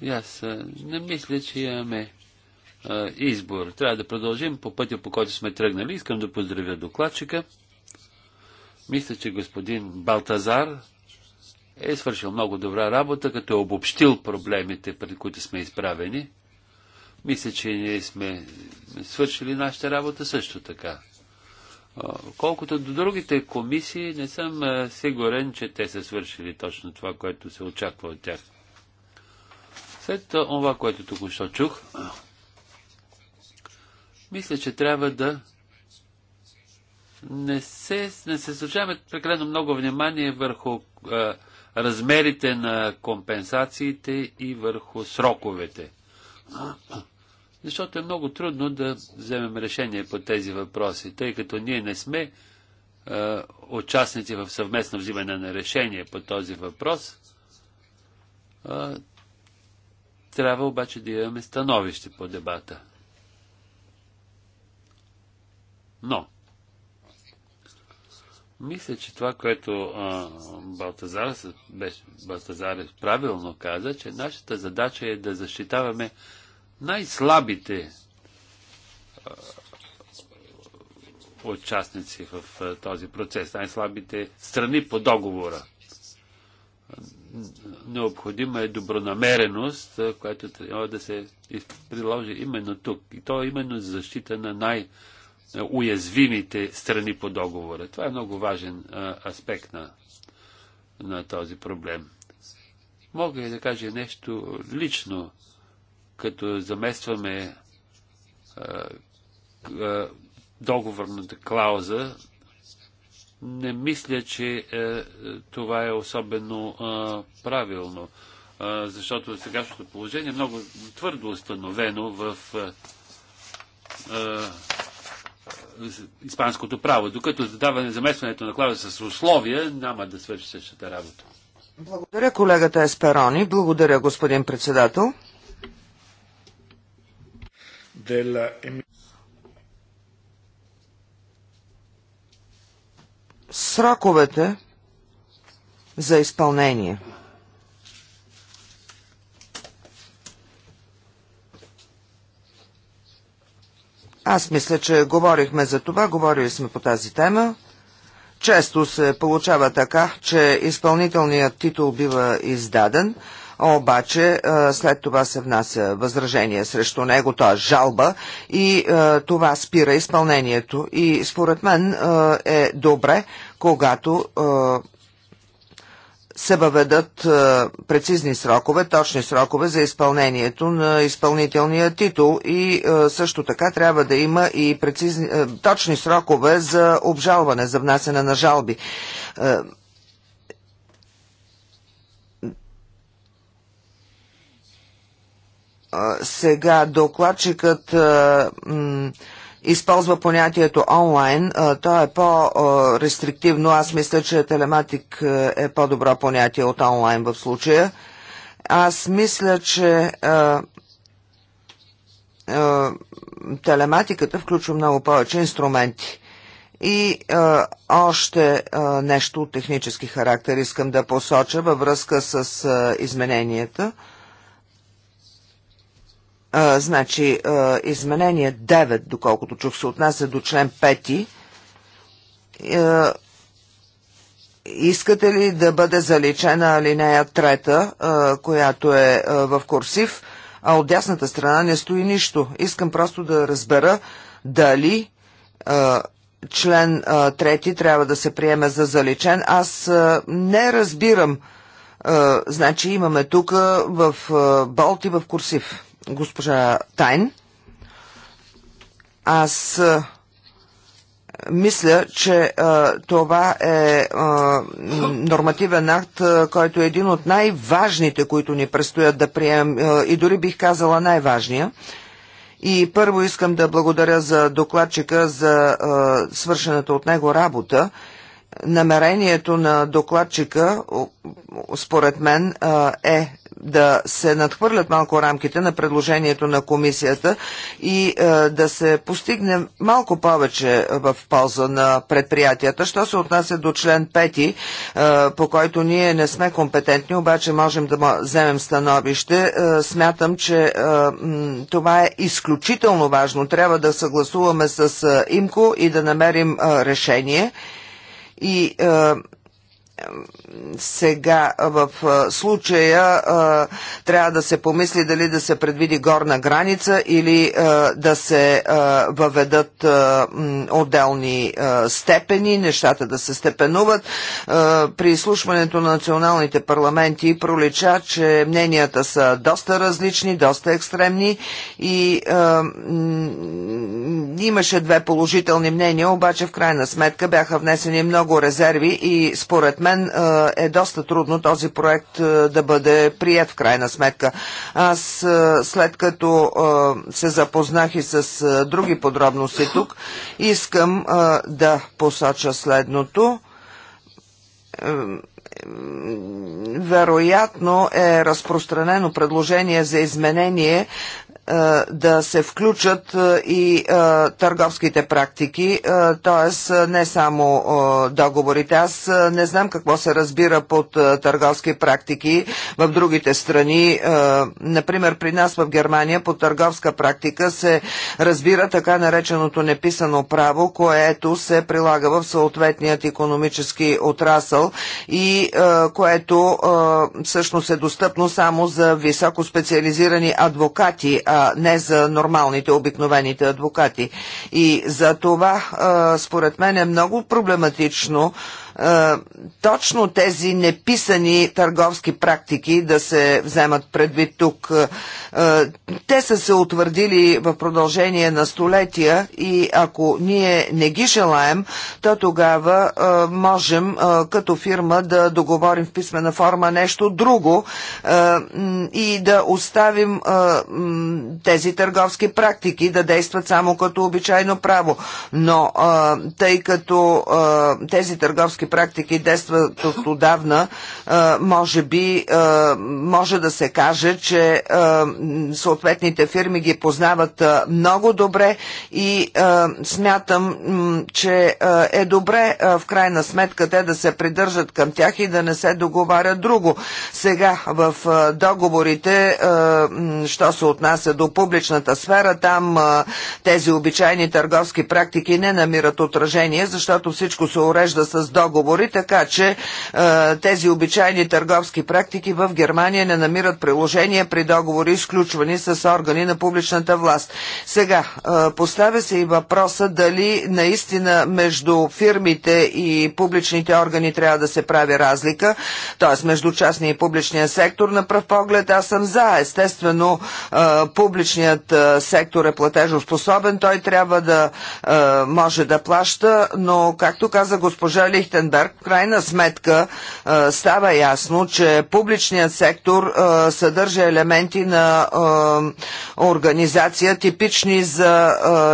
И аз не мисля, че имаме избор. Трябва да продължим по пътя, по който сме тръгнали. Искам да поздравя докладчика. Мисля, че господин Балтазар е свършил много добра работа, като е обобщил проблемите, пред които сме изправени. Мисля, че ние сме свършили нашата работа също така. Колкото до другите комисии, не съм сигурен, че те са свършили точно това, което се очаква от тях. След това, което току-що чух, [clears throat] мисля, че трябва да не се, не се случаваме прекалено много внимание върху а, размерите на компенсациите и върху сроковете. [clears throat] защото е много трудно да вземем решение по тези въпроси, тъй като ние не сме а, е, участници в съвместно взимане на решение по този въпрос. А, е, трябва обаче да имаме становище по дебата. Но, мисля, че това, което а, е, Балтазар, беше, правилно каза, че нашата задача е да защитаваме най-слабите участници в този процес, най-слабите страни по договора. Необходима е добронамереност, която трябва да се приложи именно тук. И то е именно за защита на най-уязвимите страни по договора. Това е много важен аспект на, на този проблем. Мога и да кажа нещо лично като заместваме а, а, договорната клауза, не мисля, че е, това е особено правилно, защото сегашното положение е много твърдо установено в испанското право. Докато задаване заместването на клауза с условия няма да свърши същата работа. Благодаря колегата Есперони, благодаря господин председател. Сроковете за изпълнение. Аз мисля, че говорихме за това, говорили сме по тази тема. Често се получава така, че изпълнителният титул бива издаден, обаче след това се внася възражение срещу него, т.е. жалба и това спира изпълнението. И според мен е добре, когато се въведат прецизни срокове, точни срокове за изпълнението на изпълнителния титул и също така трябва да има и прецизни, точни срокове за обжалване, за внасяне на жалби. сега докладчикът използва понятието онлайн. То е по-рестриктивно. Аз мисля, че телематик е по-добро понятие от онлайн в случая. Аз мисля, че телематиката включва много повече инструменти. И е, още е, нещо от технически характер искам да посоча във връзка с е, измененията. А, значи, а, изменение 9, доколкото чух, се отнася до член 5. А, искате ли да бъде заличена линея 3, а, която е а, в курсив, а от дясната страна не стои нищо? Искам просто да разбера дали а, член а, 3 трябва да се приеме за заличен. Аз а, не разбирам. А, значи имаме тук в а, Балти в курсив госпожа Тайн. Аз мисля, че а, това е а, нормативен акт, а, който е един от най-важните, които ни предстоят да приемем и дори бих казала най-важния. И първо искам да благодаря за докладчика за а, свършената от него работа. Намерението на докладчика, според мен, е да се надхвърлят малко рамките на предложението на комисията и е, да се постигне малко повече в полза на предприятията. Що се отнася до член 5, е, по който ние не сме компетентни, обаче можем да вземем становище, е, смятам, че това е изключително важно. Трябва да съгласуваме с ИМКО и да намерим решение. И сега в случая трябва да се помисли дали да се предвиди горна граница или да се въведат отделни степени, нещата да се степенуват. При изслушването на националните парламенти пролича, че мненията са доста различни, доста екстремни и имаше две положителни мнения, обаче в крайна сметка бяха внесени много резерви и според мен мен е доста трудно този проект да бъде прият в крайна сметка. Аз след като се запознах и с други подробности тук, искам да посоча следното вероятно е разпространено предложение за изменение е, да се включат е, и е, търговските практики, т.е. не само договорите. Аз не знам какво се разбира под търговски практики в другите страни. Например, при нас в Германия под търговска практика се разбира така нареченото неписано право, което се прилага в съответният економически отрасъл и което всъщност е достъпно само за високо специализирани адвокати, а не за нормалните, обикновените адвокати. И за това, според мен, е много проблематично е, точно тези неписани търговски практики да се вземат предвид тук. Е, е, те са се утвърдили в продължение на столетия и ако ние не ги желаем, то тогава можем като фирма да договорим в писмена форма нещо друго и да оставим тези търговски практики да действат само като обичайно право. Но тъй като тези търговски практики действат от отдавна, може би може да се каже, че съответните фирми ги познават много добре и смятам, че е добре в крайна сметка те да се придържат към тях и да не се договарят друго. Сега в договорите, що се отнася до публичната сфера, там тези обичайни търговски практики не намират отражение, защото всичко се урежда с договорите договори, така че е, тези обичайни търговски практики в Германия не намират приложение при договори, изключвани с органи на публичната власт. Сега, е, поставя се и въпроса дали наистина между фирмите и публичните органи трябва да се прави разлика, т.е. между частния и публичния сектор. На пръв поглед аз съм за. Естествено, е, публичният е, сектор е платежоспособен, той трябва да е, може да плаща, но както каза госпожа Лихтен, Лихтенберг, в крайна сметка става ясно, че публичният сектор съдържа елементи на организация, типични за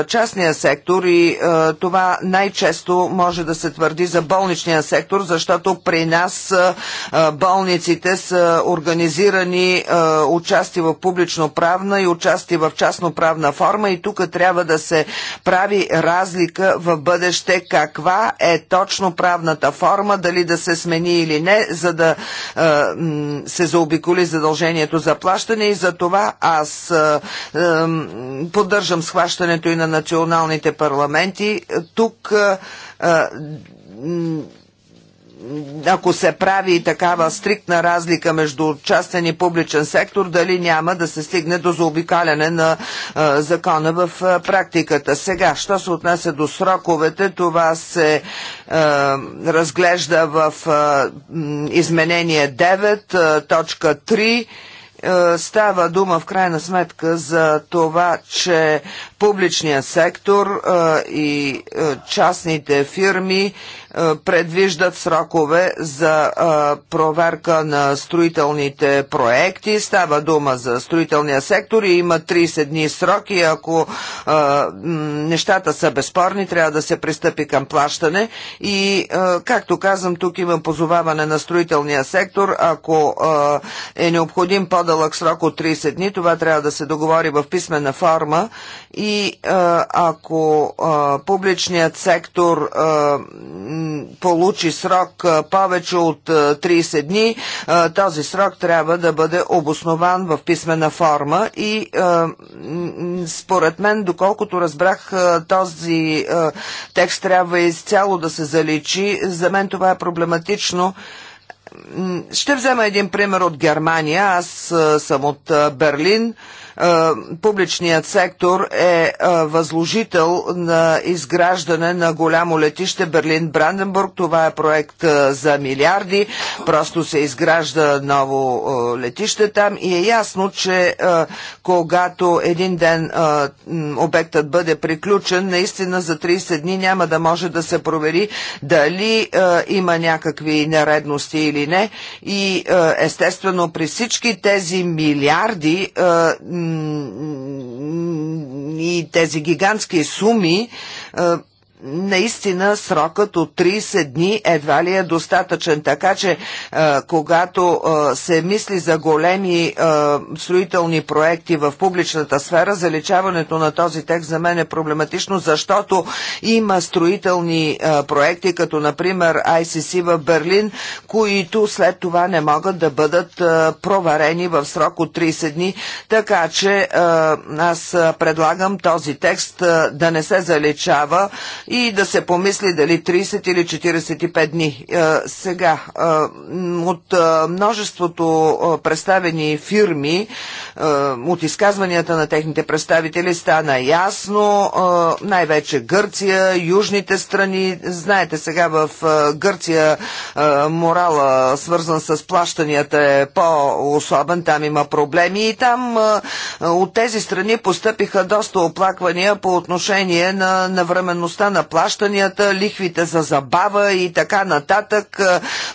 частния сектор и това най-често може да се твърди за болничния сектор, защото при нас болниците са организирани участие в публично-правна и участие в частно-правна форма и тук трябва да се прави разлика в бъдеще каква е точно правната правната форма, дали да се смени или не, за да се заобиколи задължението за плащане и за това аз поддържам схващането и на националните парламенти. Тук ако се прави такава стриктна разлика между частен и публичен сектор, дали няма да се стигне до заобикаляне на а, закона в а, практиката. Сега, що се отнася до сроковете, това се а, разглежда в а, изменение 9, а, точка 3 става дума в крайна сметка за това, че публичният сектор и частните фирми е, предвиждат срокове за е, проверка на строителните проекти. Става дума за строителния сектор и има 30 дни срок и ако е, нещата са безспорни, трябва да се пристъпи към плащане. И, както казвам, тук има позоваване на строителния сектор. Ако е необходим по-дълъг срок от 30 дни, това трябва да се договори в писмена форма и ако публичният сектор получи срок повече от 30 дни, този срок трябва да бъде обоснован в писмена форма и според мен, доколкото разбрах, този текст трябва изцяло да се заличи. За мен това е проблематично. Ще взема един пример от Германия. Аз съм от Берлин. Е, публичният сектор е, е възложител на изграждане на голямо летище Берлин-Бранденбург. Това е проект е, за милиарди. Просто се изгражда ново летище там и е ясно, че когато един ден обектът бъде приключен, наистина за 30 дни няма да може да се провери дали има някакви нередности или не. И естествено при всички тези милиарди и тези гигантски суми наистина срокът от 30 дни едва ли е достатъчен. Така че, е, когато е, се мисли за големи е, строителни проекти в публичната сфера, заличаването на този текст за мен е проблематично, защото има строителни е, проекти, като например ICC в Берлин, които след това не могат да бъдат е, проварени в срок от 30 дни. Така че е, аз предлагам този текст да не се заличава, и да се помисли дали 30 или 45 дни. Е, сега, е, от е, множеството представени фирми, от изказванията на техните представители стана ясно, най-вече Гърция, южните страни. Знаете, сега в Гърция морала, свързан с плащанията, е по-особен, там има проблеми и там от тези страни постъпиха доста оплаквания по отношение на навременността на плащанията, лихвите за забава и така нататък. Е,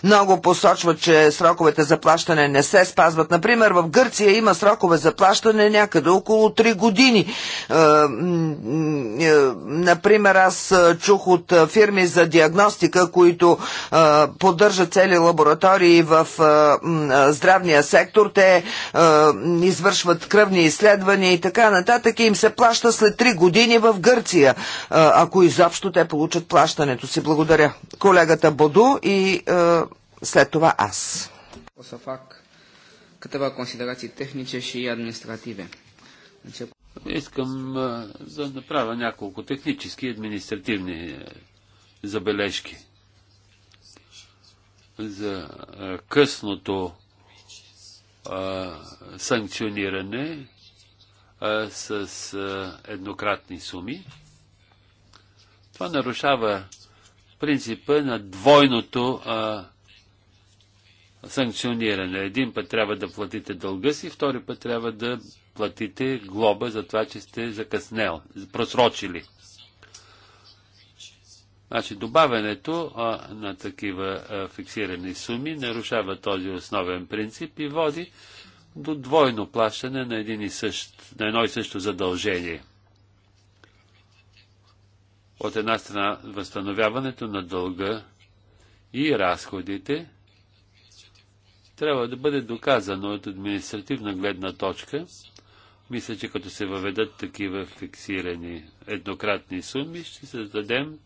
Много посочват, че сроковете за плащане не се спазват. Например, в Гърция има срокове за плащане някъде около 3 години. Е, е, например, аз чух от фирми за диагностика, които поддържат цели лаборатории в здравния сектор. Те извършват кръвни изследвания и така нататък и им се плаща след 3 години в Гърция. Ако изобщо изобщо те получат плащането си. Благодаря. Колегата Боду и е, след това аз. Значи, Искам е, да направя няколко технически и административни е, забележки за е, късното а, санкциониране а, с а, еднократни суми. Това нарушава принципа на двойното а, санкциониране. Един път трябва да платите дълга си, втори път трябва да платите глоба за това, че сте закъснел, просрочили. Значи добавянето а, на такива а, фиксирани суми нарушава този основен принцип и води до двойно плащане на, един и същ, на едно и също задължение. От една страна възстановяването на дълга и разходите трябва да бъде доказано от административна гледна точка. Мисля, че като се въведат такива фиксирани еднократни суми, ще създадем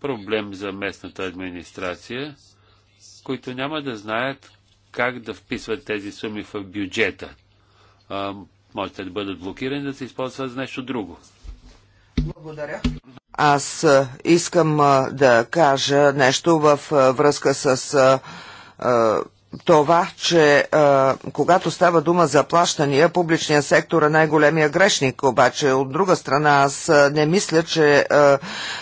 проблем за местната администрация, които няма да знаят как да вписват тези суми в бюджета. А, може да бъдат блокирани да се използват за нещо друго. Благодаря. Аз искам да кажа нещо в връзка с това, че а, когато става дума за плащания, публичния сектор е най-големия грешник. Обаче, от друга страна, аз не мисля, че а,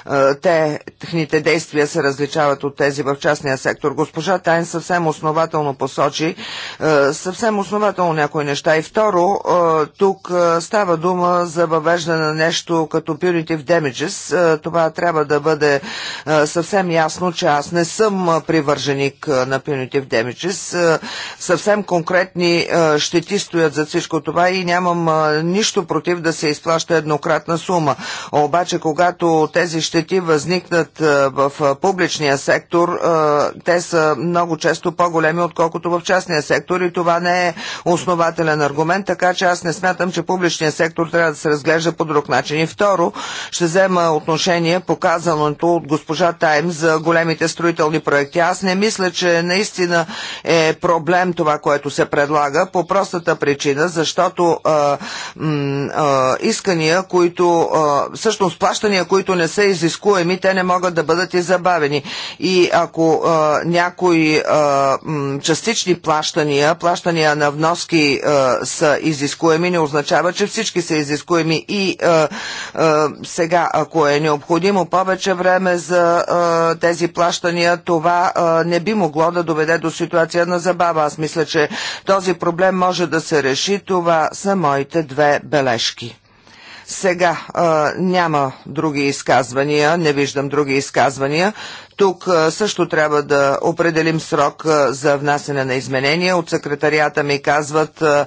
а, те, техните действия се различават от тези в частния сектор. Госпожа Тайн съвсем основателно посочи, а, съвсем основателно някои неща. И второ, а, тук а, става дума за въвеждане на нещо като punitive damages. А, това трябва да бъде а, съвсем ясно, че аз не съм привърженик на punitive damages съвсем конкретни щети стоят за всичко това и нямам нищо против да се изплаща еднократна сума. Обаче, когато тези щети възникнат в публичния сектор, те са много често по-големи, отколкото в частния сектор и това не е основателен аргумент, така че аз не смятам, че публичният сектор трябва да се разглежда по друг начин. И второ, ще взема отношение показаното от госпожа Тайм за големите строителни проекти. Аз не мисля, че наистина е проблем това, което се предлага, по простата причина, защото а, а, искания, които, а, всъщност плащания, които не са изискуеми, те не могат да бъдат и забавени. И ако а, някои а, частични плащания, плащания на вноски а, са изискуеми, не означава, че всички са изискуеми. И а, а, сега, ако е необходимо повече време за а, тези плащания, това а, не би могло да доведе до ситуация, една забава. Аз мисля, че този проблем може да се реши. Това са моите две бележки. Сега а, няма други изказвания, не виждам други изказвания. Тук а, също трябва да определим срок а, за внасене на изменения. От секретарията ми казват а,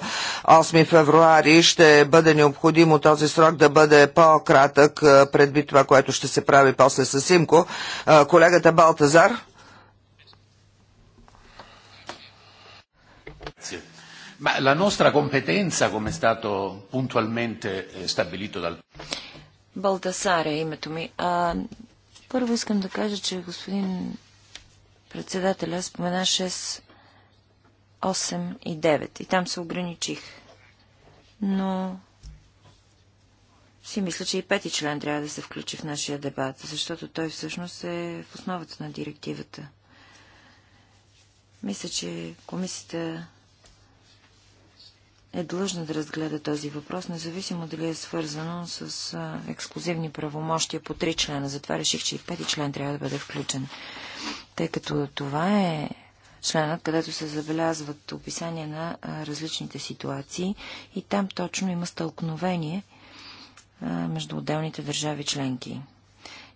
8 февруари ще бъде необходимо този срок да бъде по-кратък предвид това, което ще се прави после с Симко. А, колегата Балтазар. Ma la nostra competenza, come è stato puntualmente eh, stabilito dal... Балтасар е името ми. А, първо искам да кажа, че господин председател, аз спомена 6, 8 и 9. И там се ограничих. Но си мисля, че и пети член трябва да се включи в нашия дебат, защото той всъщност е в основата на директивата. Мисля, че комисията е длъжна да разгледа този въпрос, независимо дали е свързано с а, ексклюзивни правомощия по три члена. Затова реших, че и пети член трябва да бъде включен. Тъй като това е членът, където се забелязват описания на а, различните ситуации и там точно има стълкновение а, между отделните държави членки.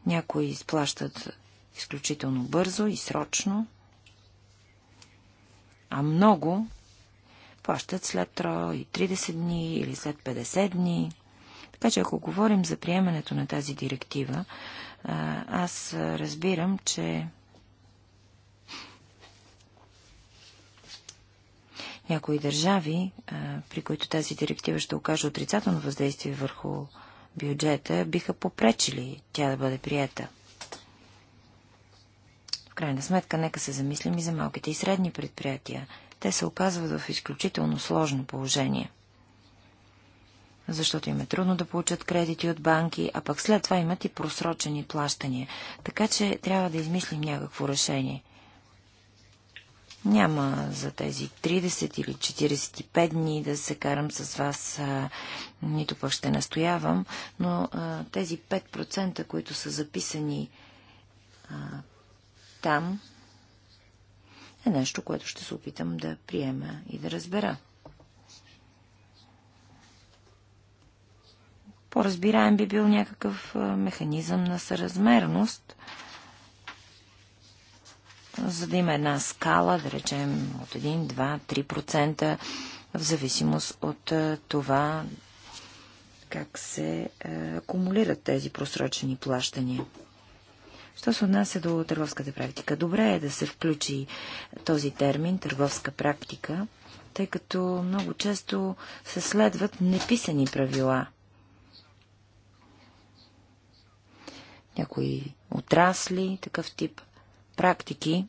Някои изплащат изключително бързо и срочно, а много плащат след 30 дни или след 50 дни. Така че ако говорим за приемането на тази директива, аз разбирам, че някои държави, при които тази директива ще окаже отрицателно въздействие върху бюджета, биха попречили тя да бъде приета. В крайна сметка, нека се замислим и за малките и средни предприятия те се оказват в изключително сложно положение. Защото им е трудно да получат кредити от банки, а пък след това имат и просрочени плащания. Така че трябва да измислим някакво решение. Няма за тези 30 или 45 дни да се карам с вас, а, нито пък ще настоявам, но а, тези 5%, които са записани а, там, е нещо, което ще се опитам да приема и да разбера. По-разбираем би бил някакъв механизъм на съразмерност, за да има една скала, да речем от 1, 2, 3%, в зависимост от това как се акумулират тези просрочени плащания. Що се отнася до търговската практика? Добре е да се включи този термин, търговска практика, тъй като много често се следват неписани правила. Някои отрасли, такъв тип практики,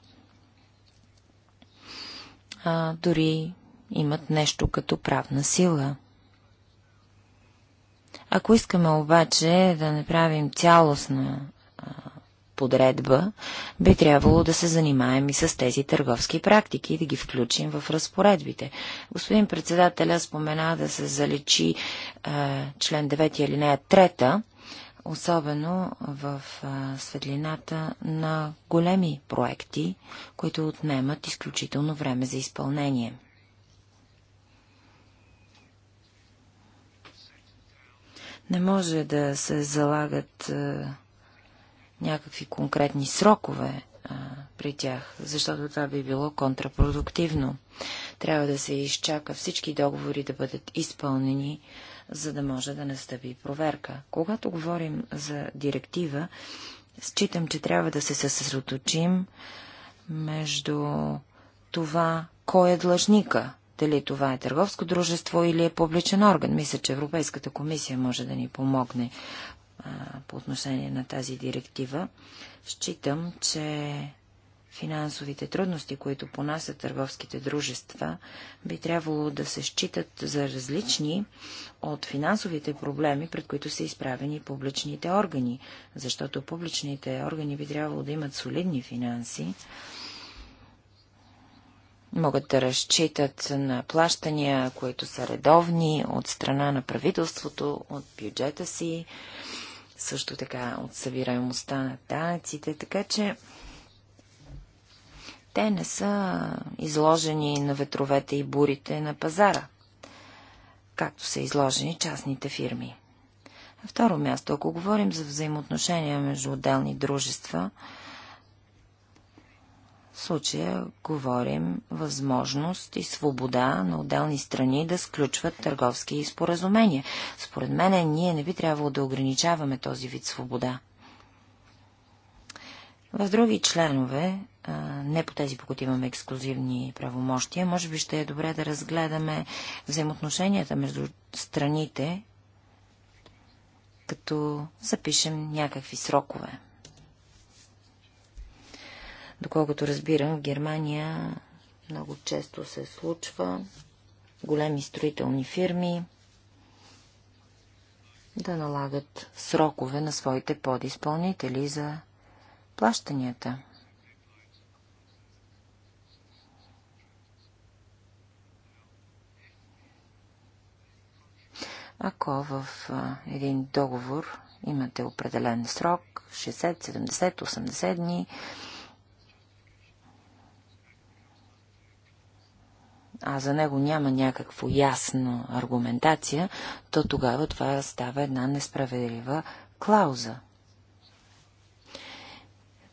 а, дори имат нещо като правна сила. Ако искаме обаче да направим цялостна подредба, би трябвало да се занимаем и с тези търговски практики и да ги включим в разпоредбите. Господин председателя спомена да се заличи е, член 9 алинея 3, особено в е, светлината на големи проекти, които отнемат изключително време за изпълнение. Не може да се залагат е, някакви конкретни срокове а, при тях, защото това би било контрапродуктивно. Трябва да се изчака всички договори да бъдат изпълнени, за да може да настъпи проверка. Когато говорим за директива, считам, че трябва да се съсредоточим между това, кой е длъжника, дали това е търговско дружество или е публичен орган. Мисля, че Европейската комисия може да ни помогне по отношение на тази директива. Считам, че финансовите трудности, които понасят търговските дружества, би трябвало да се считат за различни от финансовите проблеми, пред които са изправени публичните органи, защото публичните органи би трябвало да имат солидни финанси, могат да разчитат на плащания, които са редовни от страна на правителството, от бюджета си, също така от събираемостта на данъците, така че те не са изложени на ветровете и бурите на пазара, както са изложени частните фирми. На второ място, ако говорим за взаимоотношения между отделни дружества, случая говорим възможност и свобода на отделни страни да сключват търговски споразумения. Според мен ние не би трябвало да ограничаваме този вид свобода. В други членове, не по тези, по които имаме ексклюзивни правомощия, може би ще е добре да разгледаме взаимоотношенията между страните, като запишем някакви срокове. Доколкото разбирам, в Германия много често се случва големи строителни фирми да налагат срокове на своите подизпълнители за плащанията. Ако в един договор имате определен срок, 60, 70, 80 дни, а за него няма някаква ясна аргументация, то тогава това става една несправедлива клауза.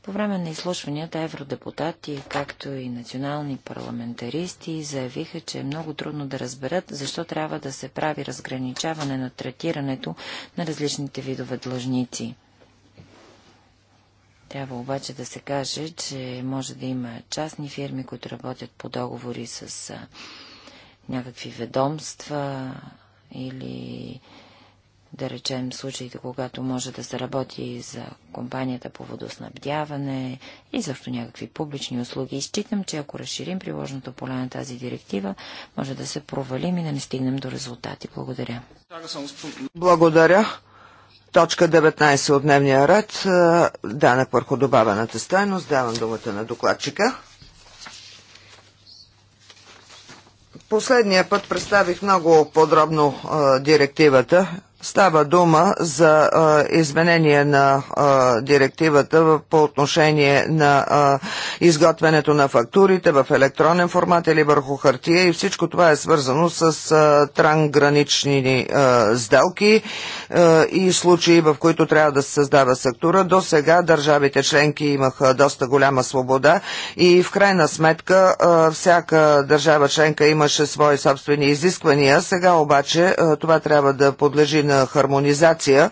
По време на изслушванията евродепутати, както и национални парламентаристи, заявиха, че е много трудно да разберат, защо трябва да се прави разграничаване на третирането на различните видове длъжници. Трябва обаче да се каже, че може да има частни фирми, които работят по договори с някакви ведомства или да речем случаите, когато може да се работи за компанията по водоснабдяване и защо някакви публични услуги. Изчитам, че ако разширим приложното поле на тази директива, може да се провалим и да не стигнем до резултати. Благодаря. Благодаря. Точка 19 от дневния ред. Е, Данък върху добавената стойност. Давам думата на докладчика. Последния път представих много подробно а, е, директивата Става дума за а, изменение на а, директивата по отношение на а, изготвянето на фактурите в електронен формат или върху хартия и всичко това е свързано с а, трангранични а, сделки а, и случаи, в които трябва да се създава сектура. До сега държавите членки имаха доста голяма свобода и в крайна сметка а, всяка държава членка имаше свои собствени изисквания. Сега обаче а, това трябва да подлежи на хармонизация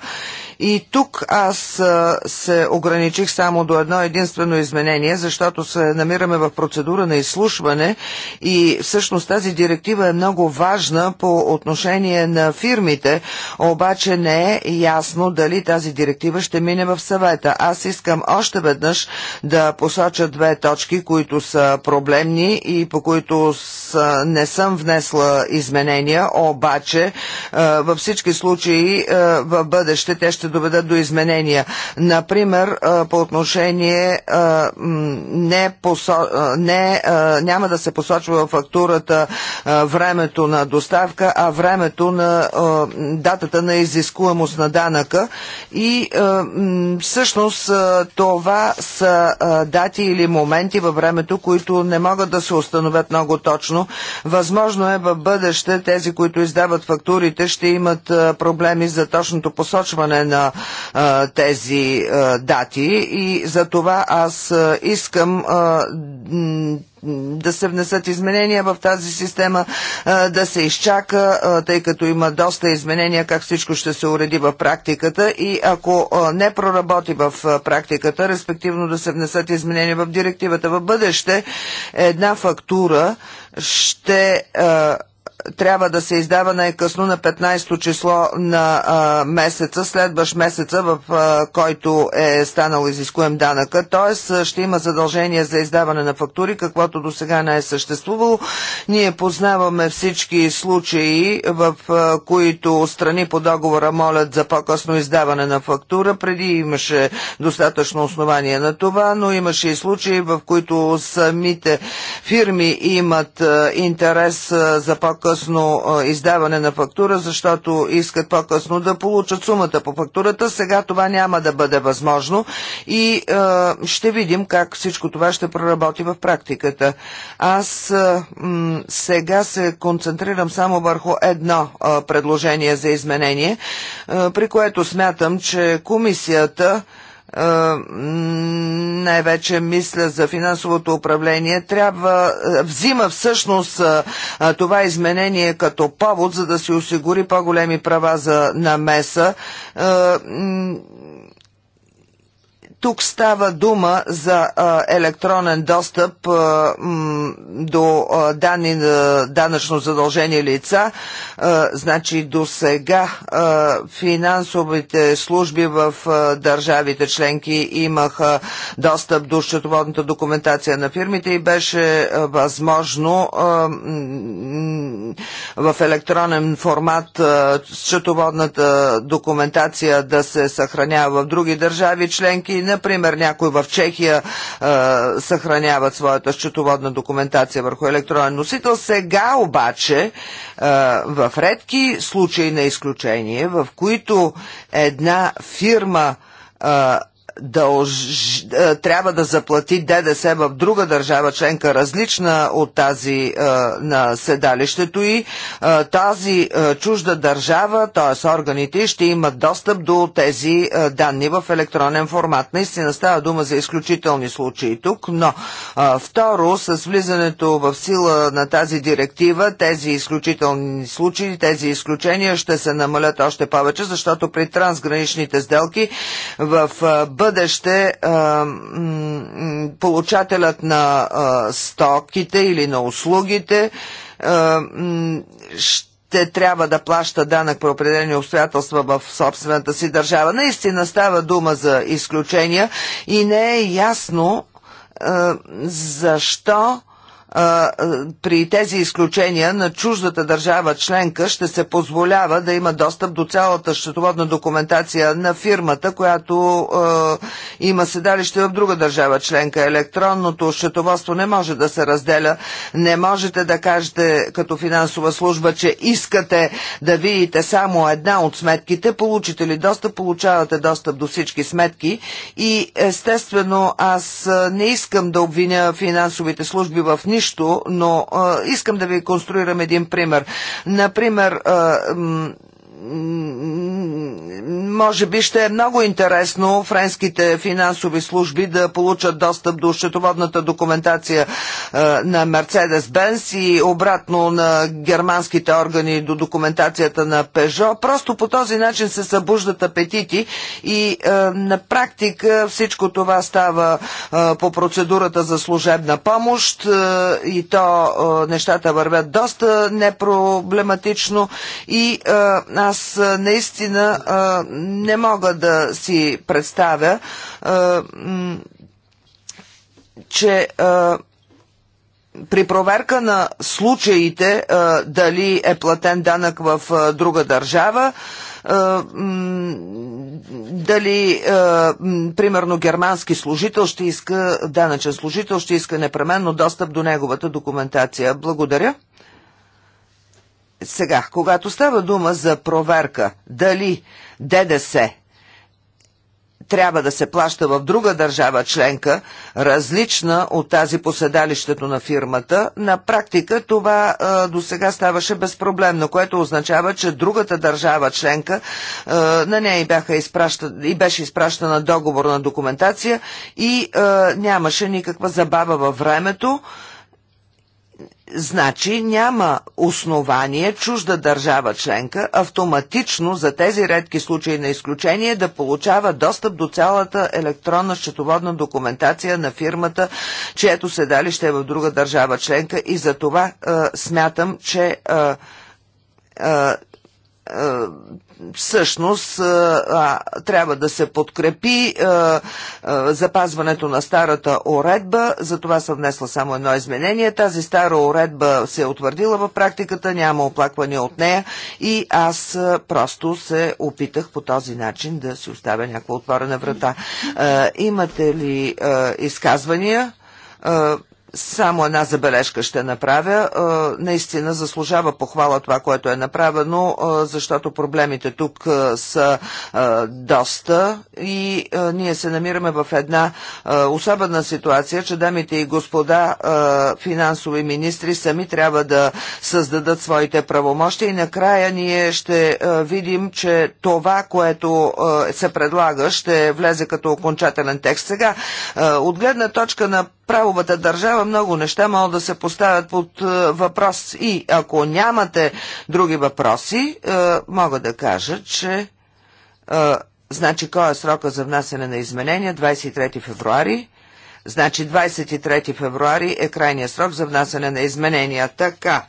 и тук аз се ограничих само до едно единствено изменение, защото се намираме в процедура на изслушване и всъщност тази директива е много важна по отношение на фирмите, обаче не е ясно дали тази директива ще мине в съвета. Аз искам още веднъж да посоча две точки, които са проблемни и по които не съм внесла изменения, обаче във всички случаи в бъдеще те ще ще доведат до изменения. Например, по отношение не, посо... не, няма да се посочва в фактурата времето на доставка, а времето на датата на изискуемост на данъка и всъщност това са дати или моменти във времето, които не могат да се установят много точно. Възможно е в бъдеще тези, които издават фактурите, ще имат проблеми за точното посочване на на а, тези а, дати и за това аз а, искам а, да се внесат изменения в тази система, да се изчака, тъй като има доста изменения как всичко ще се уреди в практиката и ако не проработи в практиката, респективно да се внесат изменения в директивата в бъдеще, една фактура ще трябва да се издава най-късно на 15-то число на а, месеца, следващ месеца, в а, който е станал изискуем данъка. Т.е. ще има задължение за издаване на фактури, каквото до сега не е съществувало. Ние познаваме всички случаи, в а, които страни по договора молят за по-късно издаване на фактура. Преди имаше достатъчно основание на това, но имаше и случаи, в които самите фирми имат а, интерес а, за по-късно по-късно издаване на фактура, защото искат по-късно да получат сумата по фактурата. Сега това няма да бъде възможно и е, ще видим как всичко това ще проработи в практиката. Аз е, сега се концентрирам само върху едно е, предложение за изменение, е, при което смятам, че комисията е, най-вече мисля за финансовото управление, трябва, е, взима всъщност е, това изменение като повод, за да се осигури по-големи права за намеса. Тук става дума за електронен достъп до данни на данъчно задължени лица. Значи до сега финансовите служби в държавите членки имаха достъп до счетоводната документация на фирмите и беше възможно в електронен формат счетоводната документация да се съхранява в други държави членки. Не Например, някой в Чехия е, съхраняват своята счетоводна документация върху електронен носител. Сега обаче е, в редки случаи на изключение, в които една фирма е, дълж, трябва да заплати ДДС в друга държава членка, различна от тази на седалището и тази чужда държава, т.е. органите, ще имат достъп до тези данни в електронен формат. Наистина става дума за изключителни случаи тук, но второ, с влизането в сила на тази директива, тези изключителни случаи, тези изключения ще се намалят още повече, защото при трансграничните сделки в Б бъдеще получателят на стоките или на услугите ще те трябва да плаща данък при определени обстоятелства в собствената си държава. Наистина става дума за изключения и не е ясно е, защо при тези изключения на чуждата държава членка ще се позволява да има достъп до цялата счетоводна документация на фирмата, която е, има седалище в друга държава членка. Електронното счетоводство не може да се разделя. Не можете да кажете като финансова служба, че искате да видите само една от сметките. Получите ли достъп, получавате достъп до всички сметки. И естествено аз не искам да обвиня финансовите служби в нищо нищо, но искам да ви конструирам един пример. Например, може би ще е много интересно френските финансови служби да получат достъп до счетоводната документация е, на Мерцедес-Бенс и обратно на германските органи до документацията на Пежо. Просто по този начин се събуждат апетити и е, на практика всичко това става е, по процедурата за служебна помощ и то нещата вървят доста непроблематично и аз аз наистина а, не мога да си представя, а, че а, при проверка на случаите а, дали е платен данък в а, друга държава, дали примерно германски служител ще иска, данъчен служител ще иска непременно достъп до неговата документация. Благодаря. Сега, когато става дума за проверка дали ДДС трябва да се плаща в друга държава членка, различна от тази по седалището на фирмата, на практика това е, до сега ставаше безпроблемно, което означава, че другата държава членка е, на нея и, бяха изпраща, и беше изпращана договорна документация и е, нямаше никаква забава във времето. Значи няма основание чужда държава членка автоматично за тези редки случаи на изключение да получава достъп до цялата електронна счетоводна документация на фирмата, чието седалище е в друга държава членка и за това е, смятам, че е, е, всъщност а, трябва да се подкрепи а, а, запазването на старата уредба, за това съм внесла само едно изменение. Тази стара уредба се е утвърдила в практиката, няма оплакване от нея и аз просто се опитах по този начин да си оставя някаква отворена врата. имате ли изказвания? Само една забележка ще направя. Е, наистина заслужава похвала това, което е направено, е, защото проблемите тук е, са доста и ние се намираме в една особена ситуация, че дамите и господа финансови министри сами трябва да създадат своите правомощи и накрая ние ще видим, че това, което се предлага, ще влезе като окончателен текст. Сега, от гледна точка на правовата държава много неща могат да се поставят под е, въпрос. И ако нямате други въпроси, е, мога да кажа, че е, значи кой е срока за внасяне на изменения? 23 февруари. Значи 23 февруари е крайният срок за внасяне на изменения. Така,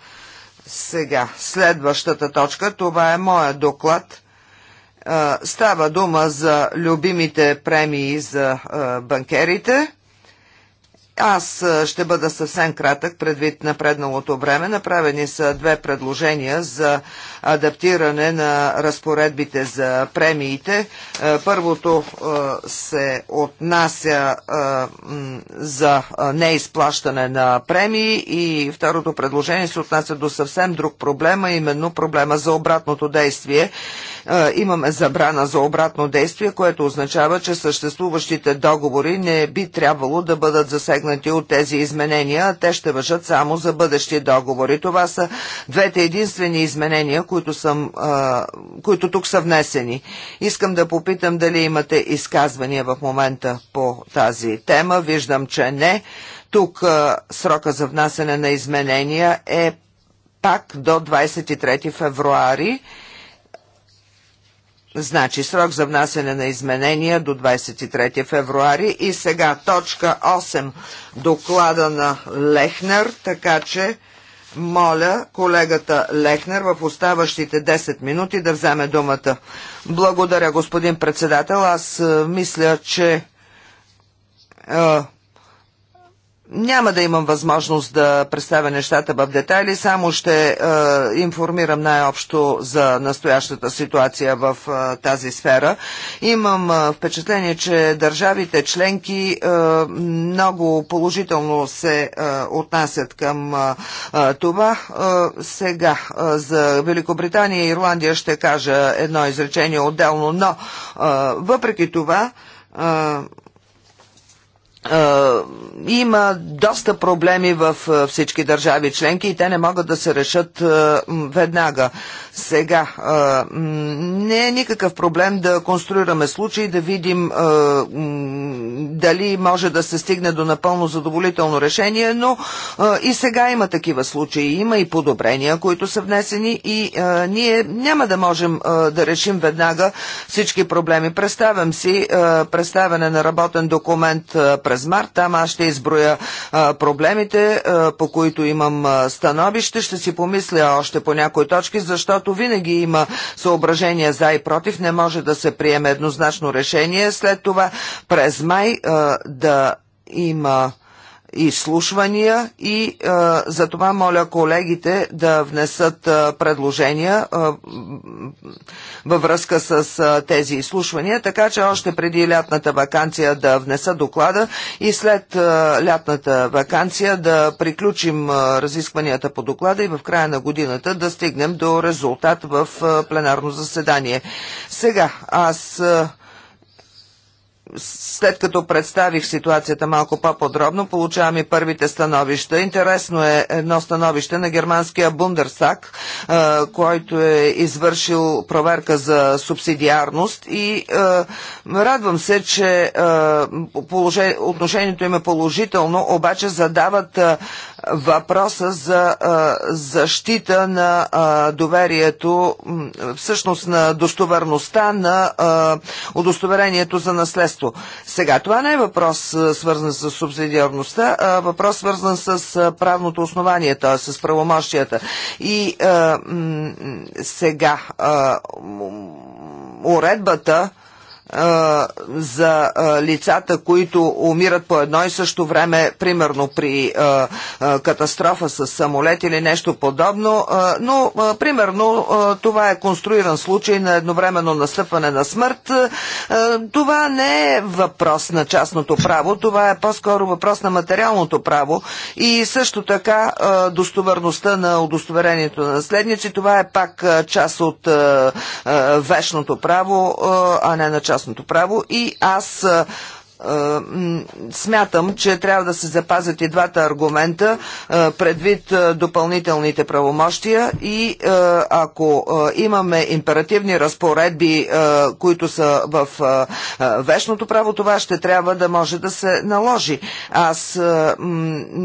сега, следващата точка, това е моя доклад. Става дума за любимите премии за банкерите. Аз ще бъда съвсем кратък предвид напредналото време. Направени са две предложения за адаптиране на разпоредбите за премиите. Първото се отнася за неизплащане на премии и второто предложение се отнася до съвсем друг проблем, а именно проблема за обратното действие. Имаме забрана за обратно действие, което означава, че съществуващите договори не би трябвало да бъдат засегнати засегнати от тези изменения, а те ще въжат само за бъдещи договори. Това са двете единствени изменения, които, съм, а, които тук са внесени. Искам да попитам дали имате изказвания в момента по тази тема. Виждам, че не. Тук а, срока за внасене на изменения е пак до 23 февруари. Значи срок за внасене на изменения до 23 февруари и сега точка 8 доклада на Лехнер, така че моля колегата Лехнер в оставащите 10 минути да вземе думата. Благодаря, господин председател. Аз е, мисля, че е, няма да имам възможност да представя нещата в детайли, само ще е, информирам най-общо за настоящата ситуация в е, тази сфера. Имам е, впечатление, че държавите членки е, много положително се е, отнасят към е, е това. Е, сега е, за Великобритания и Ирландия ще кажа едно изречение отделно, но е, въпреки това. Е, има доста проблеми в всички държави членки и те не могат да се решат веднага. Сега, не е никакъв проблем да конструираме случаи, да видим дали може да се стигне до напълно задоволително решение, но и сега има такива случаи, има и подобрения, които са внесени и ние няма да можем да решим веднага всички проблеми. Представям си представяне на работен документ през през март. Там аз ще изброя а, проблемите, а, по които имам а, становище. Ще си помисля още по някои точки, защото винаги има съображения за и против. Не може да се приеме еднозначно решение. След това през май а, да има изслушвания и за това моля колегите да внесат предложения във връзка с тези изслушвания, така че още преди лятната вакансия да внеса доклада и след лятната вакансия да приключим разискванията по доклада и в края на годината да стигнем до резултат в пленарно заседание. Сега аз след като представих ситуацията малко по-подробно, получавам и първите становища. Интересно е едно становище на германския Бундерсак, е, който е извършил проверка за субсидиарност и е, радвам се, че е, отношението им е положително, обаче задават въпроса за защита на доверието, всъщност на достоверността на удостоверението за наследство. Сега, това не е въпрос свързан с субсидиарността, а въпрос свързан с правното основание, т.е. с правомощията. И сега уредбата за лицата, които умират по едно и също време, примерно при катастрофа с самолет или нещо подобно, но примерно това е конструиран случай на едновременно настъпване на смърт. Това не е въпрос на частното право, това е по-скоро въпрос на материалното право и също така достоверността на удостоверението на наследници, това е пак част от вечното право, а не на част частното право и аз е, смятам, че трябва да се запазят и двата аргумента е, предвид е, допълнителните правомощия и ако имаме императивни разпоредби, които са в вечното право, това ще трябва да може да се наложи. Аз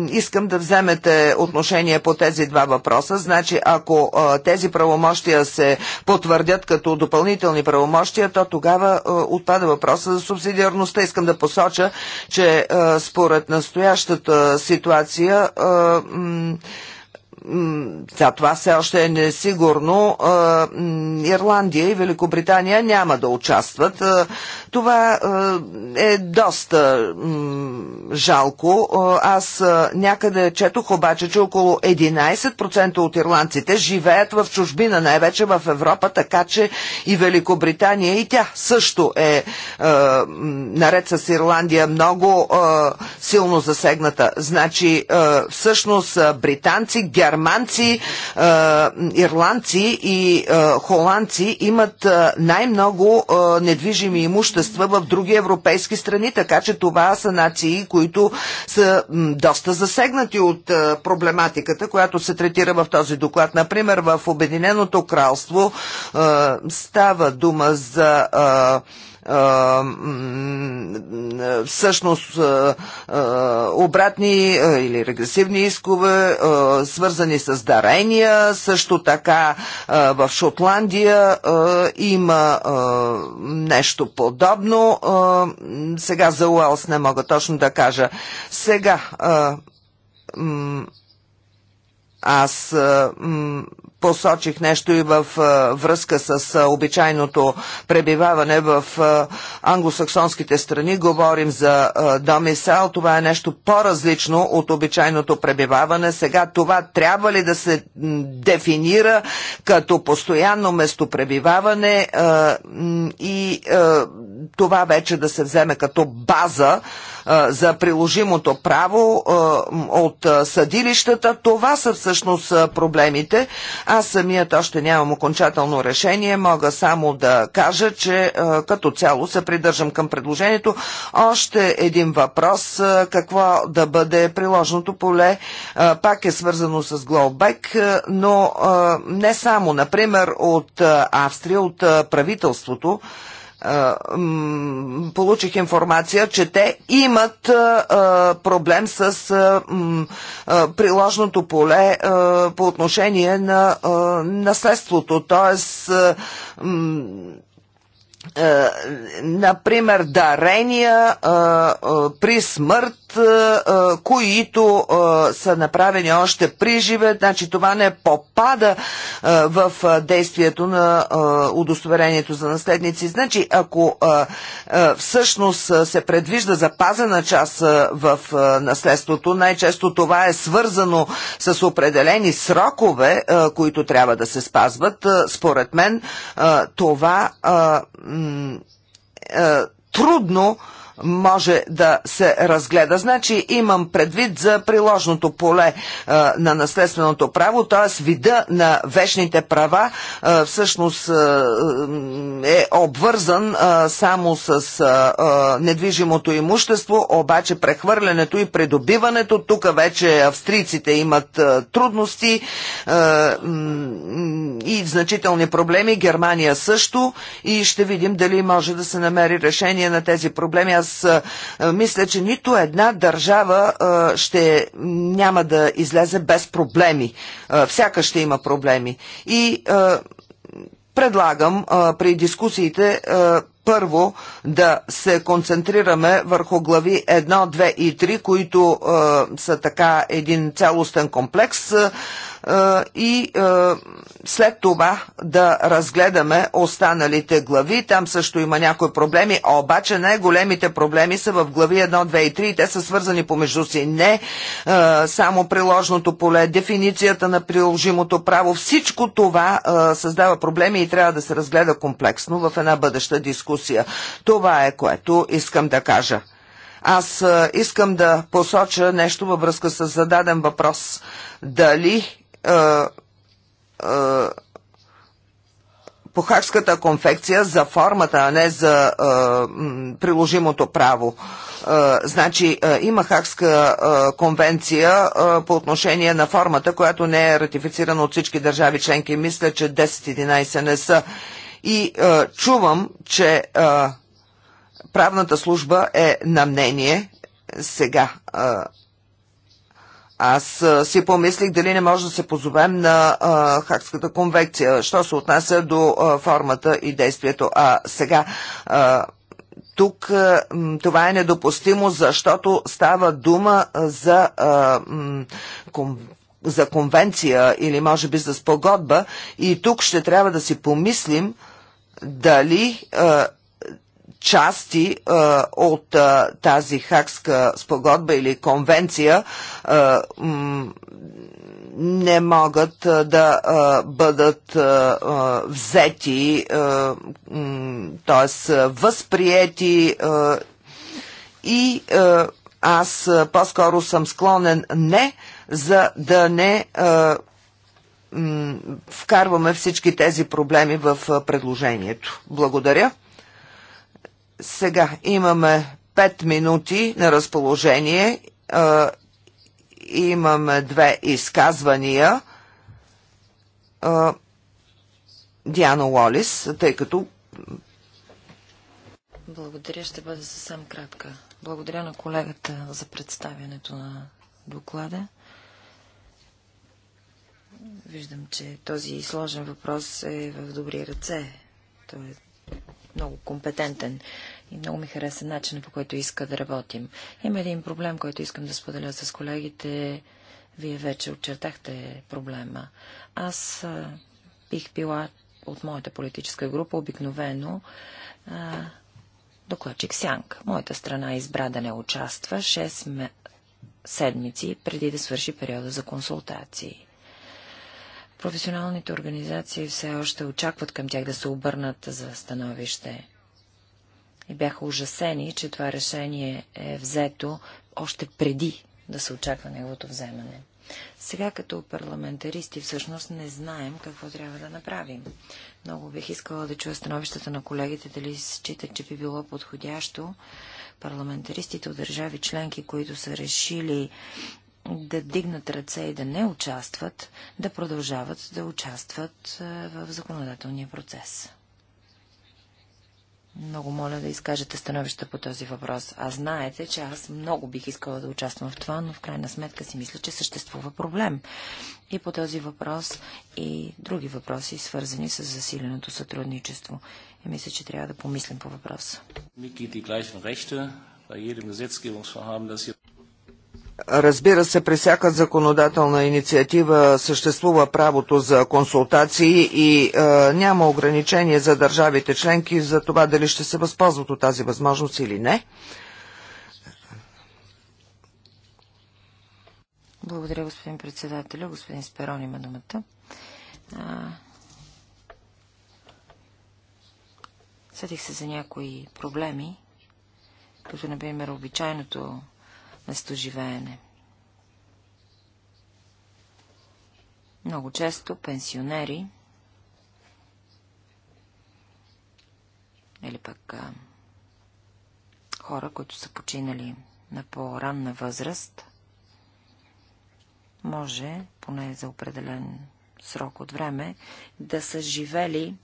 искам да вземете отношение по тези два въпроса. Значи, ако тези правомощия се потвърдят като допълнителни правомощия, то тогава отпада въпроса за субсидиарността. Искам да посоча, че според настоящата ситуация за това все още е несигурно. Ирландия и Великобритания няма да участват. Това е доста жалко. Аз някъде четох обаче, че около 11% от ирландците живеят в чужбина, най-вече в Европа, така че и Великобритания и тя също е наред с Ирландия много силно засегната. Значи всъщност британци, германци, германци, ирландци и холандци имат най-много недвижими имущества в други европейски страни, така че това са нации, които са доста засегнати от проблематиката, която се третира в този доклад. Например, в Обединеното кралство става дума за всъщност обратни или регресивни искове, свързани с дарения. Също така в Шотландия има нещо подобно. Сега за Уелс не мога точно да кажа. Сега аз посочих нещо и в връзка с обичайното пребиваване в англосаксонските страни. Говорим за домисел. Това е нещо по-различно от обичайното пребиваване. Сега това трябва ли да се дефинира като постоянно местопребиваване и това вече да се вземе като база за приложимото право от съдилищата. Това са всъщност проблемите. Аз самият още нямам окончателно решение. Мога само да кажа, че като цяло се придържам към предложението. Още един въпрос. Какво да бъде приложното поле? Пак е свързано с Глобек, но не само. Например, от Австрия, от правителството, получих информация, че те имат проблем с приложното поле по отношение на наследството. Тоест, например, дарения при смърт е, е, които е, са направени още при живе, значи това не попада в действието на удостоверението за наследници. Значи, ако всъщност се предвижда запазена част в наследството, най-често това е свързано с определени срокове, които трябва да се спазват. Според мен това трудно може да се разгледа. Значи имам предвид за приложното поле а, е, на наследственото право, т.е. вида на вечните права а, е, всъщност а, е, е обвързан а, само с а, а, недвижимото имущество, обаче прехвърлянето и придобиването, тук вече австрийците имат а, трудности а, и значителни проблеми, Германия също и ще видим дали може да се намери решение на тези проблеми. Аз мисля, че нито една държава ще няма да излезе без проблеми. Всяка ще има проблеми. И предлагам при дискусиите първо да се концентрираме върху глави 1, 2 и 3, които са така един цялостен комплекс и след това да разгледаме останалите глави. Там също има някои проблеми, обаче най-големите проблеми са в глави 1, 2 и 3 и те са свързани помежду си. Не само приложното поле, дефиницията на приложимото право, всичко това създава проблеми и трябва да се разгледа комплексно в една бъдеща дискусия. Това е което искам да кажа. Аз искам да посоча нещо във връзка с зададен въпрос. Дали похарската конфекция за формата, а не за а, приложимото право. А, значи а, има хакска а, конвенция а, по отношение на формата, която не е ратифицирана от всички държави членки. Мисля, че 10-11 не са. И а, чувам, че а, правната служба е на мнение сега. А, аз а, си помислих дали не може да се позовем на а, Хакската конвекция, що се отнася до а, формата и действието. А сега а, тук това е недопустимо, защото става дума за, за конвенция или може би за спогодба и тук ще трябва да си помислим дали части а, от а, тази хакска спогодба или конвенция а, не могат да бъдат взети, т.е. възприети и аз по-скоро съм склонен не, за да не вкарваме всички тези проблеми в предложението. Благодаря. Сега имаме 5 минути на разположение. Имаме две изказвания. Диана Лолис, тъй като. Благодаря, ще бъда съвсем кратка. Благодаря на колегата за представянето на доклада. Виждам, че този сложен въпрос е в добри ръце. Той е много компетентен. И много ми хареса начинът по който иска да работим. Има един проблем, който искам да споделя с колегите. Вие вече очертахте проблема. Аз а, бих била от моята политическа група обикновено а, докладчик Сянг. Моята страна избра да не участва 6 седмици преди да свърши периода за консултации. Професионалните организации все още очакват към тях да се обърнат за становище и бяха ужасени, че това решение е взето още преди да се очаква неговото вземане. Сега като парламентаристи всъщност не знаем какво трябва да направим. Много бих искала да чуя становищата на колегите, дали считат, че би било подходящо парламентаристите от държави членки, които са решили да дигнат ръце и да не участват, да продължават да участват е, в законодателния процес. Много моля да изкажете становища по този въпрос. А знаете, че аз много бих искала да участвам в това, но в крайна сметка си мисля, че съществува проблем. И по този въпрос и други въпроси, свързани с засиленото сътрудничество. И мисля, че трябва да помислим по въпроса. Разбира се, при всяка законодателна инициатива съществува правото за консултации и е, няма ограничение за държавите членки за това дали ще се възползват от тази възможност или не. Благодаря, господин председателя. Господин Сперон има думата. А... Съдих се за някои проблеми, като, например, обичайното местоживеене. Много често пенсионери или пък а, хора, които са починали на по-ранна възраст, може, поне за определен срок от време, да са живели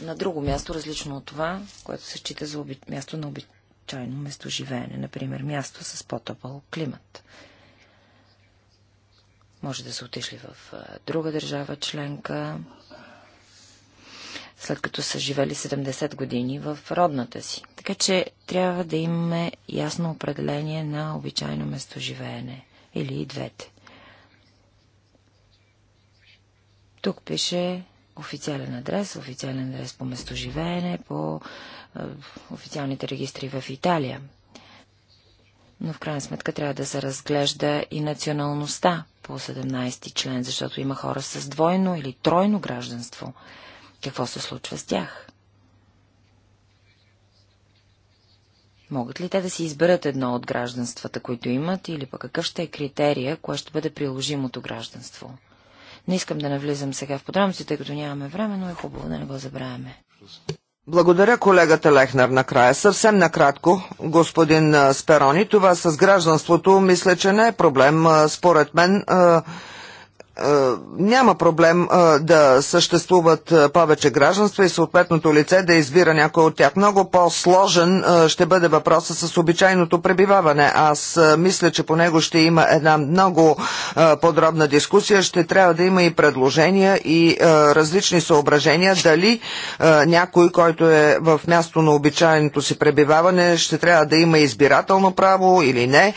на друго място, различно от това, което се счита за място на обит... Обичайно местоживеене, например място с по-топъл климат. Може да са отишли в друга държава членка, след като са живели 70 години в родната си. Така че трябва да имаме ясно определение на обичайно местоживеене или и двете. Тук пише официален адрес, официален адрес по местоживеене, по официалните регистри в Италия. Но в крайна сметка трябва да се разглежда и националността по 17 ти член, защото има хора с двойно или тройно гражданство. Какво се случва с тях? Могат ли те да си изберат едно от гражданствата, които имат, или пък какъв ще е критерия, кое ще бъде приложимото гражданство? Не искам да навлизам сега в подробности, тъй като нямаме време, но е хубаво да не го забравяме. Благодаря колегата Лехнер накрая. Съвсем накратко, господин Сперони, това с гражданството мисля, че не е проблем. Според мен е, няма проблем е, да съществуват е, повече гражданства и съответното лице да избира някой от тях. Много по-сложен ще бъде въпроса с обичайното пребиваване. Аз мисля, че по него ще има една много подробна дискусия. Ще трябва да има и предложения и различни съображения. Дали някой, който е в място на обичайното си пребиваване, ще трябва да има избирателно право или не.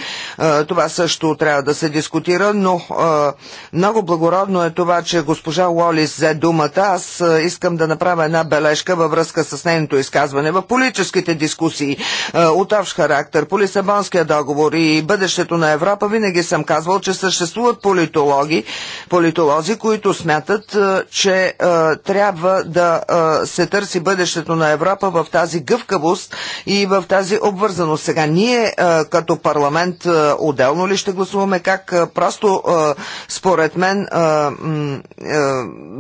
Това също трябва да се дискутира, но много благородно е това, че госпожа Уолис взе думата. Аз е, искам да направя една бележка във връзка с нейното изказване. В политическите дискусии е, от общ характер по Лисабонския договор и бъдещето на Европа винаги съм казвал, че съществуват политологи, политолози, които смятат, е, че трябва да се търси бъдещето на Европа в тази гъвкавост и в тази обвързаност. Сега ние като парламент отделно ли ще гласуваме как? Просто според мен мен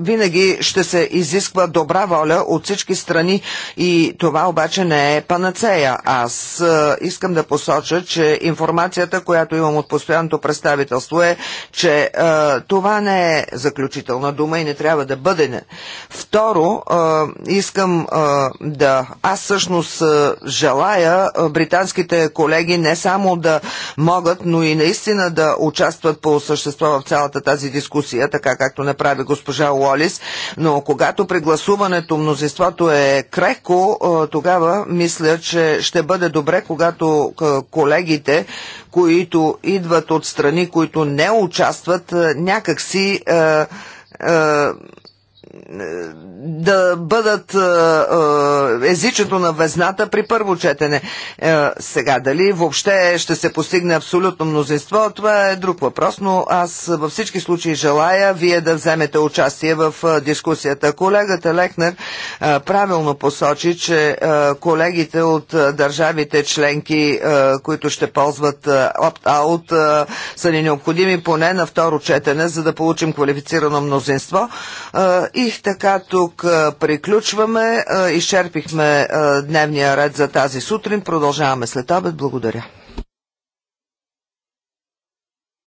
винаги ще се изисква добра воля от всички страни и това обаче не е панацея. Аз искам да посоча, че информацията, която имам от постоянното представителство е, че това не е заключителна дума и не трябва да бъде. Не. Второ, искам да... Аз всъщност желая британските колеги не само да могат, но и наистина да участват по същество в цялата тази дискусия дискусия, така както направи госпожа Лолис, но когато при гласуването мнозинството е крехко, е, тогава мисля, че ще бъде добре, когато е, колегите, които идват от страни, които не участват, е, някакси е, е, да бъдат е, е, езичето на везната при първо четене. Е, сега, дали въобще ще се постигне абсолютно мнозинство, това е друг въпрос, но аз във всички случаи желая вие да вземете участие в дискусията. Колегата Лехнер правилно посочи, че колегите от държавите членки, които ще ползват опт-аут, са ни необходими поне на второ четене, за да получим квалифицирано мнозинство. И така тук приключваме. Изчерпихме дневния ред за тази сутрин. Продължаваме след обед. Благодаря.